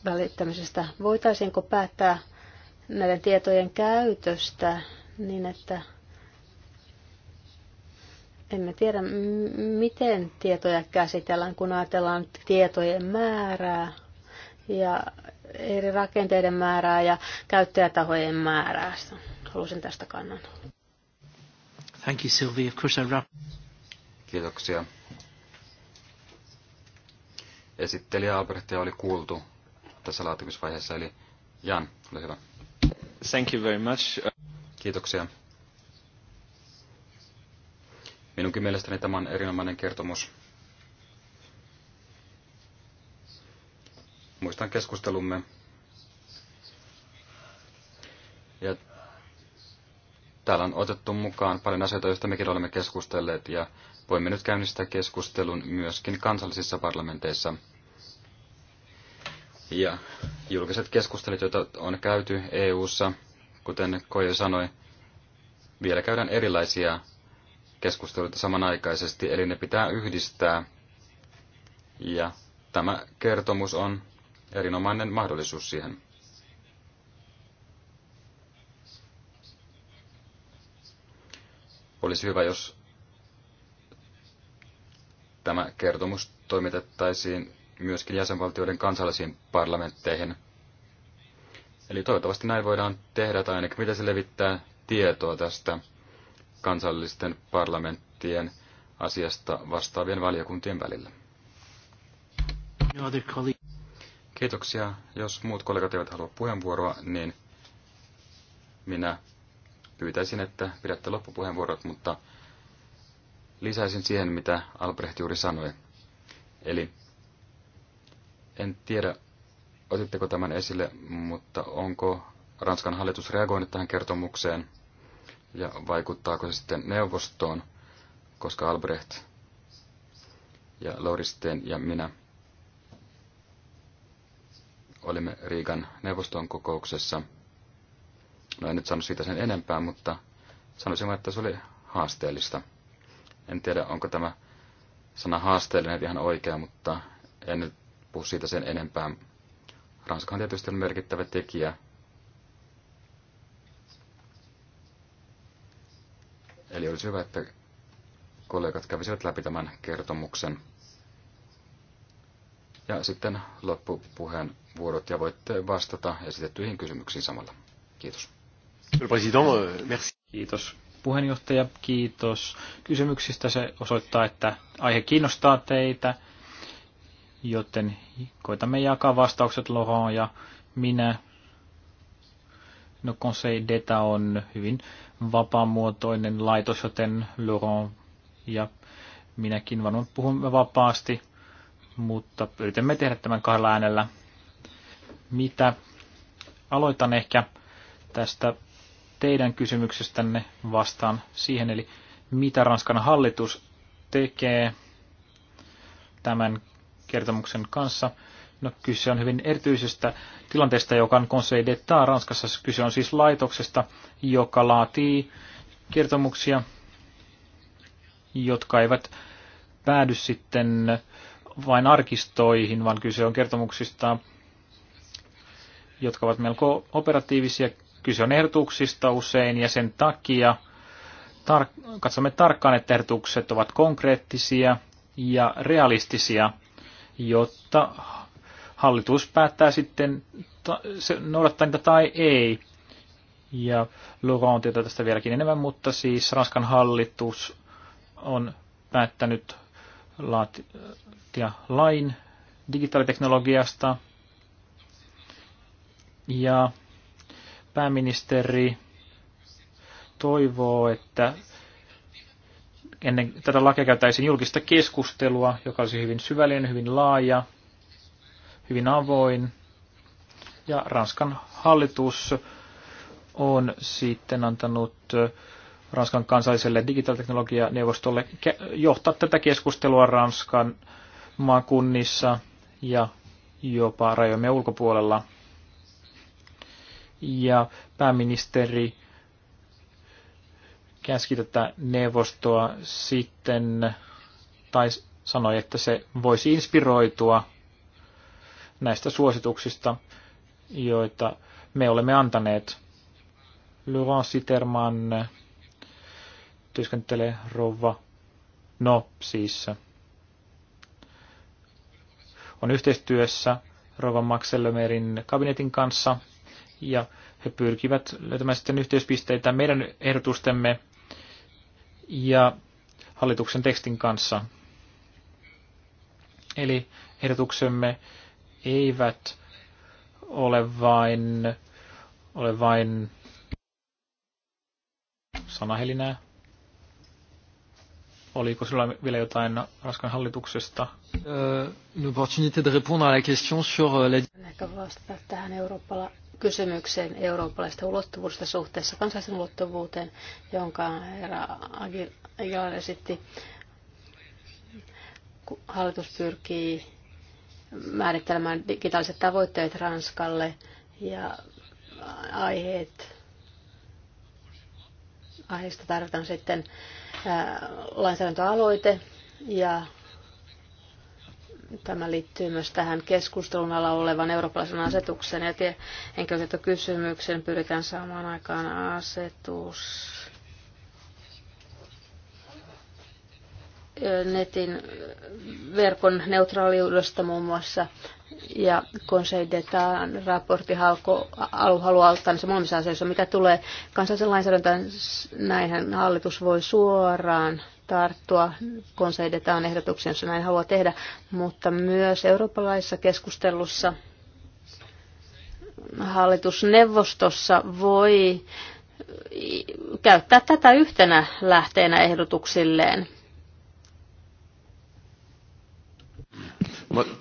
välittämisestä. Voitaisiinko päättää näiden tietojen käytöstä niin että emme tiedä, miten tietoja käsitellään, kun ajatellaan tietojen määrää ja eri rakenteiden määrää ja käyttäjätahojen määrää. Halusin tästä kannan. Thank you, Sylvie. Of course I Kiitoksia. Esittelijä Albertia oli kuultu tässä laatimisvaiheessa, eli Jan, ole hyvä. Thank you very much. Kiitoksia. Minunkin mielestäni tämä on erinomainen kertomus. Muistan keskustelumme. Ja täällä on otettu mukaan paljon asioita, joista mekin olemme keskustelleet, ja voimme nyt käynnistää keskustelun myöskin kansallisissa parlamenteissa. Ja julkiset keskustelut, joita on käyty EU:ssa, ssa Kuten Koja sanoi, vielä käydään erilaisia keskusteluita samanaikaisesti, eli ne pitää yhdistää. Ja tämä kertomus on erinomainen mahdollisuus siihen. Olisi hyvä, jos tämä kertomus toimitettaisiin myöskin jäsenvaltioiden kansallisiin parlamentteihin, Eli toivottavasti näin voidaan tehdä, tai ainakin mitä se levittää tietoa tästä kansallisten parlamenttien asiasta vastaavien valiokuntien välillä. Kiitoksia. Jos muut kollegat eivät halua puheenvuoroa, niin minä pyytäisin, että pidätte loppupuheenvuorot, mutta lisäisin siihen, mitä Albrecht juuri sanoi. Eli en tiedä, otitteko tämän esille, mutta onko Ranskan hallitus reagoinut tähän kertomukseen ja vaikuttaako se sitten neuvostoon, koska Albrecht ja Loristeen ja minä olimme Riikan neuvoston kokouksessa. No en nyt sano siitä sen enempää, mutta sanoisin, että se oli haasteellista. En tiedä, onko tämä sana haasteellinen ihan oikea, mutta en nyt puhu siitä sen enempää on tietysti merkittävä tekijä. Eli olisi hyvä, että kollegat kävisivät läpi tämän kertomuksen. Ja sitten loppupuheen vuorot ja voitte vastata esitettyihin kysymyksiin samalla. Kiitos. Euh, kiitos puheenjohtaja, kiitos kysymyksistä. Se osoittaa, että aihe kiinnostaa teitä joten koitamme jakaa vastaukset Lohoon ja minä. No Conseil d'Etat on hyvin vapaamuotoinen laitos, joten Laurent ja minäkin varmaan puhumme vapaasti, mutta yritämme tehdä tämän kahdella äänellä. Mitä aloitan ehkä tästä teidän kysymyksestänne vastaan siihen, eli mitä Ranskan hallitus tekee tämän kertomuksen kanssa. No, kyse on hyvin erityisestä tilanteesta, joka on Conseil d'État Ranskassa. Kyse on siis laitoksesta, joka laatii kertomuksia, jotka eivät päädy sitten vain arkistoihin, vaan kyse on kertomuksista, jotka ovat melko operatiivisia. Kyse on ehdotuksista usein ja sen takia tar- katsomme tarkkaan, että ehdotukset ovat konkreettisia ja realistisia – jotta hallitus päättää sitten noudattaa niitä tai ei. Ja Laurent tietää tästä vieläkin enemmän, mutta siis Ranskan hallitus on päättänyt laatia lain digitaaliteknologiasta. Ja pääministeri toivoo, että ennen tätä lakia käytäisiin julkista keskustelua, joka olisi hyvin syvällinen, hyvin laaja, hyvin avoin. Ja Ranskan hallitus on sitten antanut äh, Ranskan kansalliselle digitaaliteknologianeuvostolle johtaa tätä keskustelua Ranskan maakunnissa ja jopa rajojemme ulkopuolella. Ja pääministeri käski tätä neuvostoa sitten, tai sanoi, että se voisi inspiroitua näistä suosituksista, joita me olemme antaneet. Laurent Siterman työskentelee rouva, no siis on yhteistyössä rouva Maxellömerin kabinetin kanssa ja he pyrkivät löytämään sitten yhteyspisteitä meidän ehdotustemme ja hallituksen tekstin kanssa. Eli ehdotuksemme eivät ole vain, ole vain sanahelinää. Oliko sulla vielä jotain Ranskan hallituksesta? Euh, l'opportunité de répondre à la question sur euh, la... Ehkä vastata tähän Eurooppala, kysymykseen eurooppalaisesta ulottuvuudesta suhteessa kansallisen ulottuvuuteen, jonka herra Aguilar esitti. Hallitus pyrkii määrittelemään digitaaliset tavoitteet Ranskalle ja aiheet, aiheesta tarvitaan sitten lainsäädäntöaloite ja Tämä liittyy myös tähän keskustelun alla olevan eurooppalaisen asetuksen ja henkilötietokysymyksen pyritään saamaan aikaan asetus. netin verkon neutraaliudesta muun muassa ja Conseil d'Etat raportti haluaa auttaa näissä niin molemmissa asioissa. Mitä tulee kansallisen lainsäädäntöön, näinhän hallitus voi suoraan tarttua, kun se edetään ehdotuksia, jos näin haluaa tehdä, mutta myös eurooppalaisessa keskustelussa hallitusneuvostossa voi käyttää tätä yhtenä lähteenä ehdotuksilleen.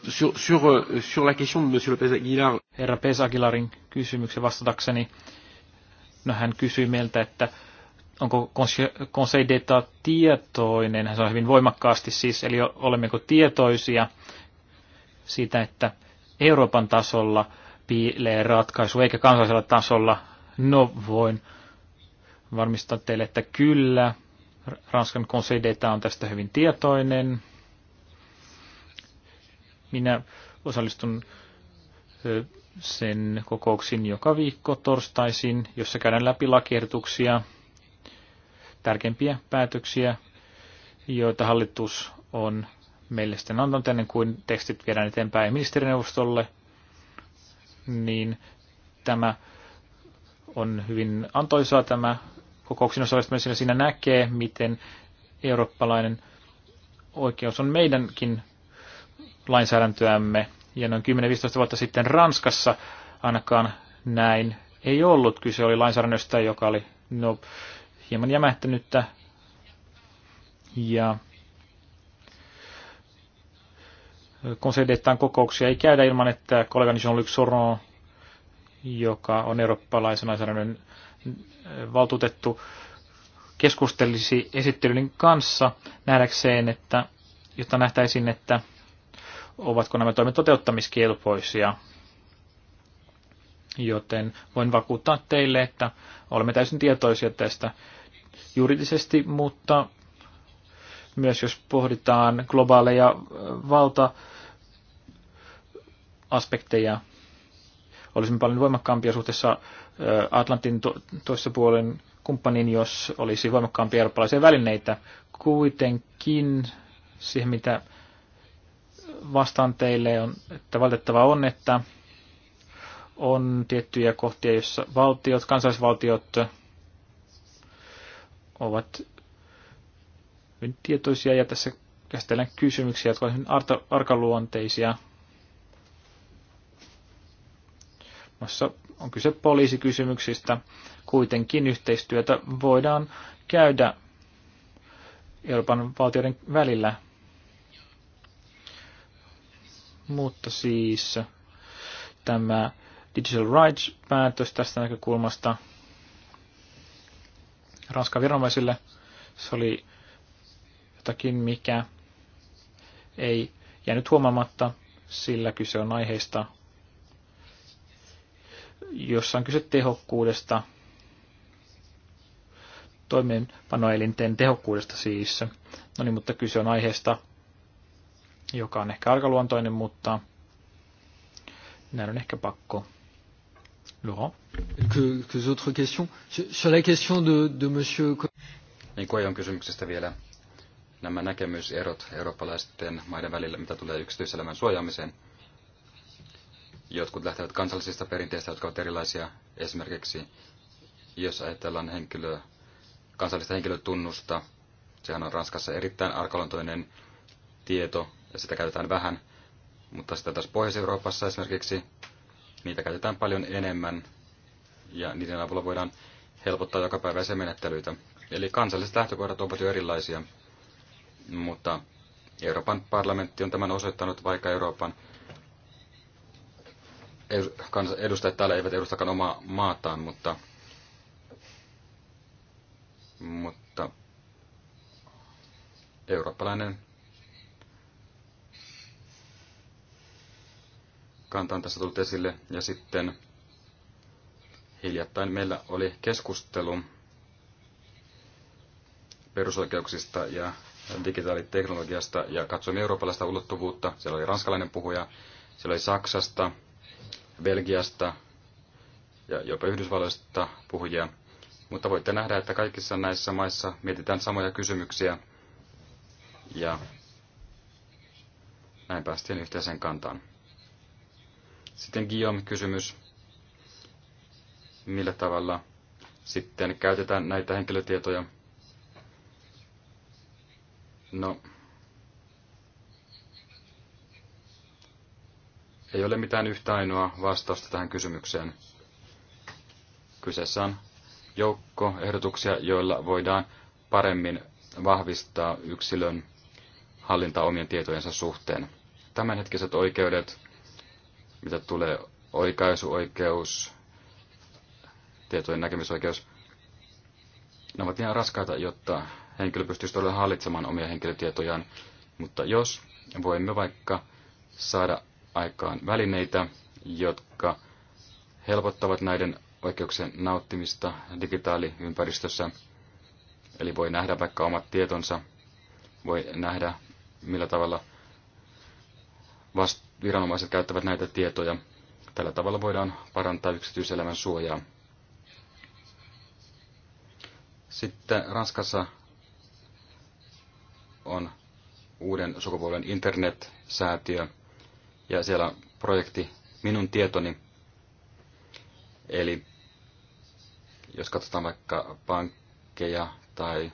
Sur, sur, euh, sur la question de Lopez Aguilar. Herra Pesagilarin kysymyksen vastatakseni, no hän kysyi meiltä, että onko Conseil d'Etat tietoinen, se on hyvin voimakkaasti siis, eli olemmeko tietoisia siitä, että Euroopan tasolla piilee ratkaisu, eikä kansallisella tasolla, no voin varmistaa teille, että kyllä, Ranskan Conseil d'Etat on tästä hyvin tietoinen. Minä osallistun sen kokouksiin joka viikko torstaisin, jossa käydään läpi lakiehdotuksia, tärkeimpiä päätöksiä, joita hallitus on meille sitten antanut ennen kuin tekstit viedään eteenpäin ministerineuvostolle, niin tämä on hyvin antoisaa tämä kokouksen osallistuminen. Siinä näkee, miten eurooppalainen oikeus on meidänkin lainsäädäntöämme. Ja noin 10-15 vuotta sitten Ranskassa ainakaan näin ei ollut. Kyse oli lainsäädännöstä, joka oli no, hieman jämähtänyttä ja konsolidettaan kokouksia ei käydä ilman, että kollegani Jean-Luc Soron, joka on eurooppalaisen lainsäädännön äh, valtuutettu, keskustelisi esittelyn kanssa nähdäkseen, että, jotta nähtäisiin, että ovatko nämä toimet toteuttamiskelpoisia joten voin vakuuttaa teille, että olemme täysin tietoisia tästä juridisesti, mutta myös jos pohditaan globaaleja valta aspekteja, olisimme paljon voimakkaampia suhteessa Atlantin to- toisessa puolen kumppaniin, jos olisi voimakkaampia eurooppalaisia välineitä. Kuitenkin siihen, mitä vastaan teille on, että valitettava on, että on tiettyjä kohtia, joissa valtiot, kansallisvaltiot ovat hyvin tietoisia ja tässä käsitellään kysymyksiä, jotka ovat hyvin arkaluonteisia. Muassa on kyse poliisikysymyksistä. Kuitenkin yhteistyötä voidaan käydä Euroopan valtioiden välillä. Mutta siis tämä Digital Rights-päätös tästä näkökulmasta Ranskan viranomaisille. Se oli jotakin, mikä ei jäänyt huomaamatta, sillä kyse on aiheesta, jossa on kyse tehokkuudesta, toimeenpanoelinten tehokkuudesta siis. No niin, mutta kyse on aiheesta, joka on ehkä arkaluontoinen, mutta näin on ehkä pakko Laurent. Quelques autres questions. Sur la question de, de monsieur... Niin on kysymyksestä vielä nämä näkemyserot eurooppalaisten maiden välillä, mitä tulee yksityiselämän suojaamiseen. Jotkut lähtevät kansallisista perinteistä, jotka ovat erilaisia. Esimerkiksi jos ajatellaan henkilö, kansallista henkilötunnusta, sehän on Ranskassa erittäin arkaluontoinen tieto ja sitä käytetään vähän. Mutta sitä taas Pohjois-Euroopassa esimerkiksi Niitä käytetään paljon enemmän ja niiden avulla voidaan helpottaa jokapäiväisiä menettelyitä. Eli kansalliset lähtökohdat ovat jo erilaisia, mutta Euroopan parlamentti on tämän osoittanut, vaikka Euroopan edustajat täällä eivät edustakaan omaa maataan, mutta, mutta eurooppalainen kanta on tässä tullut esille. Ja sitten hiljattain meillä oli keskustelu perusoikeuksista ja digitaaliteknologiasta ja katsoimme eurooppalaista ulottuvuutta. Siellä oli ranskalainen puhuja, siellä oli Saksasta, Belgiasta ja jopa Yhdysvalloista puhujia. Mutta voitte nähdä, että kaikissa näissä maissa mietitään samoja kysymyksiä ja näin päästiin yhteiseen kantaan. Sitten Guillaume-kysymys. Millä tavalla sitten käytetään näitä henkilötietoja? No, ei ole mitään yhtä ainoa vastausta tähän kysymykseen. Kyseessä on joukko ehdotuksia, joilla voidaan paremmin vahvistaa yksilön hallinta omien tietojensa suhteen. Tämänhetkiset oikeudet mitä tulee oikaisuoikeus, tietojen näkemisoikeus. Ne ovat ihan raskaita, jotta henkilö pystyisi todella hallitsemaan omia henkilötietojaan, mutta jos voimme vaikka saada aikaan välineitä, jotka helpottavat näiden oikeuksien nauttimista digitaaliympäristössä, eli voi nähdä vaikka omat tietonsa, voi nähdä millä tavalla vast- viranomaiset käyttävät näitä tietoja. Tällä tavalla voidaan parantaa yksityiselämän suojaa. Sitten Ranskassa on uuden sukupolven internet-säätiö, ja siellä on projekti Minun tietoni. Eli jos katsotaan vaikka pankkeja tai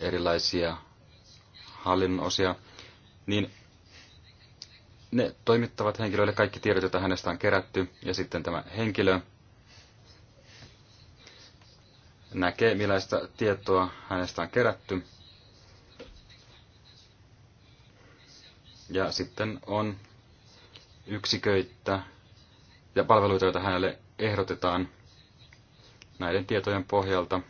erilaisia hallinnon osia, niin ne toimittavat henkilöille kaikki tiedot, joita hänestä on kerätty, ja sitten tämä henkilö näkee, millaista tietoa hänestä on kerätty. Ja sitten on yksiköitä ja palveluita, joita hänelle ehdotetaan näiden tietojen pohjalta –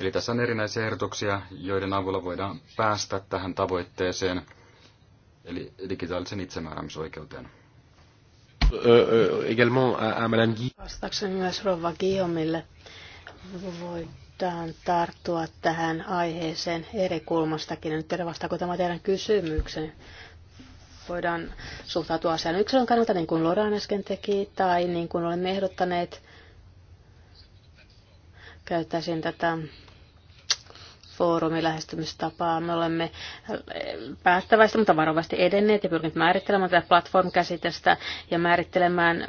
Eli tässä on erinäisiä ehdotuksia, joiden avulla voidaan päästä tähän tavoitteeseen, eli digitaalisen itsemääräämisoikeuteen. Vastaakseni myös Rova Guillaumeille voidaan tarttua tähän aiheeseen eri kulmastakin. Nyt tiedä vastaako tämä teidän kysymyksen? Voidaan suhtautua asiaan yksilön kannalta, niin kuin Loran äsken teki, tai niin kuin olemme ehdottaneet, käyttäisin tätä foorumi lähestymistapaa. Me olemme äh, päättäväisesti, mutta varovasti edenneet ja pyrkineet määrittelemään tätä platform käsitestä ja määrittelemään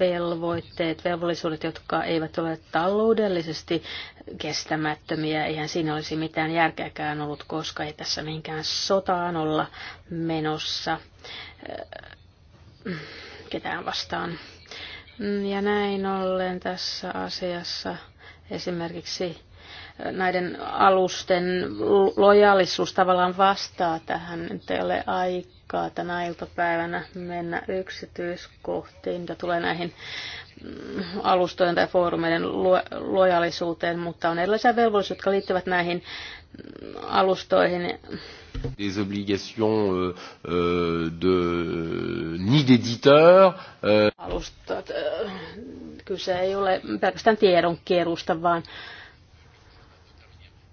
velvoitteet, velvollisuudet, jotka eivät ole taloudellisesti kestämättömiä. Eihän siinä olisi mitään järkeäkään ollut, koska ei tässä minkään sotaan olla menossa äh, ketään vastaan. Ja näin ollen tässä asiassa esimerkiksi näiden alusten lojaalisuus tavallaan vastaa tähän. Nyt ei ole aikaa tänä iltapäivänä mennä yksityiskohtiin, mitä tulee näihin mm, alustojen tai foorumeiden lo- lojaalisuuteen, mutta on erilaisia velvollisuuksia, jotka liittyvät näihin mm, alustoihin. Des obligations euh, euh, de ni d'éditeur. Euh... Alustat, äh, kyse ei ole pelkästään tiedon vaan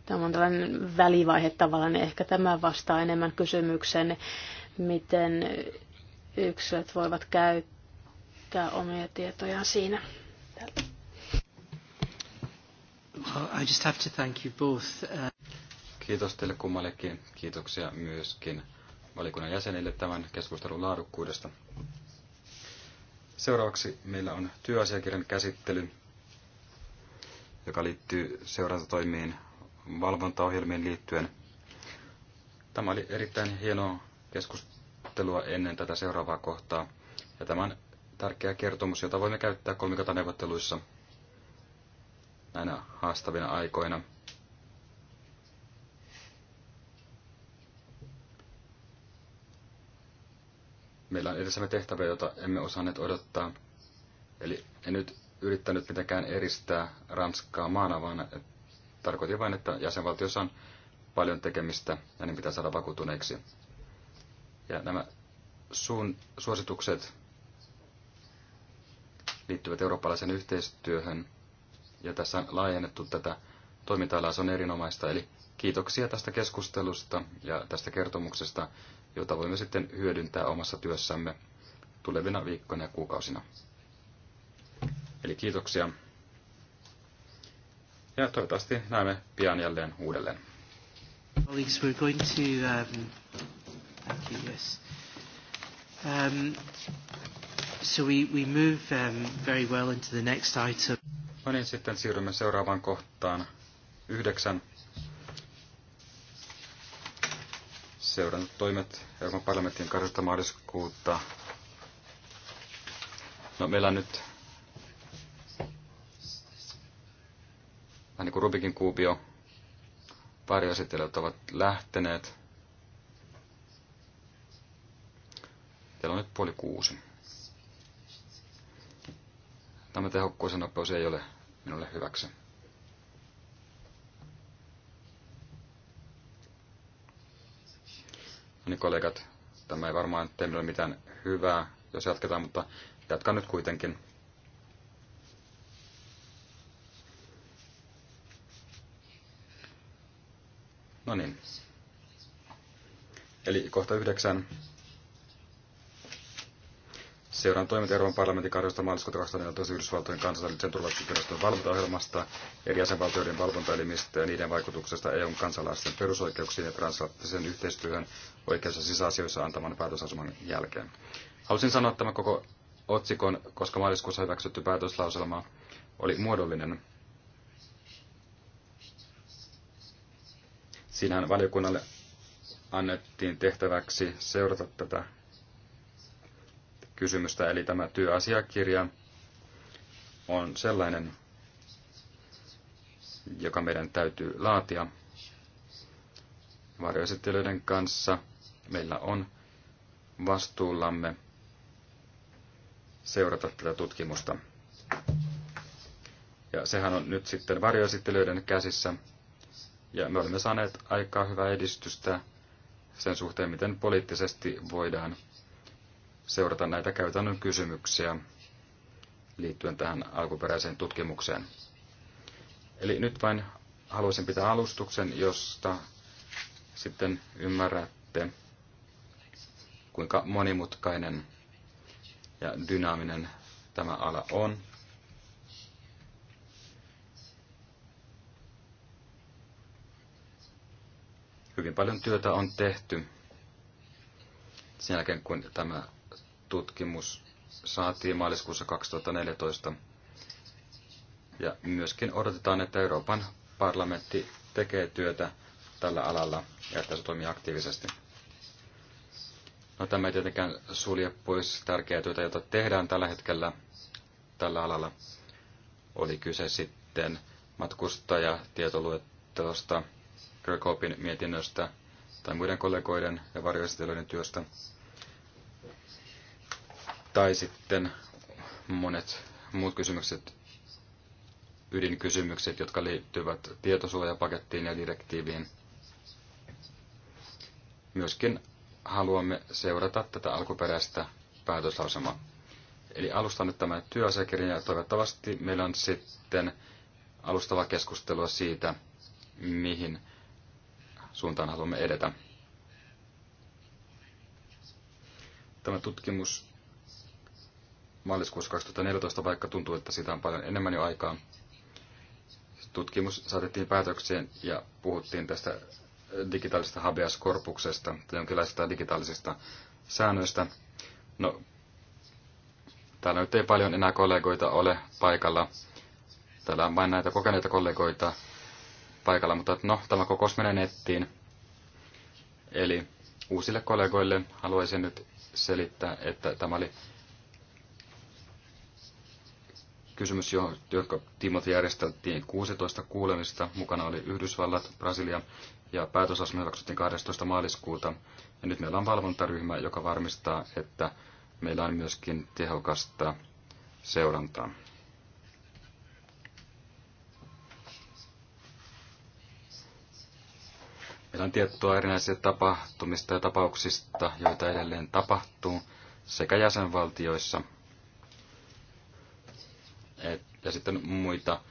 Tämä on tällainen välivaihe tavallaan. Ehkä tämä vastaa enemmän kysymykseen, miten yksilöt voivat käyttää omia tietojaan siinä. I just have to thank you both. Uh, Kiitos teille kummallekin. Kiitoksia myöskin valikunnan jäsenille tämän keskustelun laadukkuudesta. Seuraavaksi meillä on työasiakirjan käsittely, joka liittyy seurantatoimiin valvontaohjelmiin liittyen. Tämä oli erittäin hienoa keskustelua ennen tätä seuraavaa kohtaa. Ja tämä on tärkeä kertomus, jota voimme käyttää kolmikataneuvotteluissa näinä haastavina aikoina. Meillä on edessämme tehtäviä, jota emme osanneet odottaa. Eli en nyt yrittänyt mitenkään eristää Ranskaa maana, vaan Tarkoitin vain, että jäsenvaltiossa on paljon tekemistä ja niin pitää saada vakuutuneeksi. Ja nämä suun suositukset liittyvät eurooppalaisen yhteistyöhön, ja tässä on laajennettu tätä toiminta se on erinomaista. Eli kiitoksia tästä keskustelusta ja tästä kertomuksesta, jota voimme sitten hyödyntää omassa työssämme tulevina viikkoina ja kuukausina. Eli kiitoksia. Ja toivottavasti näemme pian jälleen uudelleen. Colleagues, we're going to, um, thank you, yes. Um, so we, we move um, very well into the next item. No niin, sitten siirrymme seuraavaan kohtaan yhdeksän. Seurannut toimet Euroopan parlamentin 8. maaliskuuta. No, meillä on nyt vähän niin kuin Rubikin kuupio, varjoesittelijät ovat lähteneet. Teillä on nyt puoli kuusi. Tämä tehokkuus ja nopeus ei ole minulle hyväksi. No niin kollegat, tämä ei varmaan tee minulle mitään hyvää, jos jatketaan, mutta jatkan nyt kuitenkin. Eli kohta yhdeksän. Seuraan toimet Euroopan parlamentin 12. maaliskuuta 2014 Yhdysvaltojen kansallisen turvallisuuskirjaston valvontaohjelmasta, eri jäsenvaltioiden valvontaelimistä ja niiden vaikutuksesta EUn kansalaisten perusoikeuksiin ja transatlanttisen yhteistyöhön oikeus- ja sisäasioissa antaman päätösasuman jälkeen. Halusin sanoa tämän koko otsikon, koska maaliskuussa hyväksytty päätöslauselma oli muodollinen. Siinähän valiokunnalle annettiin tehtäväksi seurata tätä kysymystä, eli tämä työasiakirja on sellainen, joka meidän täytyy laatia varjoesittelyiden kanssa. Meillä on vastuullamme seurata tätä tutkimusta. Ja sehän on nyt sitten varjoesittelyiden käsissä. Ja me olemme saaneet aikaa hyvää edistystä sen suhteen, miten poliittisesti voidaan seurata näitä käytännön kysymyksiä liittyen tähän alkuperäiseen tutkimukseen. Eli nyt vain haluaisin pitää alustuksen, josta sitten ymmärrätte, kuinka monimutkainen ja dynaaminen tämä ala on Hyvin paljon työtä on tehty sen jälkeen, kun tämä tutkimus saatiin maaliskuussa 2014. Ja myöskin odotetaan, että Euroopan parlamentti tekee työtä tällä alalla ja että se toimii aktiivisesti. No, tämä ei tietenkään sulje pois tärkeää työtä, jota tehdään tällä hetkellä tällä alalla. Oli kyse sitten matkustajatietoluettelosta Kirkhopin mietinnöstä tai muiden kollegoiden ja varjoesittelyiden työstä. Tai sitten monet muut kysymykset, ydinkysymykset, jotka liittyvät tietosuojapakettiin ja direktiiviin. Myöskin haluamme seurata tätä alkuperäistä päätöslausemaa. Eli alustan nyt tämän työasiakirjan ja toivottavasti meillä on sitten alustavaa keskustelua siitä, mihin suuntaan haluamme edetä. Tämä tutkimus maaliskuussa 2014, vaikka tuntuu, että sitä on paljon enemmän jo aikaa, tutkimus saatettiin päätökseen ja puhuttiin tästä digitaalisesta habeas corpuksesta tai jonkinlaisista digitaalisista säännöistä. No, täällä nyt ei paljon enää kollegoita ole paikalla. Täällä on vain näitä kokeneita kollegoita paikalla, mutta no, tämä kokous menee nettiin. Eli uusille kollegoille haluaisin nyt selittää, että tämä oli kysymys, jonka Timot järjesteltiin 16 kuulemista. Mukana oli Yhdysvallat, Brasilia ja päätösasema hyväksyttiin 12. maaliskuuta. Ja nyt meillä on valvontaryhmä, joka varmistaa, että meillä on myöskin tehokasta seurantaa. Meillä on tietoa erinäisistä tapahtumista ja tapauksista, joita edelleen tapahtuu sekä jäsenvaltioissa et, ja sitten muita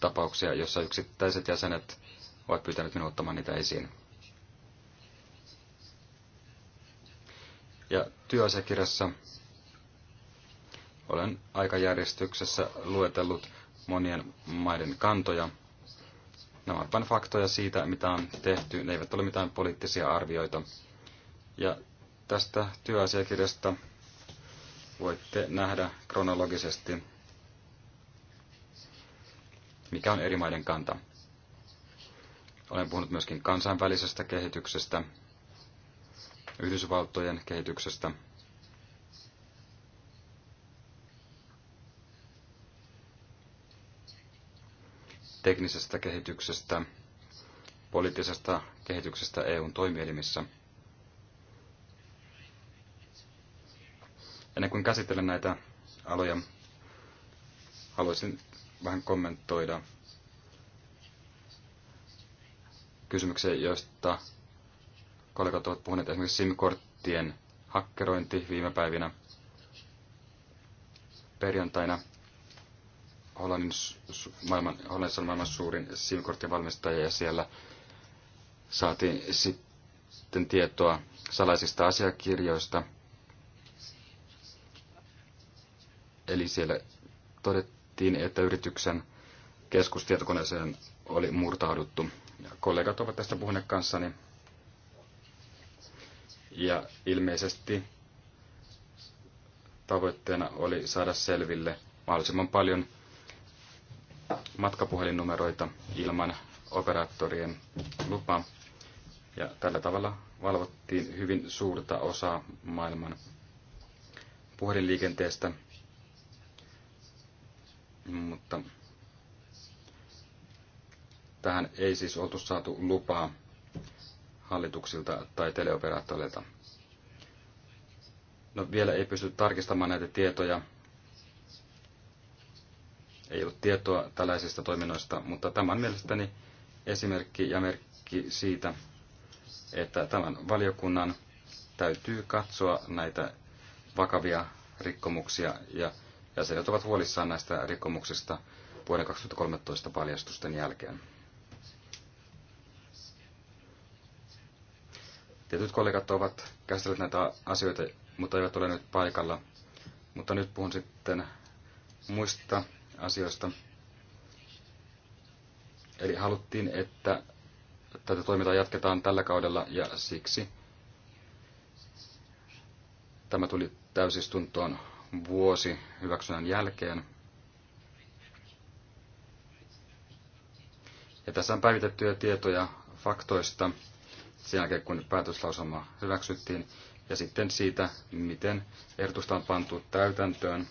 tapauksia, joissa yksittäiset jäsenet ovat pyytäneet minua ottamaan niitä esiin. Ja työasiakirjassa olen aikajärjestyksessä luetellut monien maiden kantoja – Nämä ovat vain faktoja siitä, mitä on tehty. Ne eivät ole mitään poliittisia arvioita. Ja tästä työasiakirjasta voitte nähdä kronologisesti, mikä on eri maiden kanta. Olen puhunut myöskin kansainvälisestä kehityksestä, Yhdysvaltojen kehityksestä – teknisestä kehityksestä, poliittisesta kehityksestä EUn toimielimissä. Ennen kuin käsittelen näitä aloja, haluaisin vähän kommentoida kysymyksiä, joista kollegat ovat puhuneet esimerkiksi SIM-korttien hakkerointi viime päivinä perjantaina – Hollannin, maailman, Hollannissa on maailman suurin SIM-kortin valmistaja ja siellä saatiin sitten tietoa salaisista asiakirjoista. Eli siellä todettiin, että yrityksen keskustietokoneeseen oli murtauduttu. Ja kollegat ovat tästä puhuneet kanssani. Ja ilmeisesti tavoitteena oli saada selville mahdollisimman paljon matkapuhelinnumeroita ilman operaattorien lupaa. Ja tällä tavalla valvottiin hyvin suurta osaa maailman puhelinliikenteestä, mutta tähän ei siis oltu saatu lupaa hallituksilta tai teleoperaattoreilta. No, vielä ei pysty tarkistamaan näitä tietoja, ei ollut tietoa tällaisista toiminnoista, mutta tämä on mielestäni esimerkki ja merkki siitä, että tämän valiokunnan täytyy katsoa näitä vakavia rikkomuksia ja jäsenet ovat huolissaan näistä rikkomuksista vuoden 2013 paljastusten jälkeen. Tietyt kollegat ovat käsitelleet näitä asioita, mutta eivät ole nyt paikalla. Mutta nyt puhun sitten muista asioista. Eli haluttiin, että tätä toimintaa jatketaan tällä kaudella ja siksi tämä tuli täysistuntoon vuosi hyväksynnän jälkeen. Ja tässä on päivitettyjä tietoja faktoista sen jälkeen, kun päätöslausuma hyväksyttiin, ja sitten siitä, miten ehdotusta on pantu täytäntöön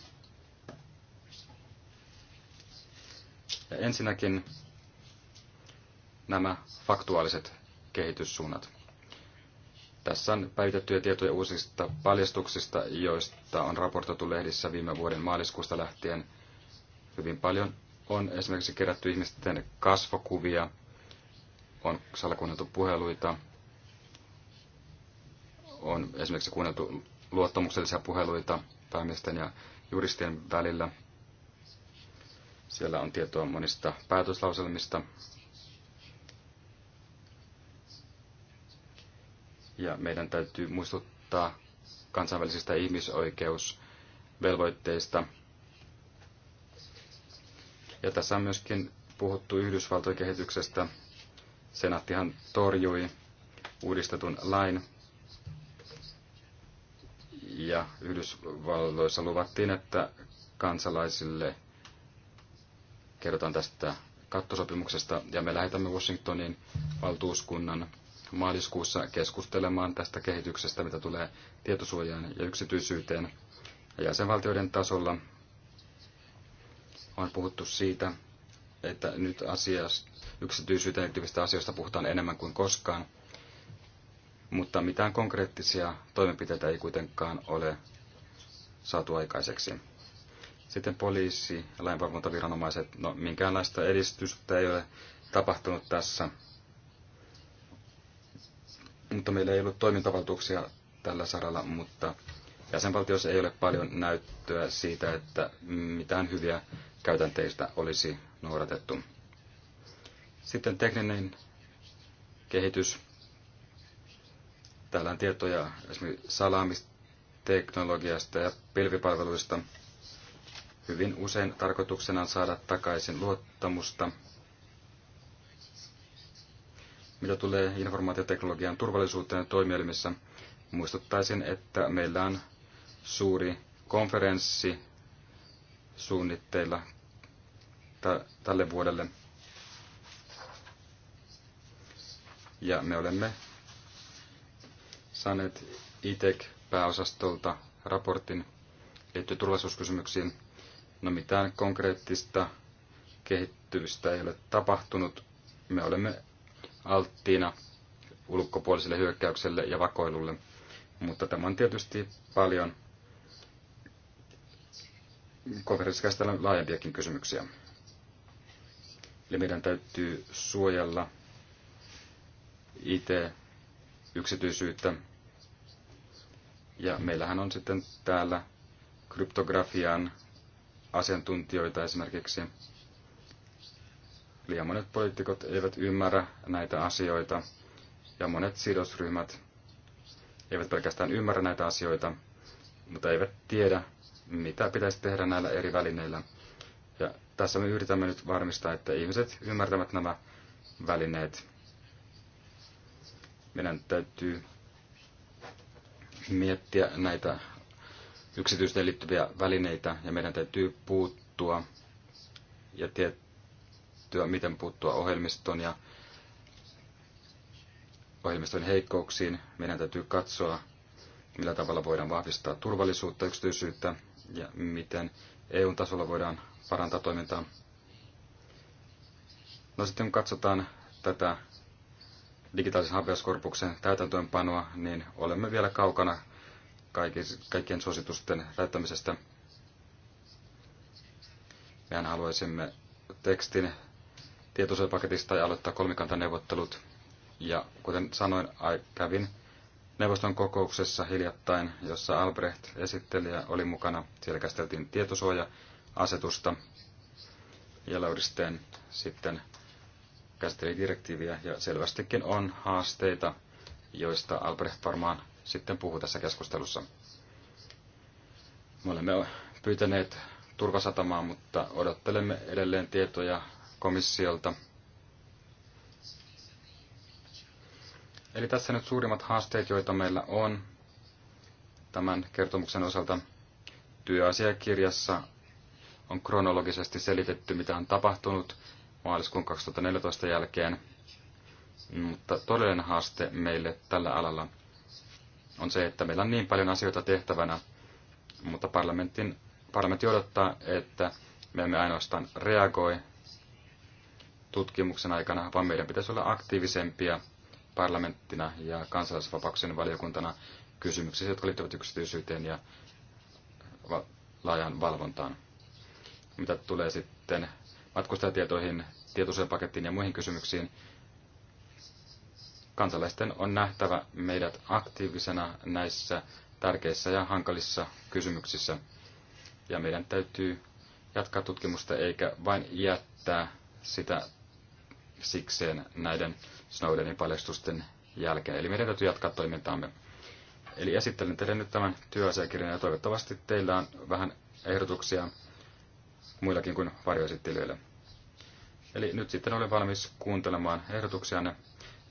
Ja ensinnäkin nämä faktuaaliset kehityssuunnat. Tässä on päivitettyjä tietoja uusista paljastuksista, joista on raportoitu lehdissä viime vuoden maaliskuusta lähtien. Hyvin paljon on esimerkiksi kerätty ihmisten kasvokuvia, on salakuunneltu puheluita, on esimerkiksi kuunneltu luottamuksellisia puheluita päämiesten ja juristien välillä – siellä on tietoa monista päätöslauselmista. Ja meidän täytyy muistuttaa kansainvälisistä ihmisoikeusvelvoitteista. Ja tässä on myöskin puhuttu Yhdysvaltojen kehityksestä. Senaattihan torjui uudistetun lain. Ja Yhdysvalloissa luvattiin, että kansalaisille kerrotaan tästä kattosopimuksesta ja me lähetämme Washingtonin valtuuskunnan maaliskuussa keskustelemaan tästä kehityksestä, mitä tulee tietosuojaan ja yksityisyyteen. Ja jäsenvaltioiden tasolla on puhuttu siitä, että nyt asiasta, yksityisyyteen liittyvistä asioista puhutaan enemmän kuin koskaan, mutta mitään konkreettisia toimenpiteitä ei kuitenkaan ole saatu aikaiseksi. Sitten poliisi ja lainvalvontaviranomaiset, no minkäänlaista edistystä ei ole tapahtunut tässä. Mutta meillä ei ollut toimintavaltuuksia tällä saralla, mutta jäsenvaltioissa ei ole paljon näyttöä siitä, että mitään hyviä käytänteistä olisi noudatettu. Sitten tekninen kehitys. Täällä on tietoja esimerkiksi salaamisteknologiasta ja pilvipalveluista – Hyvin usein tarkoituksena on saada takaisin luottamusta. Mitä tulee informaatioteknologian turvallisuuteen toimielimissä, muistuttaisin, että meillä on suuri konferenssi suunnitteilla tälle vuodelle. Ja me olemme saaneet ITEC-pääosastolta raportin liittyen turvallisuuskysymyksiin. No mitään konkreettista kehittymistä ei ole tapahtunut. Me olemme alttiina ulkopuoliselle hyökkäykselle ja vakoilulle. Mutta tämä on tietysti paljon konferenssissa käsitellään laajempiakin kysymyksiä. Eli meidän täytyy suojella IT-yksityisyyttä. Ja meillähän on sitten täällä kryptografian asiantuntijoita esimerkiksi. Liian monet poliitikot eivät ymmärrä näitä asioita ja monet sidosryhmät eivät pelkästään ymmärrä näitä asioita, mutta eivät tiedä, mitä pitäisi tehdä näillä eri välineillä. Ja tässä me yritämme nyt varmistaa, että ihmiset ymmärtävät nämä välineet. Meidän täytyy miettiä näitä Yksityisten liittyviä välineitä ja meidän täytyy puuttua ja tiettyä, miten puuttua ohjelmiston ja ohjelmiston heikkouksiin. Meidän täytyy katsoa, millä tavalla voidaan vahvistaa turvallisuutta, yksityisyyttä ja miten EU-tasolla voidaan parantaa toimintaa. No sitten kun katsotaan tätä digitaalisen hapeuskorpuksen täytäntöönpanoa, niin olemme vielä kaukana kaikkien suositusten täyttämisestä. Mehän haluaisimme tekstin tietosuojapaketista ja aloittaa kolmikantaneuvottelut. Ja kuten sanoin, kävin neuvoston kokouksessa hiljattain, jossa Albrecht esittelijä oli mukana. Siellä käsiteltiin tietosuoja-asetusta ja Lauristeen sitten käsitteli direktiiviä ja selvästikin on haasteita, joista Albrecht varmaan sitten puhuu tässä keskustelussa. Me olemme pyytäneet turvasatamaa, mutta odottelemme edelleen tietoja komissiolta. Eli tässä nyt suurimmat haasteet, joita meillä on tämän kertomuksen osalta. Työasiakirjassa on kronologisesti selitetty, mitä on tapahtunut maaliskuun 2014 jälkeen, mutta todellinen haaste meille tällä alalla – on se, että meillä on niin paljon asioita tehtävänä, mutta parlamentin, parlamentti odottaa, että me emme ainoastaan reagoi tutkimuksen aikana, vaan meidän pitäisi olla aktiivisempia parlamenttina ja kansalaisvapauksien valiokuntana kysymyksissä, jotka liittyvät yksityisyyteen ja laajan valvontaan. Mitä tulee sitten matkustajatietoihin, tietosuojapakettiin pakettiin ja muihin kysymyksiin, Kansalaisten on nähtävä meidät aktiivisena näissä tärkeissä ja hankalissa kysymyksissä. Ja meidän täytyy jatkaa tutkimusta eikä vain jättää sitä sikseen näiden Snowdenin paljastusten jälkeen. Eli meidän täytyy jatkaa toimintaamme. Eli esittelen teille nyt tämän työasiakirjan ja toivottavasti teillä on vähän ehdotuksia muillakin kuin varjoesittelijöille. Eli nyt sitten olen valmis kuuntelemaan ehdotuksianne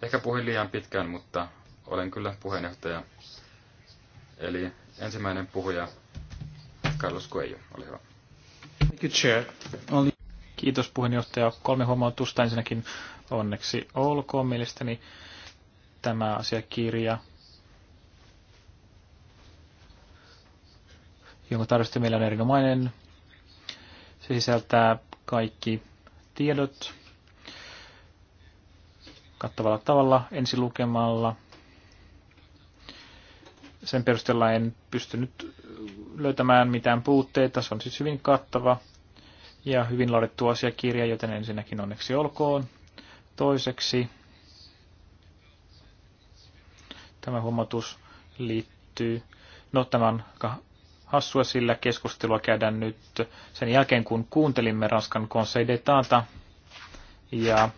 Ehkä puhuin liian pitkään, mutta olen kyllä puheenjohtaja. Eli ensimmäinen puhuja, Carlos Coelho, ole hyvä. Kiitos puheenjohtaja. Kolme huomautusta ensinnäkin onneksi olkoon mielestäni tämä asiakirja, jonka tarjosti meillä on erinomainen. Se sisältää kaikki tiedot, kattavalla tavalla ensi lukemalla. Sen perusteella en pystynyt löytämään mitään puutteita. Se on siis hyvin kattava ja hyvin laadittu asiakirja, joten ensinnäkin onneksi olkoon. Toiseksi tämä huomautus liittyy, no tämä on hassua, sillä keskustelua käydään nyt sen jälkeen, kun kuuntelimme Ranskan Conseil d'Etata ja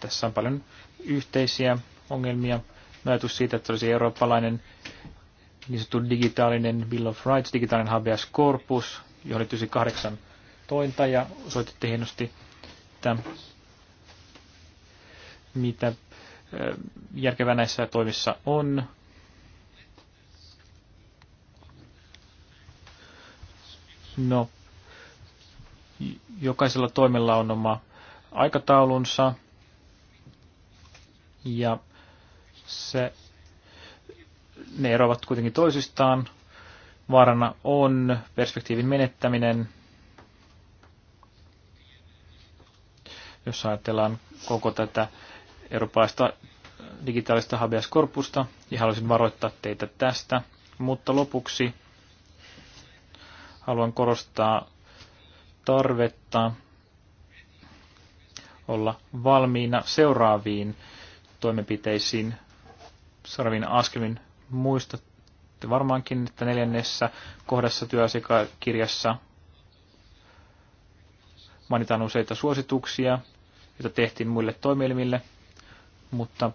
tässä on paljon yhteisiä ongelmia. Ajatus siitä, että olisi eurooppalainen niin sanottu digitaalinen Bill of Rights, digitaalinen habeas corpus, johon liittyisi kahdeksan tointa ja osoititte hienosti, että mitä järkevää näissä toimissa on. No, jokaisella toimella on oma aikataulunsa, ja se, ne eroavat kuitenkin toisistaan. Vaarana on perspektiivin menettäminen, jos ajatellaan koko tätä eurooppalaista digitaalista habeas corpusta, ja haluaisin varoittaa teitä tästä. Mutta lopuksi haluan korostaa tarvetta olla valmiina seuraaviin toimenpiteisiin sarvin askelin muistatte varmaankin, että neljännessä kohdassa työasiakirjassa mainitaan useita suosituksia, joita tehtiin muille toimielimille, mutta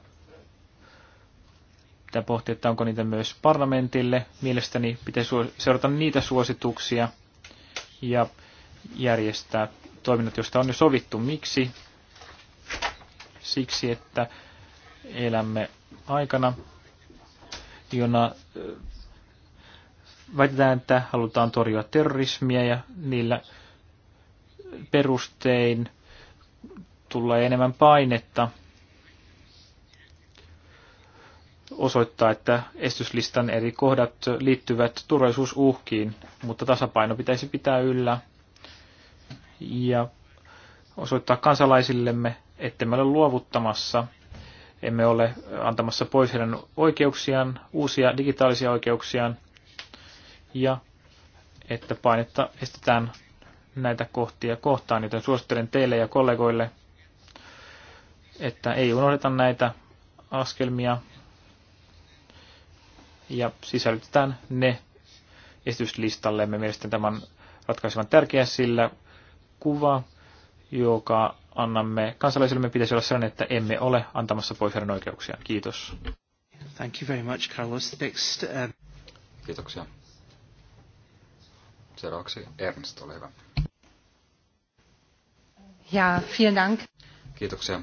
pitää pohtia, että onko niitä myös parlamentille. Mielestäni pitäisi seurata niitä suosituksia ja järjestää toiminnot, joista on jo sovittu. Miksi? Siksi, että elämme aikana, jona väitetään, että halutaan torjua terrorismia ja niillä perustein tulee enemmän painetta osoittaa, että estyslistan eri kohdat liittyvät turvallisuusuhkiin, mutta tasapaino pitäisi pitää yllä ja osoittaa kansalaisillemme, ettemme ole luovuttamassa – emme ole antamassa pois heidän oikeuksiaan, uusia digitaalisia oikeuksiaan, ja että painetta estetään näitä kohtia kohtaan, joten suosittelen teille ja kollegoille, että ei unohdeta näitä askelmia ja sisällytetään ne Me Mielestäni tämän ratkaisevan tärkeä, sillä kuva, joka annamme kansalaisillemme pitäisi olla sellainen, että emme ole antamassa pois heidän oikeuksiaan. Kiitos. Thank you very much, Carlos. Next, uh... Kiitoksia. Seuraavaksi Ernst, ole hyvä. Ja, vielen Dank. Kiitoksia.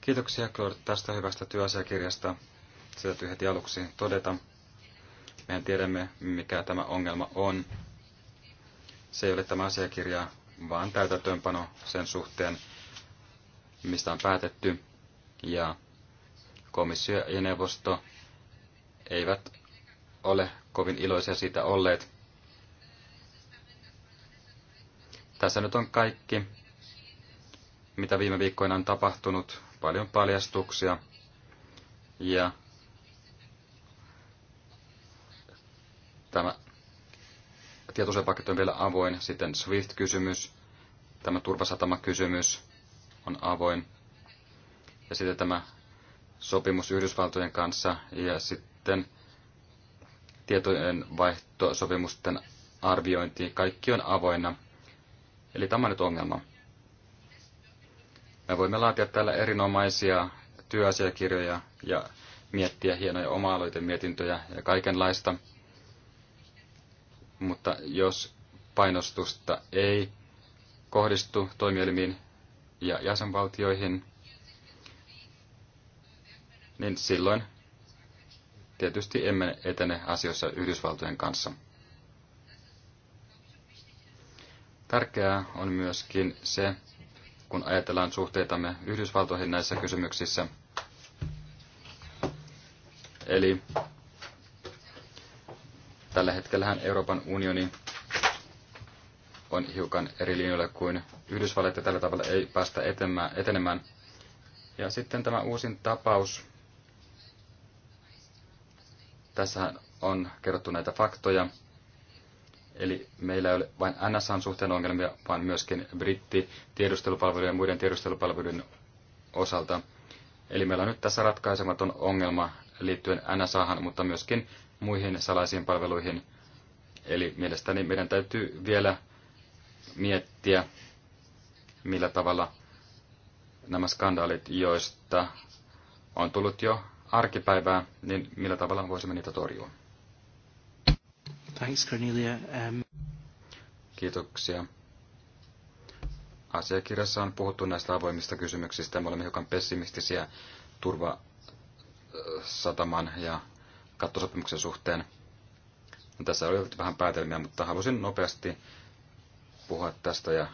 Kiitoksia Claude tästä hyvästä työasiakirjasta. Se täytyy heti aluksi todeta. Mehän tiedämme, mikä tämä ongelma on. Se ei ole tämä asiakirja, vaan täytäntöönpano sen suhteen, mistä on päätetty, ja komissio ja neuvosto eivät ole kovin iloisia siitä olleet. Tässä nyt on kaikki, mitä viime viikkoina on tapahtunut, paljon paljastuksia ja tämä tietosuojapaketti on vielä avoin. Sitten SWIFT-kysymys, tämä turvasatamakysymys on avoin. Ja sitten tämä sopimus Yhdysvaltojen kanssa ja sitten tietojen vaihto, sopimusten arviointi, kaikki on avoinna. Eli tämä on nyt ongelma. Me voimme laatia täällä erinomaisia työasiakirjoja ja miettiä hienoja oma-aloitemietintöjä ja kaikenlaista – mutta jos painostusta ei kohdistu toimielimiin ja jäsenvaltioihin, niin silloin tietysti emme etene asioissa Yhdysvaltojen kanssa. Tärkeää on myöskin se, kun ajatellaan suhteitamme Yhdysvaltoihin näissä kysymyksissä. Eli Tällä hetkellähän Euroopan unioni on hiukan eri linjoilla kuin Yhdysvallat, ja tällä tavalla ei päästä etenemään. Ja sitten tämä uusin tapaus. Tässä on kerrottu näitä faktoja. Eli meillä ei ole vain NSAn suhteen ongelmia, vaan myöskin britti tiedustelupalvelujen ja muiden tiedustelupalvelujen osalta. Eli meillä on nyt tässä ratkaisematon ongelma liittyen NSAhan, mutta myöskin muihin salaisiin palveluihin. Eli mielestäni meidän täytyy vielä miettiä, millä tavalla nämä skandaalit, joista on tullut jo arkipäivää, niin millä tavalla voisimme niitä torjua. Thanks, Cornelia. Um... Kiitoksia. Asiakirjassa on puhuttu näistä avoimista kysymyksistä. Me olemme hiukan pessimistisiä turvasataman ja kattosopimuksen suhteen. No, tässä oli vähän päätelmiä, mutta halusin nopeasti puhua tästä ja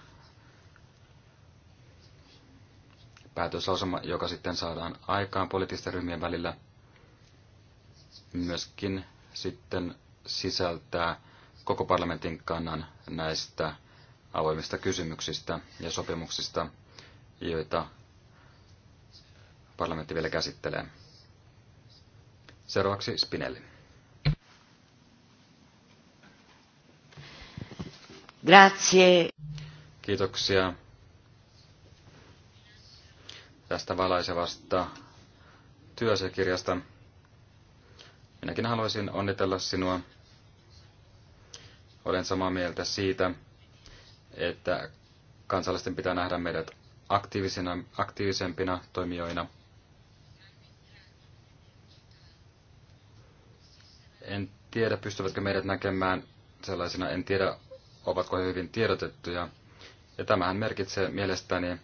päätöslausuma, joka sitten saadaan aikaan poliittisten ryhmien välillä, myöskin sitten sisältää koko parlamentin kannan näistä avoimista kysymyksistä ja sopimuksista, joita parlamentti vielä käsittelee. Seuraavaksi Spinelli. Grazie. Kiitoksia tästä valaisevasta työsekirjasta. Minäkin haluaisin onnitella sinua. Olen samaa mieltä siitä, että kansalaisten pitää nähdä meidät aktiivisina, aktiivisempina toimijoina – En tiedä, pystyvätkö meidät näkemään sellaisina, en tiedä, ovatko he hyvin tiedotettuja. Ja tämähän merkitsee mielestäni,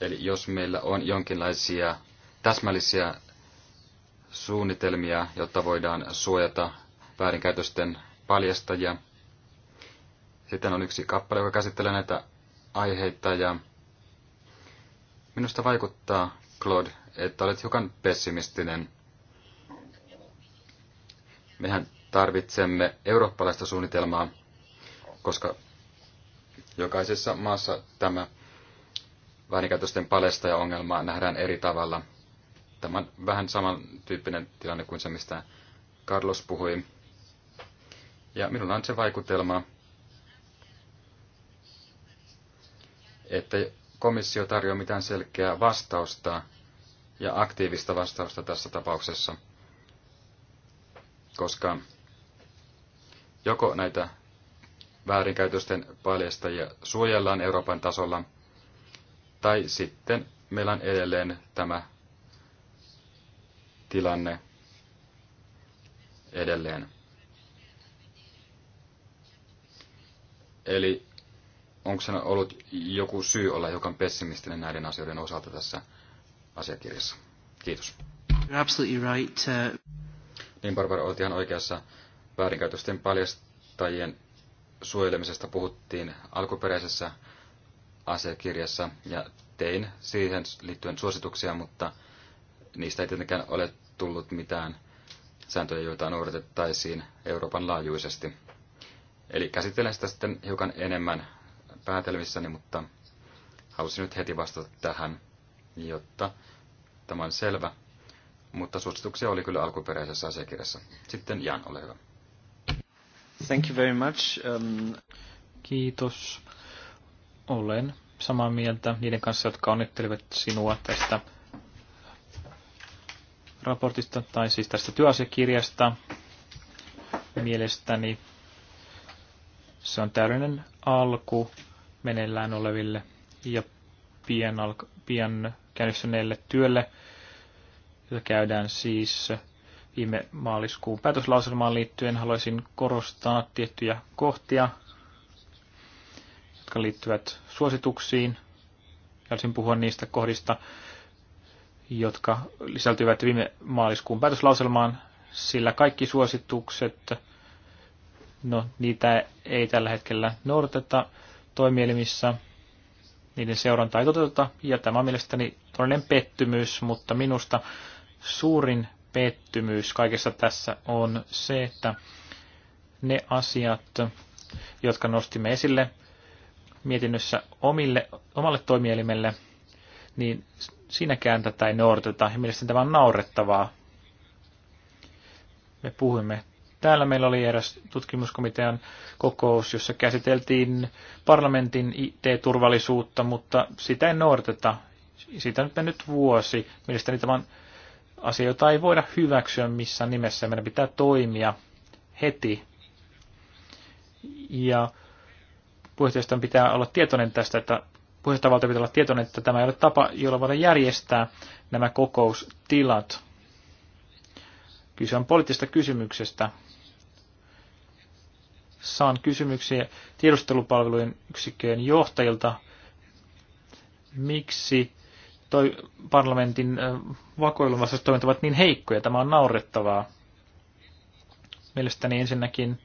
eli jos meillä on jonkinlaisia täsmällisiä suunnitelmia, jotta voidaan suojata väärinkäytösten paljastajia. Sitten on yksi kappale, joka käsittelee näitä aiheita ja minusta vaikuttaa, Claude, että olet hiukan pessimistinen – Mehän tarvitsemme eurooppalaista suunnitelmaa, koska jokaisessa maassa tämä väärinkäytösten ja ongelma nähdään eri tavalla. Tämä on vähän samantyyppinen tilanne kuin se, mistä Carlos puhui. Ja minulla on se vaikutelma, että komissio tarjoaa mitään selkeää vastausta ja aktiivista vastausta tässä tapauksessa – koska joko näitä väärinkäytösten paljastajia suojellaan Euroopan tasolla, tai sitten meillä on edelleen tämä tilanne edelleen. Eli onko sinä ollut joku syy olla hiukan pessimistinen näiden asioiden osalta tässä asiakirjassa? Kiitos. You're absolutely right. Uh... Niin Barbara olet ihan oikeassa. Väärinkäytösten paljastajien suojelemisesta puhuttiin alkuperäisessä asiakirjassa ja tein siihen liittyen suosituksia, mutta niistä ei tietenkään ole tullut mitään sääntöjä, joita noudatettaisiin Euroopan laajuisesti. Eli käsittelen sitä sitten hiukan enemmän päätelmissäni, mutta halusin nyt heti vastata tähän, jotta tämä on selvä mutta suosituksia oli kyllä alkuperäisessä asiakirjassa. Sitten Jan, ole hyvä. Thank you very much. Um... Kiitos. Olen samaa mieltä niiden kanssa, jotka onnittelivat sinua tästä raportista tai siis tästä työasiakirjasta. Mielestäni se on täydellinen alku meneillään oleville ja pian, alka- pian käynnistyneelle työlle, jota käydään siis viime maaliskuun päätöslauselmaan liittyen. Haluaisin korostaa tiettyjä kohtia, jotka liittyvät suosituksiin. Haluaisin puhua niistä kohdista, jotka lisältyvät viime maaliskuun päätöslauselmaan, sillä kaikki suositukset, no niitä ei tällä hetkellä noudateta toimielimissä, niiden seurantaa ei toteuteta, ja tämä on mielestäni todellinen pettymys, mutta minusta suurin pettymys kaikessa tässä on se, että ne asiat, jotka nostimme esille mietinnössä omille, omalle toimielimelle, niin siinäkään tätä ei noudateta. Ja mielestäni tämä on naurettavaa. Me puhuimme. Täällä meillä oli eräs tutkimuskomitean kokous, jossa käsiteltiin parlamentin IT-turvallisuutta, mutta sitä ei noudateta. Siitä nyt mennyt vuosi. Mielestäni tämä on asia, jota ei voida hyväksyä missään nimessä. Meidän pitää toimia heti. Ja puheenjohtajan pitää olla tietoinen tästä, että puheenjohtajavalta pitää olla tietoinen, että tämä ei ole tapa, jolla voidaan järjestää nämä kokoustilat. Kyse on poliittisesta kysymyksestä. Saan kysymyksiä tiedustelupalvelujen yksikköjen johtajilta, miksi toi parlamentin vakoilun toimet ovat niin heikkoja. Tämä on naurettavaa. Mielestäni ensinnäkin,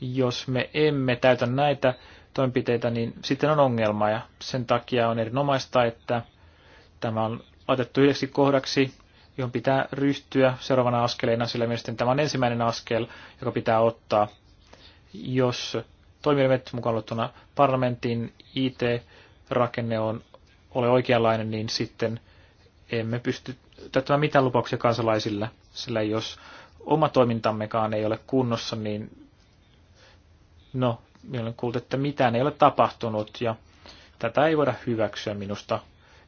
jos me emme täytä näitä toimenpiteitä, niin sitten on ongelma ja sen takia on erinomaista, että tämä on otettu yhdeksi kohdaksi, johon pitää ryhtyä seuraavana askeleena, sillä mielestäni tämä on ensimmäinen askel, joka pitää ottaa, jos toimielimet mukaan luettuna parlamentin IT-rakenne on ole oikeanlainen, niin sitten emme pysty täyttämään mitään lupauksia kansalaisille, sillä jos oma toimintammekaan ei ole kunnossa, niin no, minä olen kuullut, että mitään ei ole tapahtunut ja tätä ei voida hyväksyä minusta.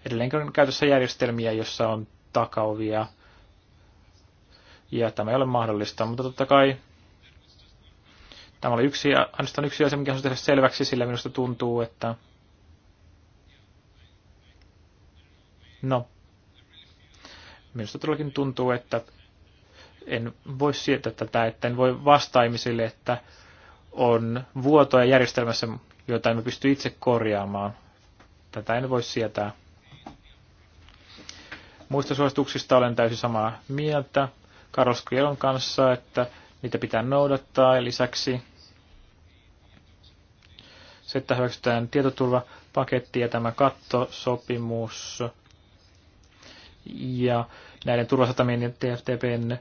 Edelleenkin on käytössä järjestelmiä, jossa on takauvia ja tämä ei ole mahdollista, mutta totta kai tämä oli yksi, ainoastaan yksi asia, mikä on tehdä selväksi, sillä minusta tuntuu, että No, minusta todellakin tuntuu, että en voi sietää tätä, että en voi ihmisille, että on vuotoja järjestelmässä, joita emme pysty itse korjaamaan. Tätä en voi sietää. Muista suosituksista olen täysin samaa mieltä Carlos Kielon kanssa, että niitä pitää noudattaa. Ja lisäksi se, että hyväksytään tietoturvapaketti ja tämä kattosopimus sopimus ja näiden turvasatamien ja TFTPn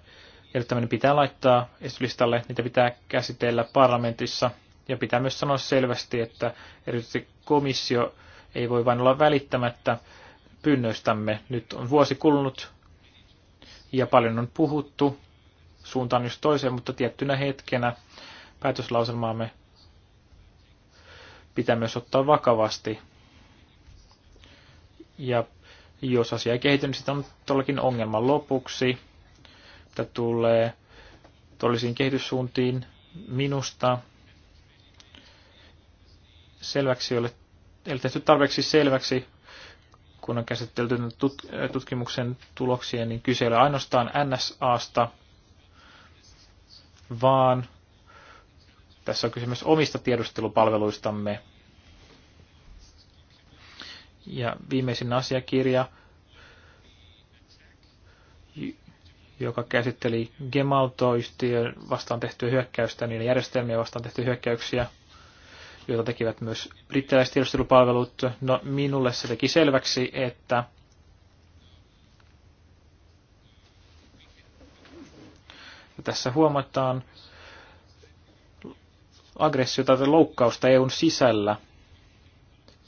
ehdottaminen pitää laittaa esityslistalle, niitä pitää käsitellä parlamentissa ja pitää myös sanoa selvästi, että erityisesti komissio ei voi vain olla välittämättä pynnöistämme. Nyt on vuosi kulunut ja paljon on puhuttu suuntaan just toiseen, mutta tiettynä hetkenä päätöslauselmaamme pitää myös ottaa vakavasti. Ja jos asia ei kehity, niin sitten on todellakin ongelman lopuksi, että tulee todellisiin kehityssuuntiin minusta. Selväksi ei ole, ei ole tehty tarpeeksi selväksi, kun on käsitelty tutkimuksen tuloksia, niin kyse ei ole ainoastaan NSAsta, vaan tässä on kysymys omista tiedustelupalveluistamme, ja viimeisin asiakirja, joka käsitteli Gemalto-yhtiön vastaan tehtyä hyökkäystä, niiden järjestelmiä vastaan tehtyä hyökkäyksiä, joita tekivät myös brittiläiset tiedustelupalvelut. No, minulle se teki selväksi, että ja tässä huomataan aggressiota tai loukkausta EUn sisällä –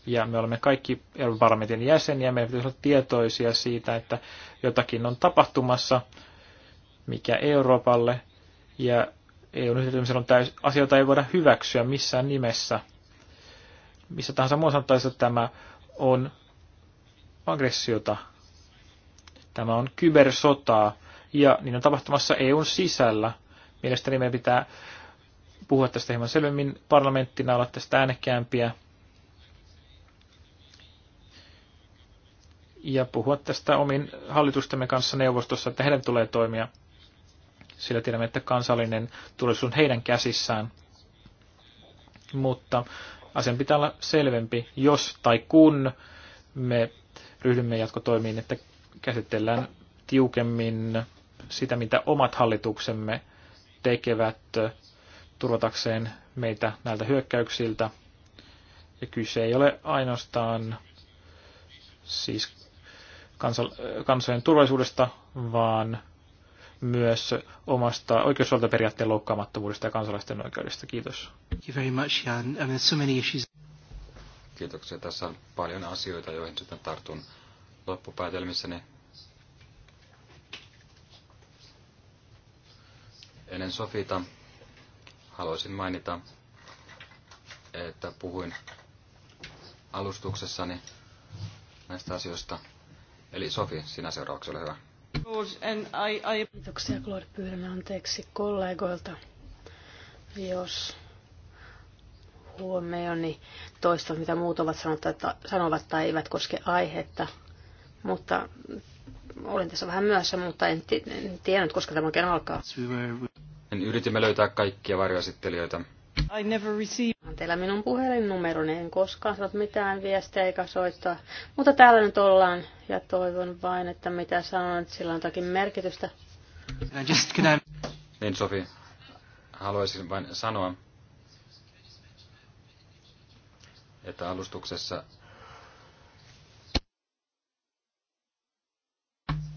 ja me olemme kaikki Euroopan parlamentin jäseniä, meidän pitäisi olla tietoisia siitä, että jotakin on tapahtumassa, mikä Euroopalle, ja EUn yhteydessä on täys, asioita ei voida hyväksyä missään nimessä. Missä tahansa muu sanottaisi, että tämä on aggressiota. Tämä on kybersotaa, ja niin on tapahtumassa EUn sisällä. Mielestäni meidän pitää puhua tästä hieman selvemmin parlamenttina, olla tästä äänekkäämpiä, ja puhua tästä omin hallitustemme kanssa neuvostossa, että heidän tulee toimia, sillä tiedämme, että kansallinen turvallisuus on heidän käsissään. Mutta asian pitää olla selvempi, jos tai kun me ryhdymme jatkotoimiin, että käsitellään tiukemmin sitä, mitä omat hallituksemme tekevät turvatakseen meitä näiltä hyökkäyksiltä. Ja kyse ei ole ainoastaan siis kansojen turvallisuudesta, vaan myös omasta oikeusvaltaperiaatteen loukkaamattomuudesta ja kansalaisten oikeudesta. Kiitos. Thank you very much, Jan. I mean, so many issues. Kiitoksia. Tässä on paljon asioita, joihin sitten tartun loppupäätelmissäni. Ennen Sofita haluaisin mainita, että puhuin alustuksessani näistä asioista – Eli Sofi, sinä seuraavaksi ole hyvä. Kiitoksia Claude, pyydän anteeksi kollegoilta, jos huomioni toista, mitä muut ovat sanovat tai eivät koske aihetta. Mutta olin tässä vähän myöhässä, mutta en, en tiennyt, koska tämä oikein alkaa. En niin yritimme löytää kaikkia varjoesittelijöitä. I never received on teillä minun puhelinnumeroni, en koskaan saa mitään viestiä eikä soittaa. Mutta täällä nyt ollaan ja toivon vain, että mitä sanon, että sillä on jotakin merkitystä. Niin Sofi, haluaisin vain sanoa, että alustuksessa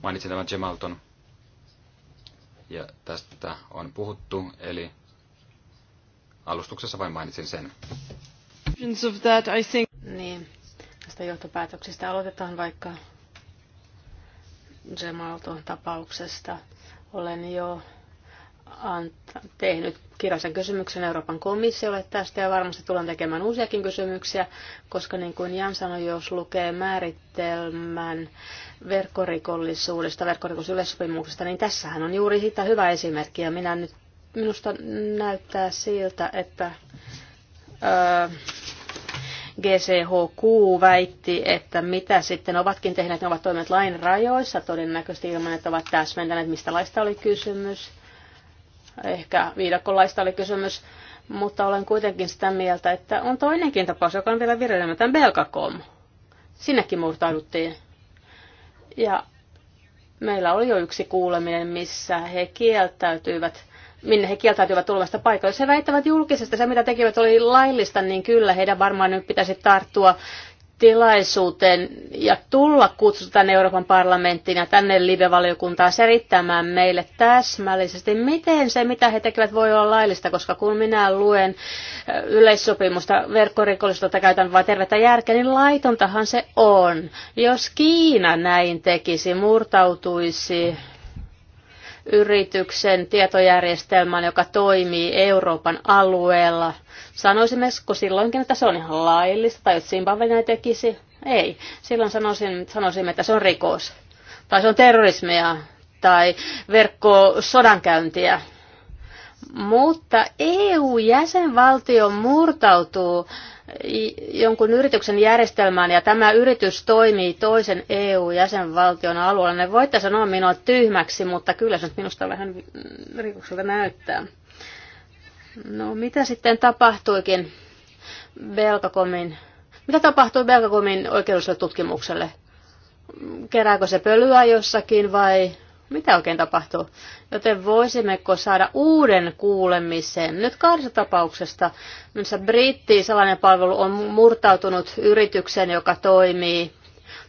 mainitsin tämän Gemalton ja tästä on puhuttu, eli Alustuksessa vain mainitsin sen. Niin, tästä johtopäätöksestä aloitetaan vaikka Gemalton tapauksesta. Olen jo anta, tehnyt kirjallisen kysymyksen Euroopan komissiolle tästä ja varmasti tulen tekemään uusiakin kysymyksiä, koska niin kuin Jan sanoi, jos lukee määritelmän verkkorikollisuudesta, verkkorikollisuudesta niin tässähän on juuri sitä hyvä esimerkki ja minä nyt Minusta näyttää siltä, että öö, GCHQ väitti, että mitä sitten ovatkin tehneet, ne ovat toimineet lain rajoissa todennäköisesti ilman, että ovat täsmentäneet, mistä laista oli kysymys. Ehkä viidakkolaista oli kysymys, mutta olen kuitenkin sitä mieltä, että on toinenkin tapaus, joka on vielä virallinen, tämä Belgacom. Sinnekin murtauduttiin. Ja meillä oli jo yksi kuuleminen, missä he kieltäytyivät minne he kieltäytyvät tulemasta paikalle. Jos he väittävät julkisesti se, mitä tekivät, oli laillista, niin kyllä heidän varmaan nyt pitäisi tarttua tilaisuuteen ja tulla kutsusta tänne Euroopan parlamenttiin ja tänne live-valiokuntaan selittämään meille täsmällisesti, miten se, mitä he tekevät, voi olla laillista, koska kun minä luen yleissopimusta verkkorikollisuutta käytän vain tervettä järkeä, niin laitontahan se on. Jos Kiina näin tekisi, murtautuisi yrityksen tietojärjestelmän, joka toimii Euroopan alueella. Sanoisimme, kun silloinkin, että se on ihan laillista, tai että Zimbabwe näin tekisi, ei. Silloin sanoisin, sanoisimme, että se on rikos, tai se on terrorismia, tai verkkosodankäyntiä. Mutta EU-jäsenvaltio murtautuu jonkun yrityksen järjestelmään ja tämä yritys toimii toisen EU-jäsenvaltion alueella. Ne voitte sanoa minua tyhmäksi, mutta kyllä se nyt minusta vähän rikokselta näyttää. No mitä sitten tapahtuikin Belgacomin, mitä tapahtui Belgacomin oikeudelliselle tutkimukselle? Kerääkö se pölyä jossakin vai mitä oikein tapahtuu. Joten voisimmeko saada uuden kuulemisen? Nyt kahdessa tapauksesta, missä britti salainen palvelu on murtautunut yritykseen, joka toimii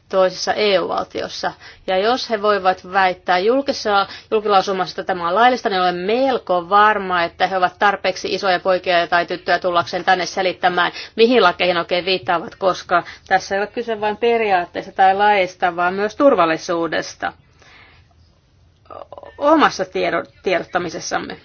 toisessa EU-valtiossa. Ja jos he voivat väittää julkisessa julkilausumassa, että tämä on laillista, niin olen melko varma, että he ovat tarpeeksi isoja poikia tai tyttöjä tullakseen tänne selittämään, mihin lakeihin oikein viittaavat, koska tässä ei ole kyse vain periaatteista tai laista, vaan myös turvallisuudesta omassa tiedottamisessamme.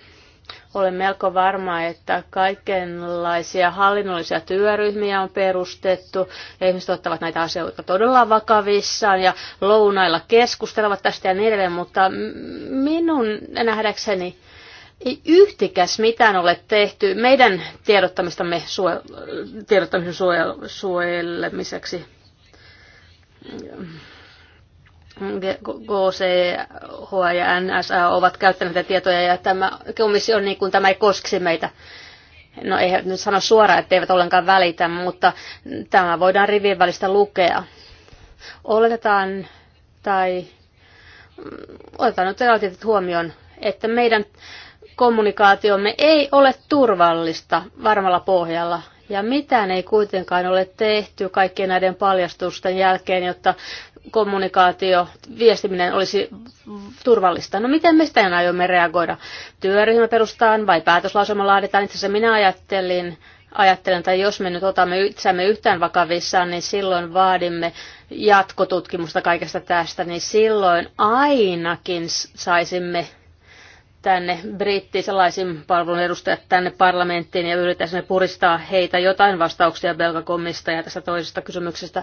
Olen melko varma, että kaikenlaisia hallinnollisia työryhmiä on perustettu ihmiset ottavat näitä asioita todella vakavissaan ja lounailla keskustelevat tästä ja niin edelleen, mutta minun nähdäkseni ei yhtikäs mitään ole tehty meidän tiedottamistamme suo, tiedottamisen suojel- suojelemiseksi. GCH ja NSA ovat käyttäneet tietoja ja tämä komissio niin kuin tämä ei koskisi meitä. No ei nyt sano suoraan, että eivät ollenkaan välitä, mutta tämä voidaan rivien välistä lukea. Oletetaan tai mm, otetaan nyt realiteetit huomioon, että meidän kommunikaatiomme ei ole turvallista varmalla pohjalla. Ja mitään ei kuitenkaan ole tehty kaikkien näiden paljastusten jälkeen, jotta kommunikaatio, viestiminen olisi turvallista. No miten me sitten aiomme reagoida? Työryhmä perustaan vai päätöslausuma laaditaan? Itse asiassa minä ajattelin, ajattelen, että jos me nyt otamme itseämme yhtään vakavissaan, niin silloin vaadimme jatkotutkimusta kaikesta tästä, niin silloin ainakin saisimme tänne britti sellaisin palvelun edustajat tänne parlamenttiin ja yritäisimme puristaa heitä jotain vastauksia Belgakomista ja tästä toisesta kysymyksestä.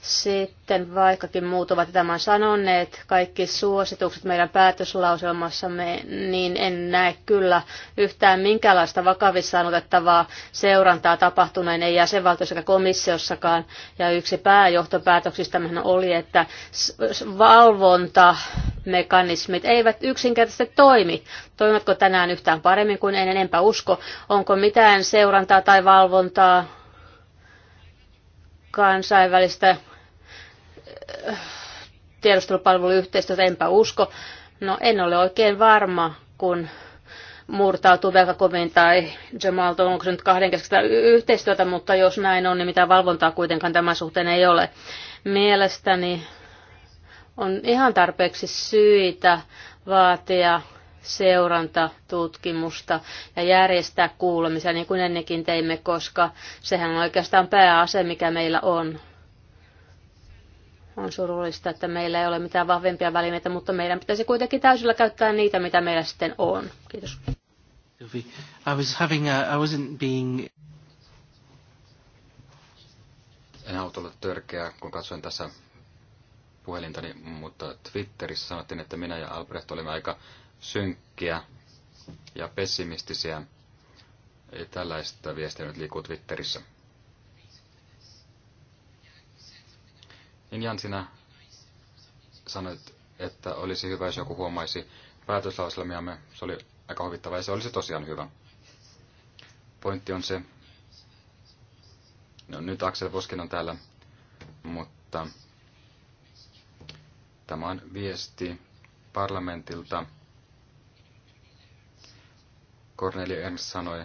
Sitten vaikkakin muut ovat tämän sanoneet, kaikki suositukset meidän päätöslauselmassamme, niin en näe kyllä yhtään minkälaista vakavissaan otettavaa seurantaa tapahtuneen ei jäsenvaltioissa eikä komissiossakaan. Ja yksi pääjohtopäätöksistä oli, että valvontamekanismit eivät yksinkertaisesti toimi. Toimivatko tänään yhtään paremmin kuin en enempää usko? Onko mitään seurantaa tai valvontaa kansainvälistä tiedustelupalveluyhteistyötä, enpä usko. No en ole oikein varma, kun murtautuu kovin tai Jamal, onko se nyt kahden yhteistyötä, mutta jos näin on, niin mitään valvontaa kuitenkaan tämän suhteen ei ole. Mielestäni on ihan tarpeeksi syitä vaatia seurantatutkimusta ja järjestää kuulemisia, niin kuin ennenkin teimme, koska sehän on oikeastaan pääase, mikä meillä on. On surullista, että meillä ei ole mitään vahvempia välineitä, mutta meidän pitäisi kuitenkin täysillä käyttää niitä, mitä meillä sitten on. Kiitos. I was having a, I wasn't being... En halua olla törkeä, kun katsoin tässä puhelintani, mutta Twitterissä sanottiin, että minä ja Albrecht olimme aika synkkiä ja pessimistisiä. Ei tällaista viestiä nyt liikkuu Twitterissä. Niin Jan, sinä sanoit, että olisi hyvä, jos joku huomaisi päätöslauselmiamme. Se oli aika huvittava ja se olisi tosiaan hyvä. Pointti on se, no nyt Aksel Voskin on täällä, mutta tämä on viesti parlamentilta. Korneli Ernst sanoi,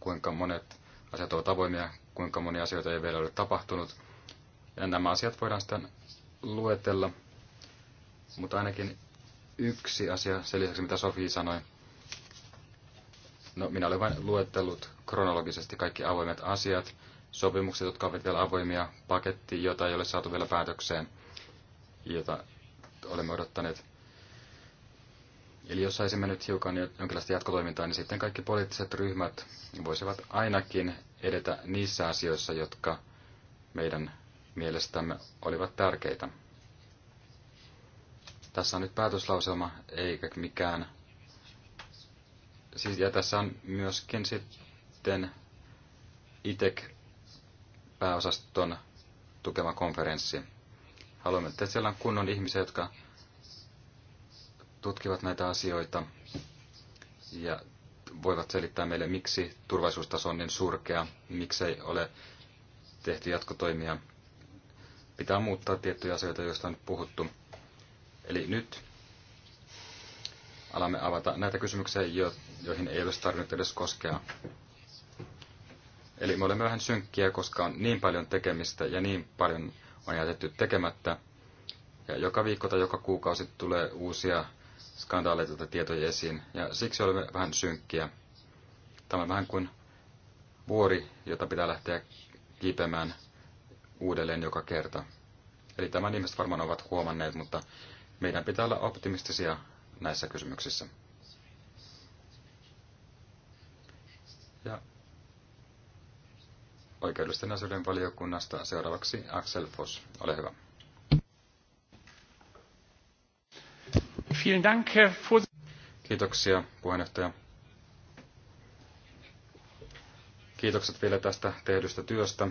kuinka monet asiat ovat avoimia, kuinka monia asioita ei vielä ole tapahtunut – ja nämä asiat voidaan sitten luetella, mutta ainakin yksi asia sen lisäksi, mitä Sofi sanoi. No, minä olen vain luettellut kronologisesti kaikki avoimet asiat, sopimukset, jotka ovat vielä avoimia, paketti, jota ei ole saatu vielä päätökseen, jota olemme odottaneet. Eli jos saisimme nyt hiukan jonkinlaista jatkotoimintaa, niin sitten kaikki poliittiset ryhmät voisivat ainakin edetä niissä asioissa, jotka meidän mielestämme olivat tärkeitä. Tässä on nyt päätöslauselma eikä mikään. Siis, ja tässä on myöskin sitten ITEC-pääosaston tukema konferenssi. Haluamme, että siellä on kunnon ihmisiä, jotka tutkivat näitä asioita ja voivat selittää meille, miksi turvallisuustaso on niin surkea, miksei ole tehty jatkotoimia pitää muuttaa tiettyjä asioita, joista on puhuttu. Eli nyt alamme avata näitä kysymyksiä, joihin ei olisi tarvinnut edes koskea. Eli me olemme vähän synkkiä, koska on niin paljon tekemistä ja niin paljon on jätetty tekemättä. Ja joka viikko tai joka kuukausi tulee uusia skandaaleita tai tietoja esiin. Ja siksi olemme vähän synkkiä. Tämä on vähän kuin vuori, jota pitää lähteä kiipeämään uudelleen joka kerta. Eli tämän ihmiset varmaan ovat huomanneet, mutta meidän pitää olla optimistisia näissä kysymyksissä. Ja oikeudellisten asioiden valiokunnasta seuraavaksi Axel Foss. Ole hyvä. Kiitoksia puheenjohtaja. Kiitokset vielä tästä tehdystä työstä.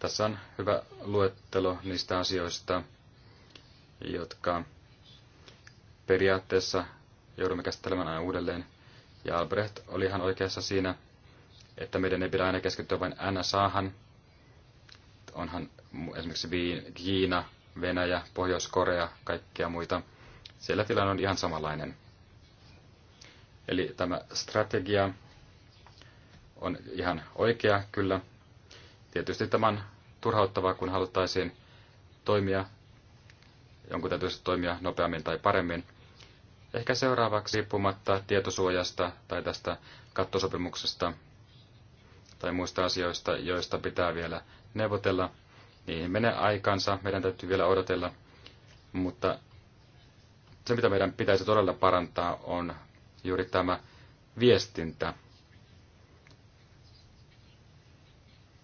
Tässä on hyvä luettelo niistä asioista, jotka periaatteessa joudumme käsittelemään aina uudelleen. Ja Albrecht oli ihan oikeassa siinä, että meidän ei pidä aina keskittyä vain NSAhan. Onhan esimerkiksi Kiina, Venäjä, Pohjois-Korea, kaikkia muita. Siellä tilanne on ihan samanlainen. Eli tämä strategia on ihan oikea kyllä, Tietysti tämä on turhauttavaa, kun haluttaisiin toimia, jonkun täytyisi toimia nopeammin tai paremmin. Ehkä seuraavaksi riippumatta tietosuojasta tai tästä kattosopimuksesta tai muista asioista, joista pitää vielä neuvotella, niihin menee aikansa, meidän täytyy vielä odotella, mutta se, mitä meidän pitäisi todella parantaa, on juuri tämä viestintä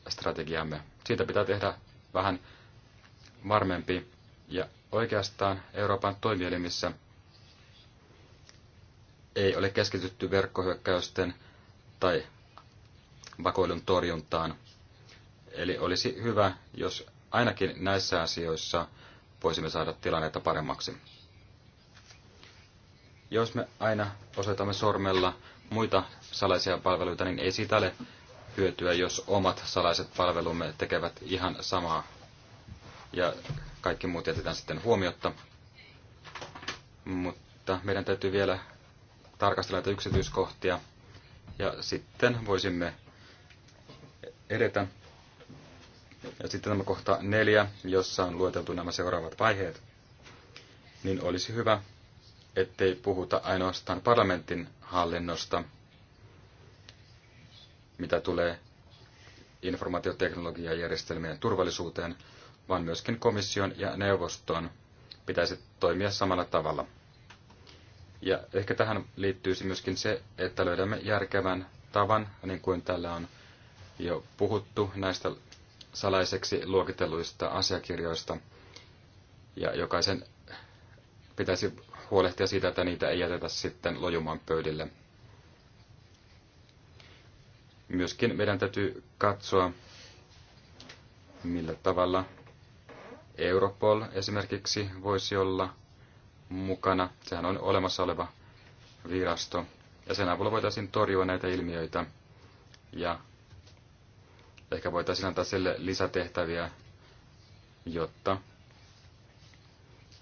strategiamme. Siitä pitää tehdä vähän varmempi ja oikeastaan Euroopan toimielimissä ei ole keskitytty verkkohyökkäysten tai vakoilun torjuntaan. Eli olisi hyvä, jos ainakin näissä asioissa voisimme saada tilannetta paremmaksi. Jos me aina osoitamme sormella muita salaisia palveluita, niin ei siitä ole hyötyä, jos omat salaiset palvelumme tekevät ihan samaa ja kaikki muut jätetään sitten huomiotta. Mutta meidän täytyy vielä tarkastella näitä yksityiskohtia ja sitten voisimme edetä. Ja sitten tämä kohta neljä, jossa on lueteltu nämä seuraavat vaiheet, niin olisi hyvä, ettei puhuta ainoastaan parlamentin hallinnosta – mitä tulee informaatioteknologiajärjestelmien turvallisuuteen, vaan myöskin komission ja neuvoston pitäisi toimia samalla tavalla. Ja ehkä tähän liittyisi myöskin se, että löydämme järkevän tavan, niin kuin täällä on jo puhuttu näistä salaiseksi luokitelluista asiakirjoista, ja jokaisen pitäisi huolehtia siitä, että niitä ei jätetä sitten lojumaan pöydille myöskin meidän täytyy katsoa, millä tavalla Europol esimerkiksi voisi olla mukana. Sehän on olemassa oleva virasto. Ja sen avulla voitaisiin torjua näitä ilmiöitä. Ja ehkä voitaisiin antaa sille lisätehtäviä, jotta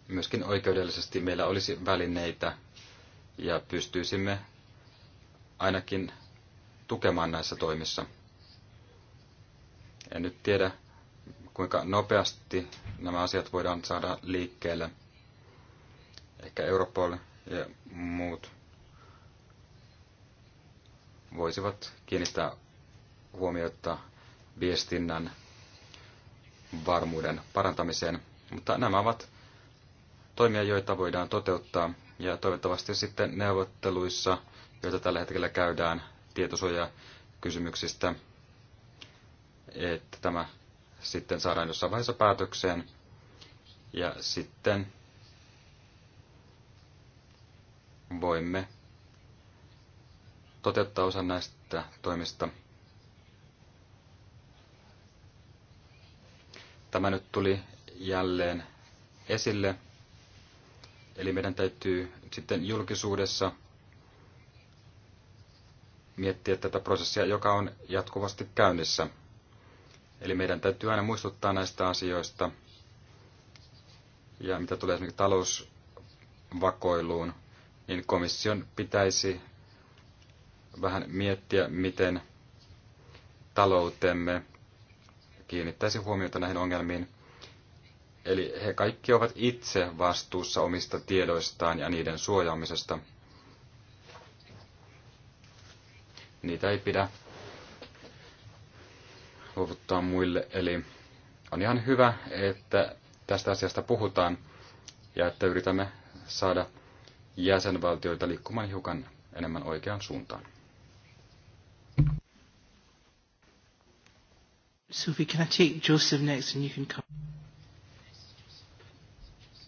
myöskin oikeudellisesti meillä olisi välineitä ja pystyisimme ainakin tukemaan näissä toimissa. En nyt tiedä, kuinka nopeasti nämä asiat voidaan saada liikkeelle. Ehkä Europol ja muut voisivat kiinnittää huomiota viestinnän varmuuden parantamiseen. Mutta nämä ovat toimia, joita voidaan toteuttaa ja toivottavasti sitten neuvotteluissa, joita tällä hetkellä käydään tietosuojakysymyksistä, että tämä sitten saadaan jossain vaiheessa päätökseen. Ja sitten voimme toteuttaa osan näistä toimista. Tämä nyt tuli jälleen esille. Eli meidän täytyy sitten julkisuudessa miettiä tätä prosessia, joka on jatkuvasti käynnissä. Eli meidän täytyy aina muistuttaa näistä asioista. Ja mitä tulee esimerkiksi talousvakoiluun, niin komission pitäisi vähän miettiä, miten taloutemme kiinnittäisi huomiota näihin ongelmiin. Eli he kaikki ovat itse vastuussa omista tiedoistaan ja niiden suojaamisesta – niitä ei pidä luovuttaa muille. Eli on ihan hyvä, että tästä asiasta puhutaan ja että yritämme saada jäsenvaltioita liikkumaan hiukan enemmän oikeaan suuntaan. Sophie, can I take Joseph next and you can come?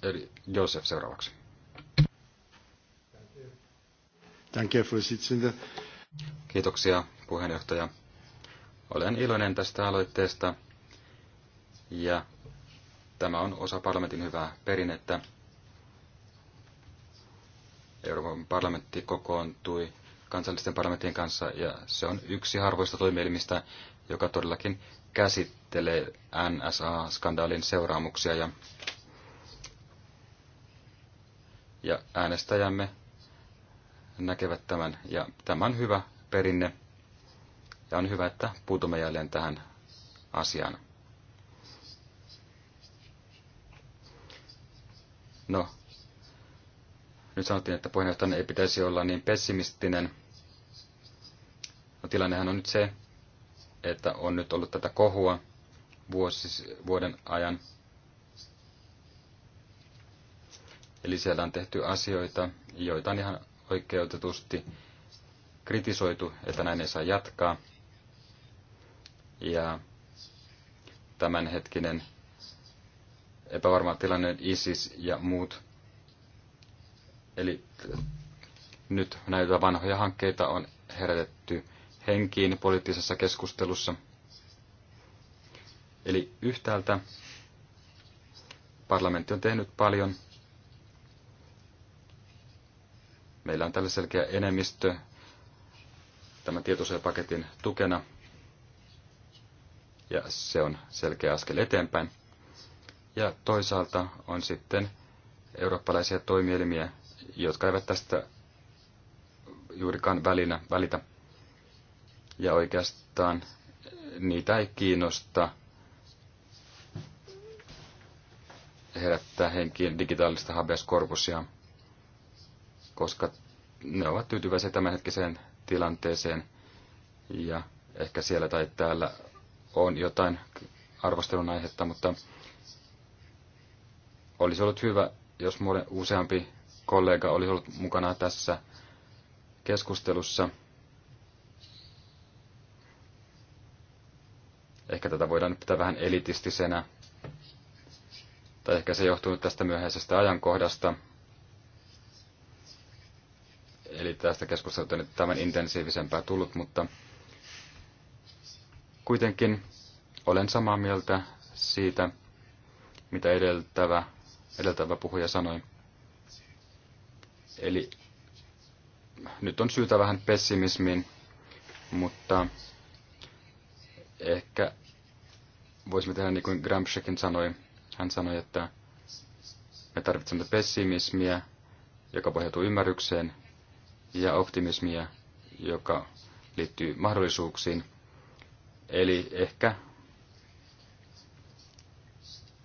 Eli Joseph seuraavaksi. Thank you, Kiitoksia puheenjohtaja. Olen iloinen tästä aloitteesta ja tämä on osa parlamentin hyvää perinnettä. Euroopan parlamentti kokoontui kansallisten parlamenttien kanssa ja se on yksi harvoista toimielimistä, joka todellakin käsittelee NSA-skandaalin seuraamuksia ja, ja äänestäjämme näkevät tämän. Ja tämä on hyvä perinne ja on hyvä, että puutumme jälleen tähän asiaan. No, nyt sanottiin, että puheenjohtajan ei pitäisi olla niin pessimistinen. No, tilannehan on nyt se, että on nyt ollut tätä kohua vuosis vuoden ajan. Eli siellä on tehty asioita, joita on ihan oikeutetusti kritisoitu, että näin ei saa jatkaa. Ja tämänhetkinen epävarma tilanne ISIS ja muut. Eli nyt näitä vanhoja hankkeita on herätetty henkiin poliittisessa keskustelussa. Eli yhtäältä parlamentti on tehnyt paljon, Meillä on tällä selkeä enemmistö tämän tietosuojapaketin tukena, ja se on selkeä askel eteenpäin. Ja toisaalta on sitten eurooppalaisia toimielimiä, jotka eivät tästä juurikaan välinä, välitä. Ja oikeastaan niitä ei kiinnosta herättää henkiin digitaalista habeas corpusia – koska ne ovat tyytyväisiä tämänhetkiseen tilanteeseen ja ehkä siellä tai täällä on jotain arvostelun aihetta, mutta olisi ollut hyvä, jos useampi kollega olisi ollut mukana tässä keskustelussa. Ehkä tätä voidaan nyt pitää vähän elitistisenä, tai ehkä se johtuu nyt tästä myöhäisestä ajankohdasta, Eli tästä keskustelusta nyt tämän intensiivisempää tullut, mutta kuitenkin olen samaa mieltä siitä, mitä edeltävä, edeltävä puhuja sanoi. Eli nyt on syytä vähän pessimismiin, mutta ehkä voisimme tehdä niin kuin Gramscikin sanoi. Hän sanoi, että me tarvitsemme pessimismiä, joka pohjautuu ymmärrykseen ja optimismia, joka liittyy mahdollisuuksiin. Eli ehkä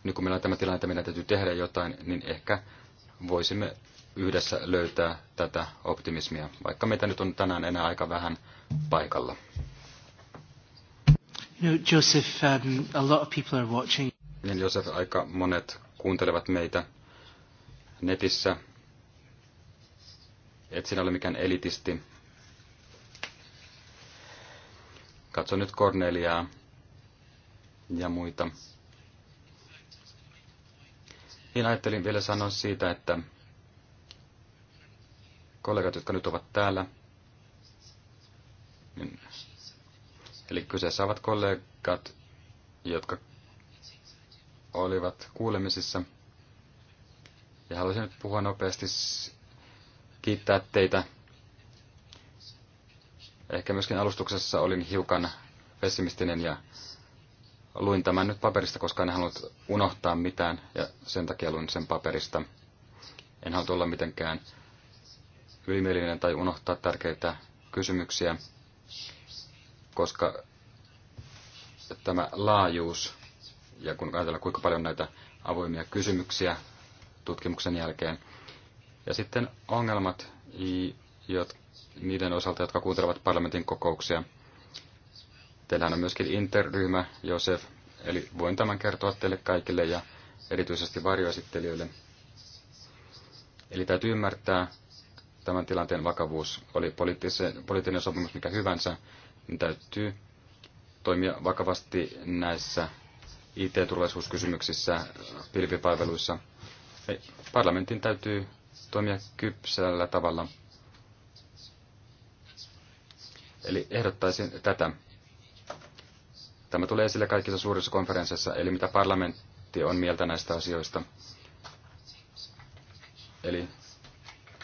nyt kun meillä on tämä tilanne, että meidän täytyy tehdä jotain, niin ehkä voisimme yhdessä löytää tätä optimismia, vaikka meitä nyt on tänään enää aika vähän paikalla. No, Joseph, um, a lot of people are watching. Niin, Joseph, aika monet kuuntelevat meitä netissä et sinä ole mikään elitisti. Katso nyt Korneliaa ja muita. Niin ajattelin vielä sanoa siitä, että kollegat, jotka nyt ovat täällä, niin, eli kyseessä ovat kollegat, jotka olivat kuulemisissa. Ja haluaisin nyt puhua nopeasti kiittää teitä. Ehkä myöskin alustuksessa olin hiukan pessimistinen ja luin tämän nyt paperista, koska en halunnut unohtaa mitään ja sen takia luin sen paperista. En halunnut olla mitenkään ylimielinen tai unohtaa tärkeitä kysymyksiä, koska tämä laajuus ja kun ajatellaan kuinka paljon näitä avoimia kysymyksiä tutkimuksen jälkeen – ja sitten ongelmat niiden osalta, jotka kuuntelevat parlamentin kokouksia. Teillähän on myöskin interryhmä, Josef, eli voin tämän kertoa teille kaikille ja erityisesti varjoesittelijöille. Eli täytyy ymmärtää tämän tilanteen vakavuus. Oli poliittinen sopimus mikä hyvänsä, niin täytyy toimia vakavasti näissä IT-turvallisuuskysymyksissä, pilvipalveluissa. Parlamentin täytyy toimia kypsällä tavalla. Eli ehdottaisin tätä. Tämä tulee esille kaikissa suurissa konferensseissa, eli mitä parlamentti on mieltä näistä asioista. Eli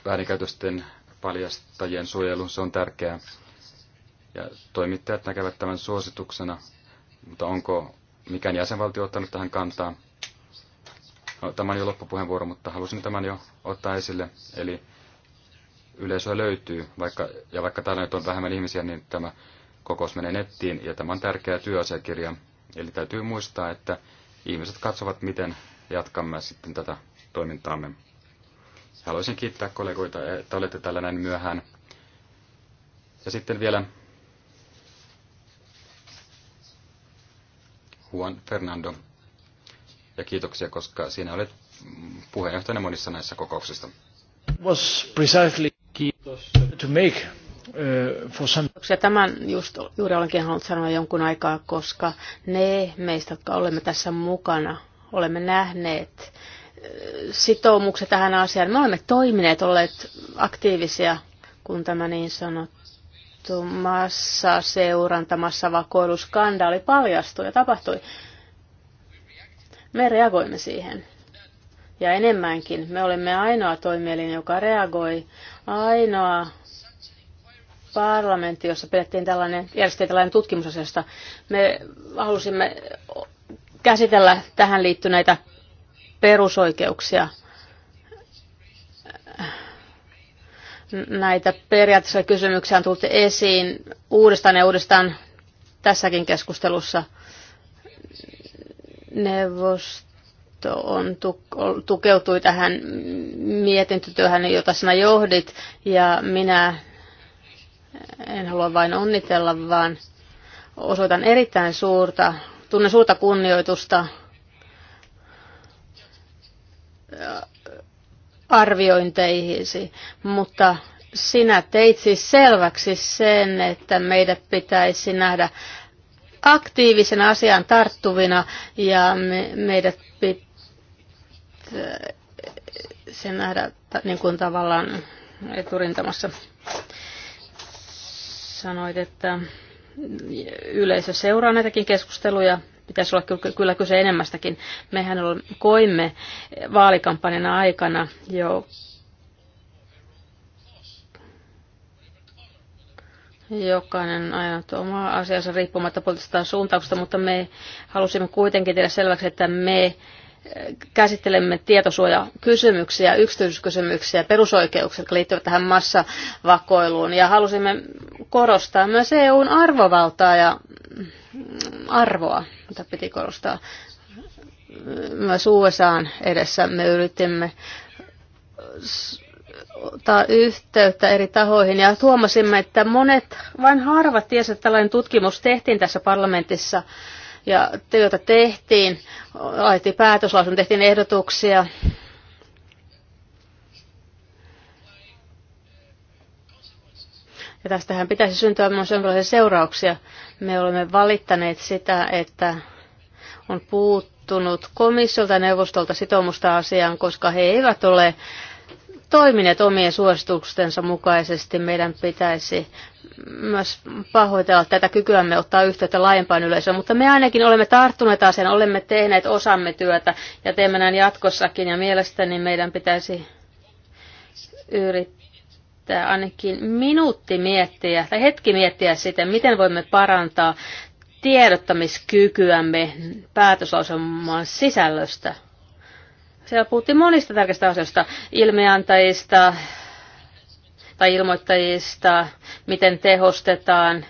väärinkäytösten paljastajien suojelu, se on tärkeää. Ja toimittajat näkevät tämän suosituksena, mutta onko mikään jäsenvaltio ottanut tähän kantaa? No, tämä on jo loppupuheenvuoro, mutta halusin tämän jo ottaa esille. Eli yleisöä löytyy, vaikka, ja vaikka täällä nyt on vähemmän ihmisiä, niin tämä kokous menee nettiin, ja tämä on tärkeä työasiakirja. Eli täytyy muistaa, että ihmiset katsovat, miten jatkamme sitten tätä toimintaamme. Haluaisin kiittää kollegoita, että olette täällä näin myöhään. Ja sitten vielä Juan Fernando ja kiitoksia, koska sinä olet puheenjohtajana monissa näissä kokouksissa. Was precisely Kiitos. To make, uh, for some... Tämän just, juuri olenkin halunnut sanoa jonkun aikaa, koska ne meistä, jotka olemme tässä mukana, olemme nähneet uh, sitoumukset tähän asiaan. Me olemme toimineet, olleet aktiivisia, kun tämä niin sanottu massa seuranta, vakoiluskandaali paljastui ja tapahtui. Me reagoimme siihen. Ja enemmänkin, me olemme ainoa toimielin, joka reagoi, ainoa parlamentti, jossa pidettiin tällainen, järjestettiin tällainen tutkimusasiasta. Me halusimme käsitellä tähän liittyneitä perusoikeuksia, näitä periaatteessa kysymyksiä on tullut esiin uudestaan ja uudestaan tässäkin keskustelussa – neuvosto on tukeutui tähän mietintötyöhön, jota sinä johdit, ja minä en halua vain onnitella, vaan osoitan erittäin suurta, tunnen suurta kunnioitusta arviointeihisi, mutta sinä teit siis selväksi sen, että meidät pitäisi nähdä aktiivisena asiaan tarttuvina ja me, meidät pitää sen nähdä niin kuin tavallaan eturintamassa. Sanoit, että yleisö seuraa näitäkin keskusteluja. Pitäisi olla kyllä kyse enemmästäkin. Mehän koimme vaalikampanjana aikana jo jokainen aina omaa asiansa riippumatta poliittisesta suuntauksesta, mutta me halusimme kuitenkin tehdä selväksi, että me eh, käsittelemme tietosuojakysymyksiä, yksityiskysymyksiä, perusoikeuksia, jotka liittyvät tähän massavakoiluun. Ja halusimme korostaa myös EUn arvovaltaa ja mm, arvoa, mitä piti korostaa myös USAn edessä. Me yritimme ottaa yhteyttä eri tahoihin ja huomasimme, että monet, vain harvat tiesivät, että tällainen tutkimus tehtiin tässä parlamentissa ja työtä tehtiin, laitettiin päätöslausun, tehtiin ehdotuksia. Ja tästähän pitäisi syntyä myös jonkinlaisia seurauksia. Me olemme valittaneet sitä, että on puuttunut komissiolta ja neuvostolta sitoumusta asiaan, koska he eivät ole toimineet omien suositustensa mukaisesti, meidän pitäisi myös pahoitella tätä kykyämme ottaa yhteyttä laajempaan yleisöön, mutta me ainakin olemme tarttuneet asiaan, olemme tehneet osamme työtä ja teemme näin jatkossakin ja mielestäni meidän pitäisi yrittää ainakin minuutti miettiä tai hetki miettiä sitä, miten voimme parantaa tiedottamiskykyämme päätöslauselman sisällöstä. Siellä puhuttiin monista tärkeistä asioista, ilmeantajista tai ilmoittajista, miten tehostetaan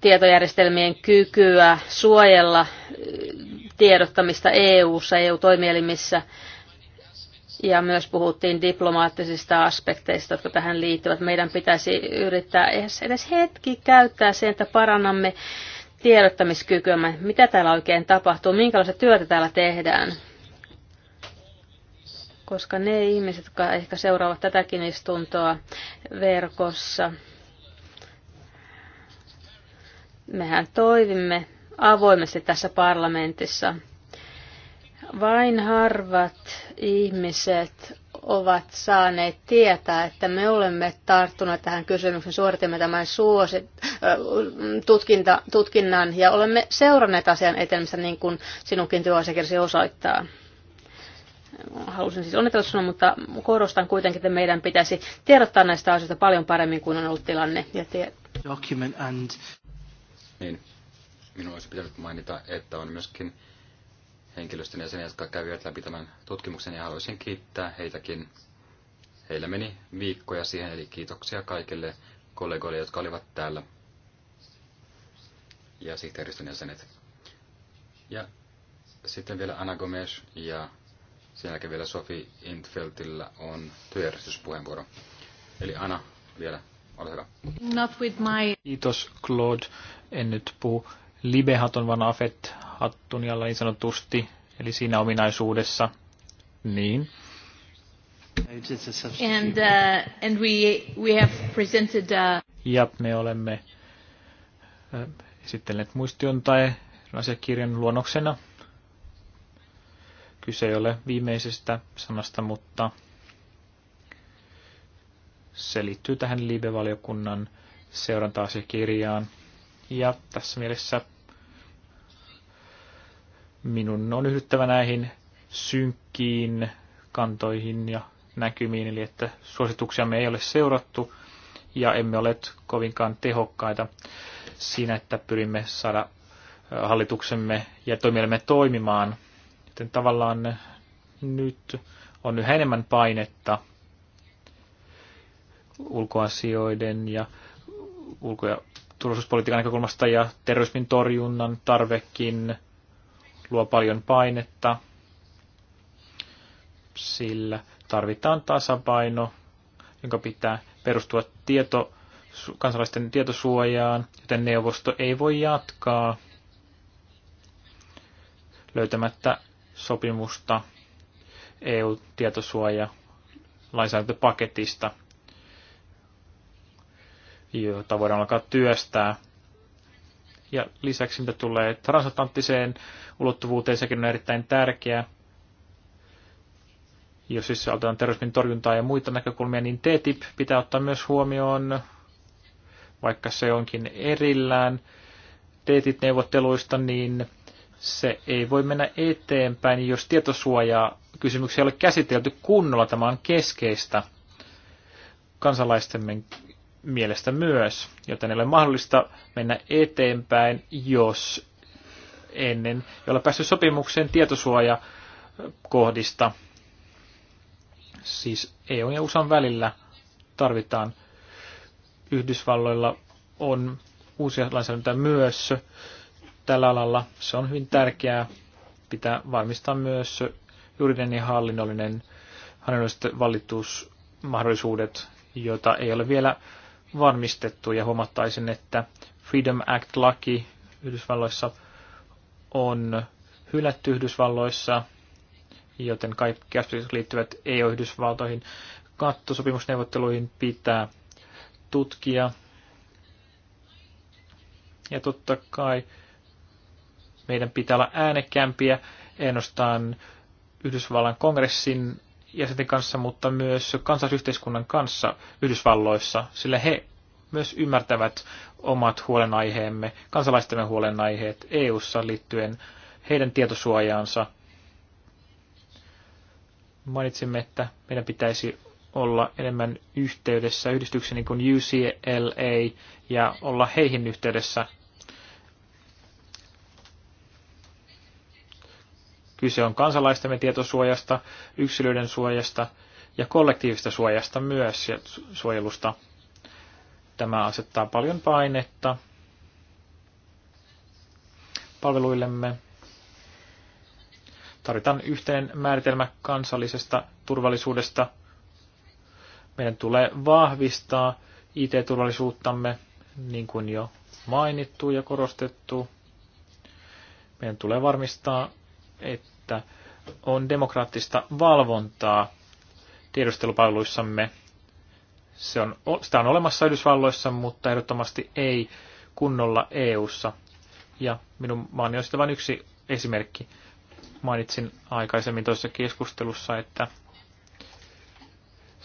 tietojärjestelmien kykyä suojella äh, tiedottamista EU-ssa, EU-toimielimissä. Ja myös puhuttiin diplomaattisista aspekteista, jotka tähän liittyvät. Meidän pitäisi yrittää edes hetki käyttää sen, että parannamme tiedottamiskykyämme. Mitä täällä oikein tapahtuu? Minkälaista työtä täällä tehdään? koska ne ihmiset, jotka ehkä seuraavat tätäkin istuntoa verkossa, mehän toivimme avoimesti tässä parlamentissa. Vain harvat ihmiset ovat saaneet tietää, että me olemme tarttuneet tähän kysymykseen, suoritimme tämän suosit, tutkinta, tutkinnan ja olemme seuranneet asian etenemistä niin kuin sinunkin työasiakirjasi osoittaa halusin siis onnitella sinua, mutta korostan kuitenkin, että meidän pitäisi tiedottaa näistä asioista paljon paremmin kuin on ollut tilanne. Ja tie- Document and... Niin. Minun olisi pitänyt mainita, että on myöskin henkilöstön jäseniä, jotka kävivät läpi tämän tutkimuksen ja haluaisin kiittää heitäkin. Heillä meni viikkoja siihen, eli kiitoksia kaikille kollegoille, jotka olivat täällä ja sihteeristön jäsenet. Ja sitten vielä Ana Gomes ja sen jälkeen vielä Sofi Intfeltillä on työjärjestyspuheenvuoro. Eli Anna vielä, ole hyvä. Not with my... Kiitos Claude. En nyt puhu libehaton vaan afet-hattun jalla niin sanotusti, eli siinä ominaisuudessa. Niin. And, uh, and we, we have presented, uh... Ja me olemme äh, esitelleet muistion tai asiakirjan luonnoksena Kyse ei ole viimeisestä sanasta, mutta se liittyy tähän liibevaliokunnan seuranta-asiakirjaan. Ja tässä mielessä minun on yhdyttävä näihin synkkiin kantoihin ja näkymiin, eli että suosituksiamme ei ole seurattu ja emme ole kovinkaan tehokkaita siinä, että pyrimme saada hallituksemme ja toimielimme toimimaan – sitten tavallaan nyt on yhä enemmän painetta ulkoasioiden ja ulko- ja turvallisuuspolitiikan näkökulmasta ja terrorismin torjunnan tarvekin luo paljon painetta, sillä tarvitaan tasapaino, jonka pitää perustua tieto, kansalaisten tietosuojaan, joten neuvosto ei voi jatkaa löytämättä sopimusta EU-tietosuoja lainsäädäntöpaketista, jota voidaan alkaa työstää. Ja lisäksi mitä tulee transatlanttiseen ulottuvuuteen, sekin on erittäin tärkeää. Jos siis otetaan terrorismin torjuntaa ja muita näkökulmia, niin TTIP pitää ottaa myös huomioon, vaikka se onkin erillään TTIP-neuvotteluista, niin se ei voi mennä eteenpäin, niin jos tietosuojaa kysymyksiä ei ole käsitelty kunnolla. Tämä on keskeistä kansalaistemme mielestä myös, joten ei ole mahdollista mennä eteenpäin, jos ennen ei ole päässyt sopimukseen tietosuojakohdista. Siis EU ja USA välillä tarvitaan. Yhdysvalloilla on uusia lainsäädäntöjä myös tällä alalla. Se on hyvin tärkeää. Pitää varmistaa myös juridinen ja hallinnollinen hallinnolliset valitusmahdollisuudet, joita ei ole vielä varmistettu. Ja huomattaisin, että Freedom Act-laki Yhdysvalloissa on hylätty Yhdysvalloissa, joten kaikki asiat liittyvät EU-Yhdysvaltoihin kattosopimusneuvotteluihin pitää tutkia. Ja totta kai meidän pitää olla äänekämpiä, ainoastaan Yhdysvallan kongressin jäsenten kanssa, mutta myös kansallisyhteiskunnan kanssa Yhdysvalloissa, sillä he myös ymmärtävät omat huolenaiheemme, kansalaistemme huolenaiheet EU-ssa liittyen heidän tietosuojaansa. Mainitsimme, että meidän pitäisi olla enemmän yhteydessä yhdistyksiin niin kuin UCLA ja olla heihin yhteydessä Kyse on kansalaistemme tietosuojasta, yksilöiden suojasta ja kollektiivista suojasta myös ja suojelusta. Tämä asettaa paljon painetta palveluillemme. Tarvitaan yhteen määritelmä kansallisesta turvallisuudesta. Meidän tulee vahvistaa IT-turvallisuuttamme, niin kuin jo mainittu ja korostettu. Meidän tulee varmistaa että on demokraattista valvontaa tiedustelupalveluissamme. Se on, sitä on olemassa Yhdysvalloissa, mutta ehdottomasti ei kunnolla EU:ssa. Ja minun maani on sitä vain yksi esimerkki. Mainitsin aikaisemmin toisessa keskustelussa, että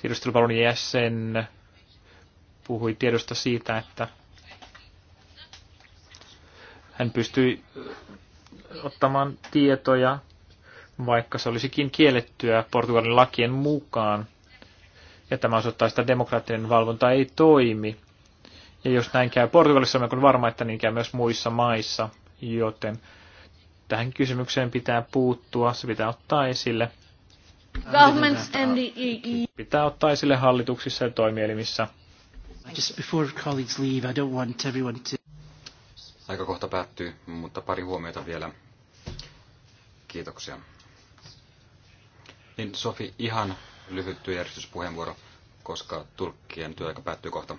tiedustelupalvelun jäsen puhui tiedosta siitä, että hän pystyi ottamaan tietoja, vaikka se olisikin kiellettyä Portugalin lakien mukaan. Ja tämä osoittaa, että demokraattinen valvonta ei toimi. Ja jos näin käy Portugalissa, on varma, että niin käy myös muissa maissa, joten tähän kysymykseen pitää puuttua, se pitää ottaa esille. Governments and the EU. E. Pitää ottaa esille hallituksissa ja toimielimissä. Just before colleagues leave, I don't want everyone to... Aika kohta päättyy, mutta pari huomiota vielä. Kiitoksia. Niin Sofi, ihan lyhyt työjärjestyspuheenvuoro, koska tulkkien työaika päättyy kohta.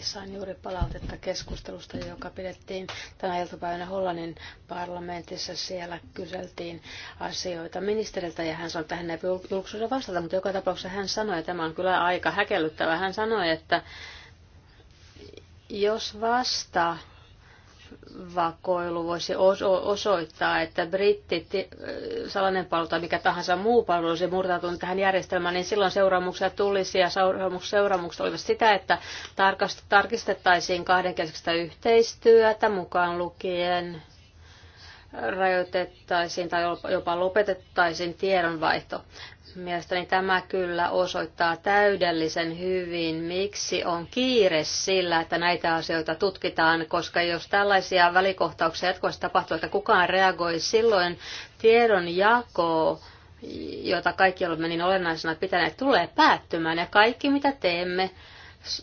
sain juuri palautetta keskustelusta, joka pidettiin tänä iltapäivänä Hollannin parlamentissa. Siellä kyseltiin asioita ministeriltä ja hän sanoi, että hän ei julkisuudessa vastata, mutta joka tapauksessa hän sanoi, että tämä on kyllä aika häkellyttävä. Hän sanoi, että jos vastaa vakoilu voisi osoittaa, että britti, eh, salainen palvelu tai mikä tahansa muu palvelu olisi murtautunut tähän järjestelmään, niin silloin seuraamuksia tulisi ja seuraamukset olivat sitä, että tarkistettaisiin kahdenkeskistä yhteistyötä mukaan lukien rajoitettaisiin tai jopa lopetettaisiin tiedonvaihto. Mielestäni tämä kyllä osoittaa täydellisen hyvin, miksi on kiire sillä, että näitä asioita tutkitaan, koska jos tällaisia välikohtauksia jatkuvasti tapahtuu, että kukaan reagoi, silloin tiedon jako, jota kaikki olemme niin olennaisena pitäneet, tulee päättymään ja kaikki mitä teemme,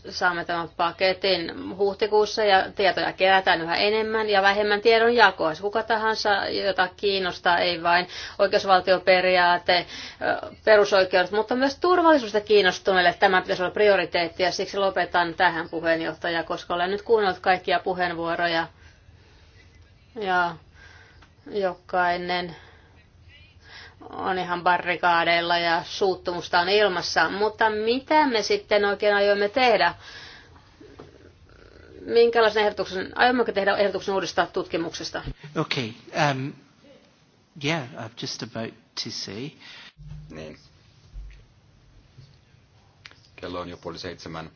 saamme tämän paketin huhtikuussa ja tietoja kerätään yhä enemmän ja vähemmän tiedon jakoa. Kuka tahansa, jota kiinnostaa, ei vain oikeusvaltioperiaate, perusoikeudet, mutta myös turvallisuudesta kiinnostuneille tämä pitäisi olla prioriteetti ja siksi lopetan tähän puheenjohtaja, koska olen nyt kuunnellut kaikkia puheenvuoroja ja jokainen on ihan barrikaadeilla ja suuttumusta on ilmassa, mutta mitä me sitten oikein aiomme tehdä? Minkälaisen ehdotuksen, aiommeko tehdä ehdotuksen uudesta tutkimuksesta? Okay, um, yeah, I'm just about to say. Niin. Kello on jo puoli seitsemän.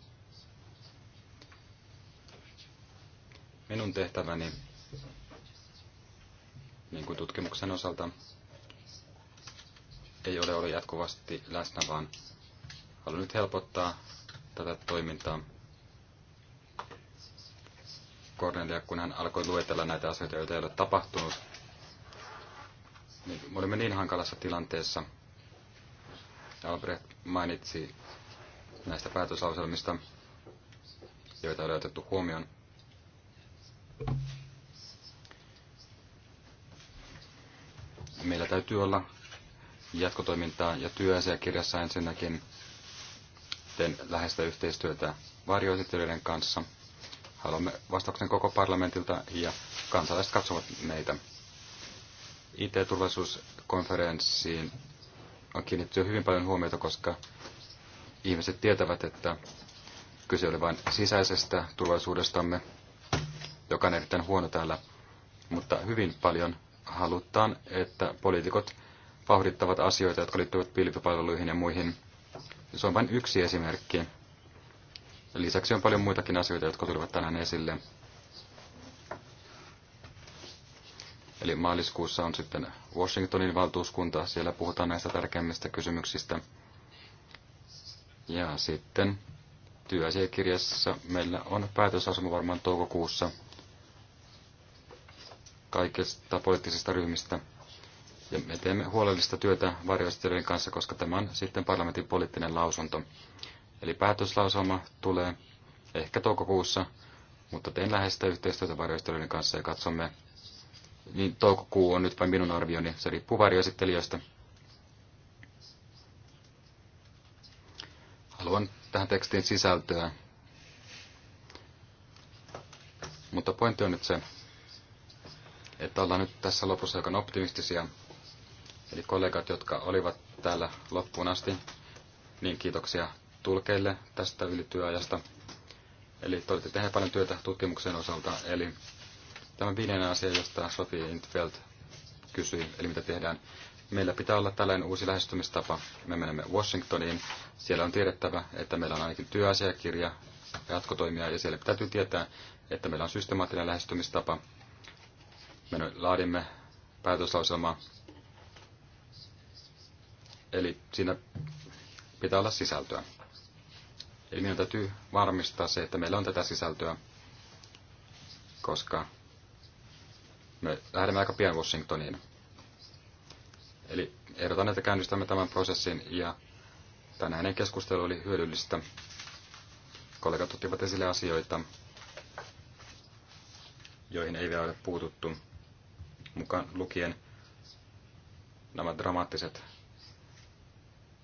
Minun tehtäväni, niin kuin tutkimuksen osalta, ei ole ollut jatkuvasti läsnä, vaan haluan nyt helpottaa tätä toimintaa. Kornelia, kun hän alkoi luetella näitä asioita, joita ei ole tapahtunut, niin me olimme niin hankalassa tilanteessa. Albrecht mainitsi näistä päätösauselmista, joita oli otettu huomioon. Meillä täytyy olla jatkotoimintaa ja työasiakirjassa ensinnäkin teen läheistä yhteistyötä varjoesittelijöiden kanssa. Haluamme vastauksen koko parlamentilta ja kansalaiset katsovat meitä. IT-turvallisuuskonferenssiin on kiinnitty hyvin paljon huomiota, koska ihmiset tietävät, että kyse oli vain sisäisestä turvallisuudestamme, joka on erittäin huono täällä, mutta hyvin paljon halutaan, että poliitikot vauhdittavat asioita, jotka liittyvät pilvipalveluihin ja muihin. Se on vain yksi esimerkki. Lisäksi on paljon muitakin asioita, jotka tulivat tänään esille. Eli maaliskuussa on sitten Washingtonin valtuuskunta, siellä puhutaan näistä tärkeimmistä kysymyksistä. Ja sitten työasiakirjassa meillä on päätösasema varmaan toukokuussa kaikista poliittisista ryhmistä. Ja me teemme huolellista työtä varjoistelijoiden kanssa, koska tämä on sitten parlamentin poliittinen lausunto. Eli päätöslauselma tulee ehkä toukokuussa, mutta teen läheistä yhteistyötä varjoistelijoiden kanssa ja katsomme. Niin toukokuu on nyt vain minun arvioni, se riippuu varjoesittelijöistä. Haluan tähän tekstiin sisältöä. Mutta pointti on nyt se, että ollaan nyt tässä lopussa aika optimistisia Eli kollegat, jotka olivat täällä loppuun asti, niin kiitoksia tulkeille tästä ylityöajasta. Eli te olette tehneet paljon työtä tutkimuksen osalta. Eli tämä viimeinen asia, josta Sophie Intfeld kysyi, eli mitä tehdään. Meillä pitää olla tällainen uusi lähestymistapa. Me menemme Washingtoniin. Siellä on tiedettävä, että meillä on ainakin työasiakirja, jatkotoimia, ja siellä täytyy tietää, että meillä on systemaattinen lähestymistapa. Me laadimme päätöslauselmaa Eli siinä pitää olla sisältöä. Eli meidän täytyy varmistaa se, että meillä on tätä sisältöä, koska me lähdemme aika pian Washingtoniin. Eli ehdotan, että käynnistämme tämän prosessin ja tänäinen keskustelu oli hyödyllistä. Kollegat ottivat esille asioita, joihin ei vielä ole puututtu, mukaan lukien nämä dramaattiset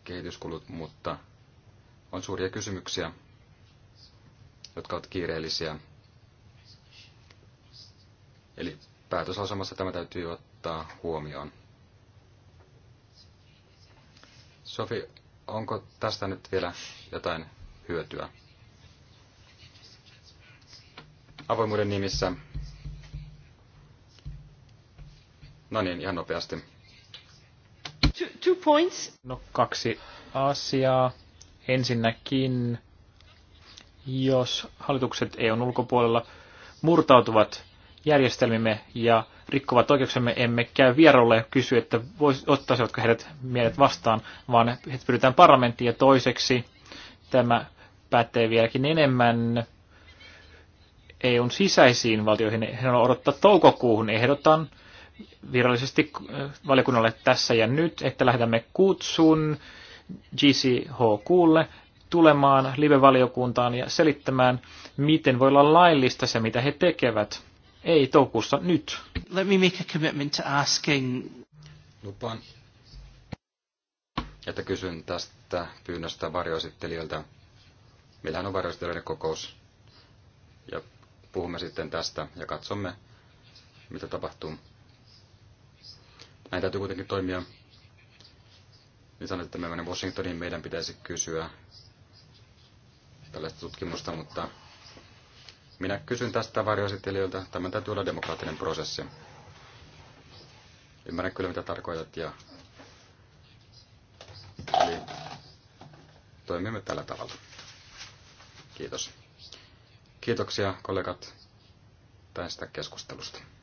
kehityskulut, mutta on suuria kysymyksiä, jotka ovat kiireellisiä. Eli päätösasemassa tämä täytyy ottaa huomioon. Sofi, onko tästä nyt vielä jotain hyötyä? Avoimuuden nimissä. No niin, ihan nopeasti. Two, points. No kaksi asiaa. Ensinnäkin, jos hallitukset EUn ulkopuolella murtautuvat järjestelmimme ja rikkovat oikeuksemme, emme käy vierolle ja kysy, että vois, ottaisivatko heidät mielet vastaan, vaan heidät pyritään parlamenttiin. Ja toiseksi tämä pätee vieläkin enemmän EUn sisäisiin valtioihin. He on odottaa toukokuuhun. Ehdotan, virallisesti äh, valiokunnalle tässä ja nyt, että lähetämme kutsun GCHQlle tulemaan live-valiokuntaan ja selittämään, miten voi olla laillista se, mitä he tekevät. Ei toukussa nyt. Let me make a commitment to asking. Lupaan, että kysyn tästä pyynnöstä varjoesittelijöiltä. Meillähän on varjoesittelijöiden kokous ja puhumme sitten tästä ja katsomme, mitä tapahtuu. Näin täytyy kuitenkin toimia. Niin sanoit, että me menemme Washingtoniin, meidän pitäisi kysyä tällaista tutkimusta, mutta minä kysyn tästä varjoesittelijöiltä. Tämä täytyy olla demokraattinen prosessi. Ymmärrän kyllä, mitä tarkoitat. Ja... Eli toimimme tällä tavalla. Kiitos. Kiitoksia kollegat tästä keskustelusta.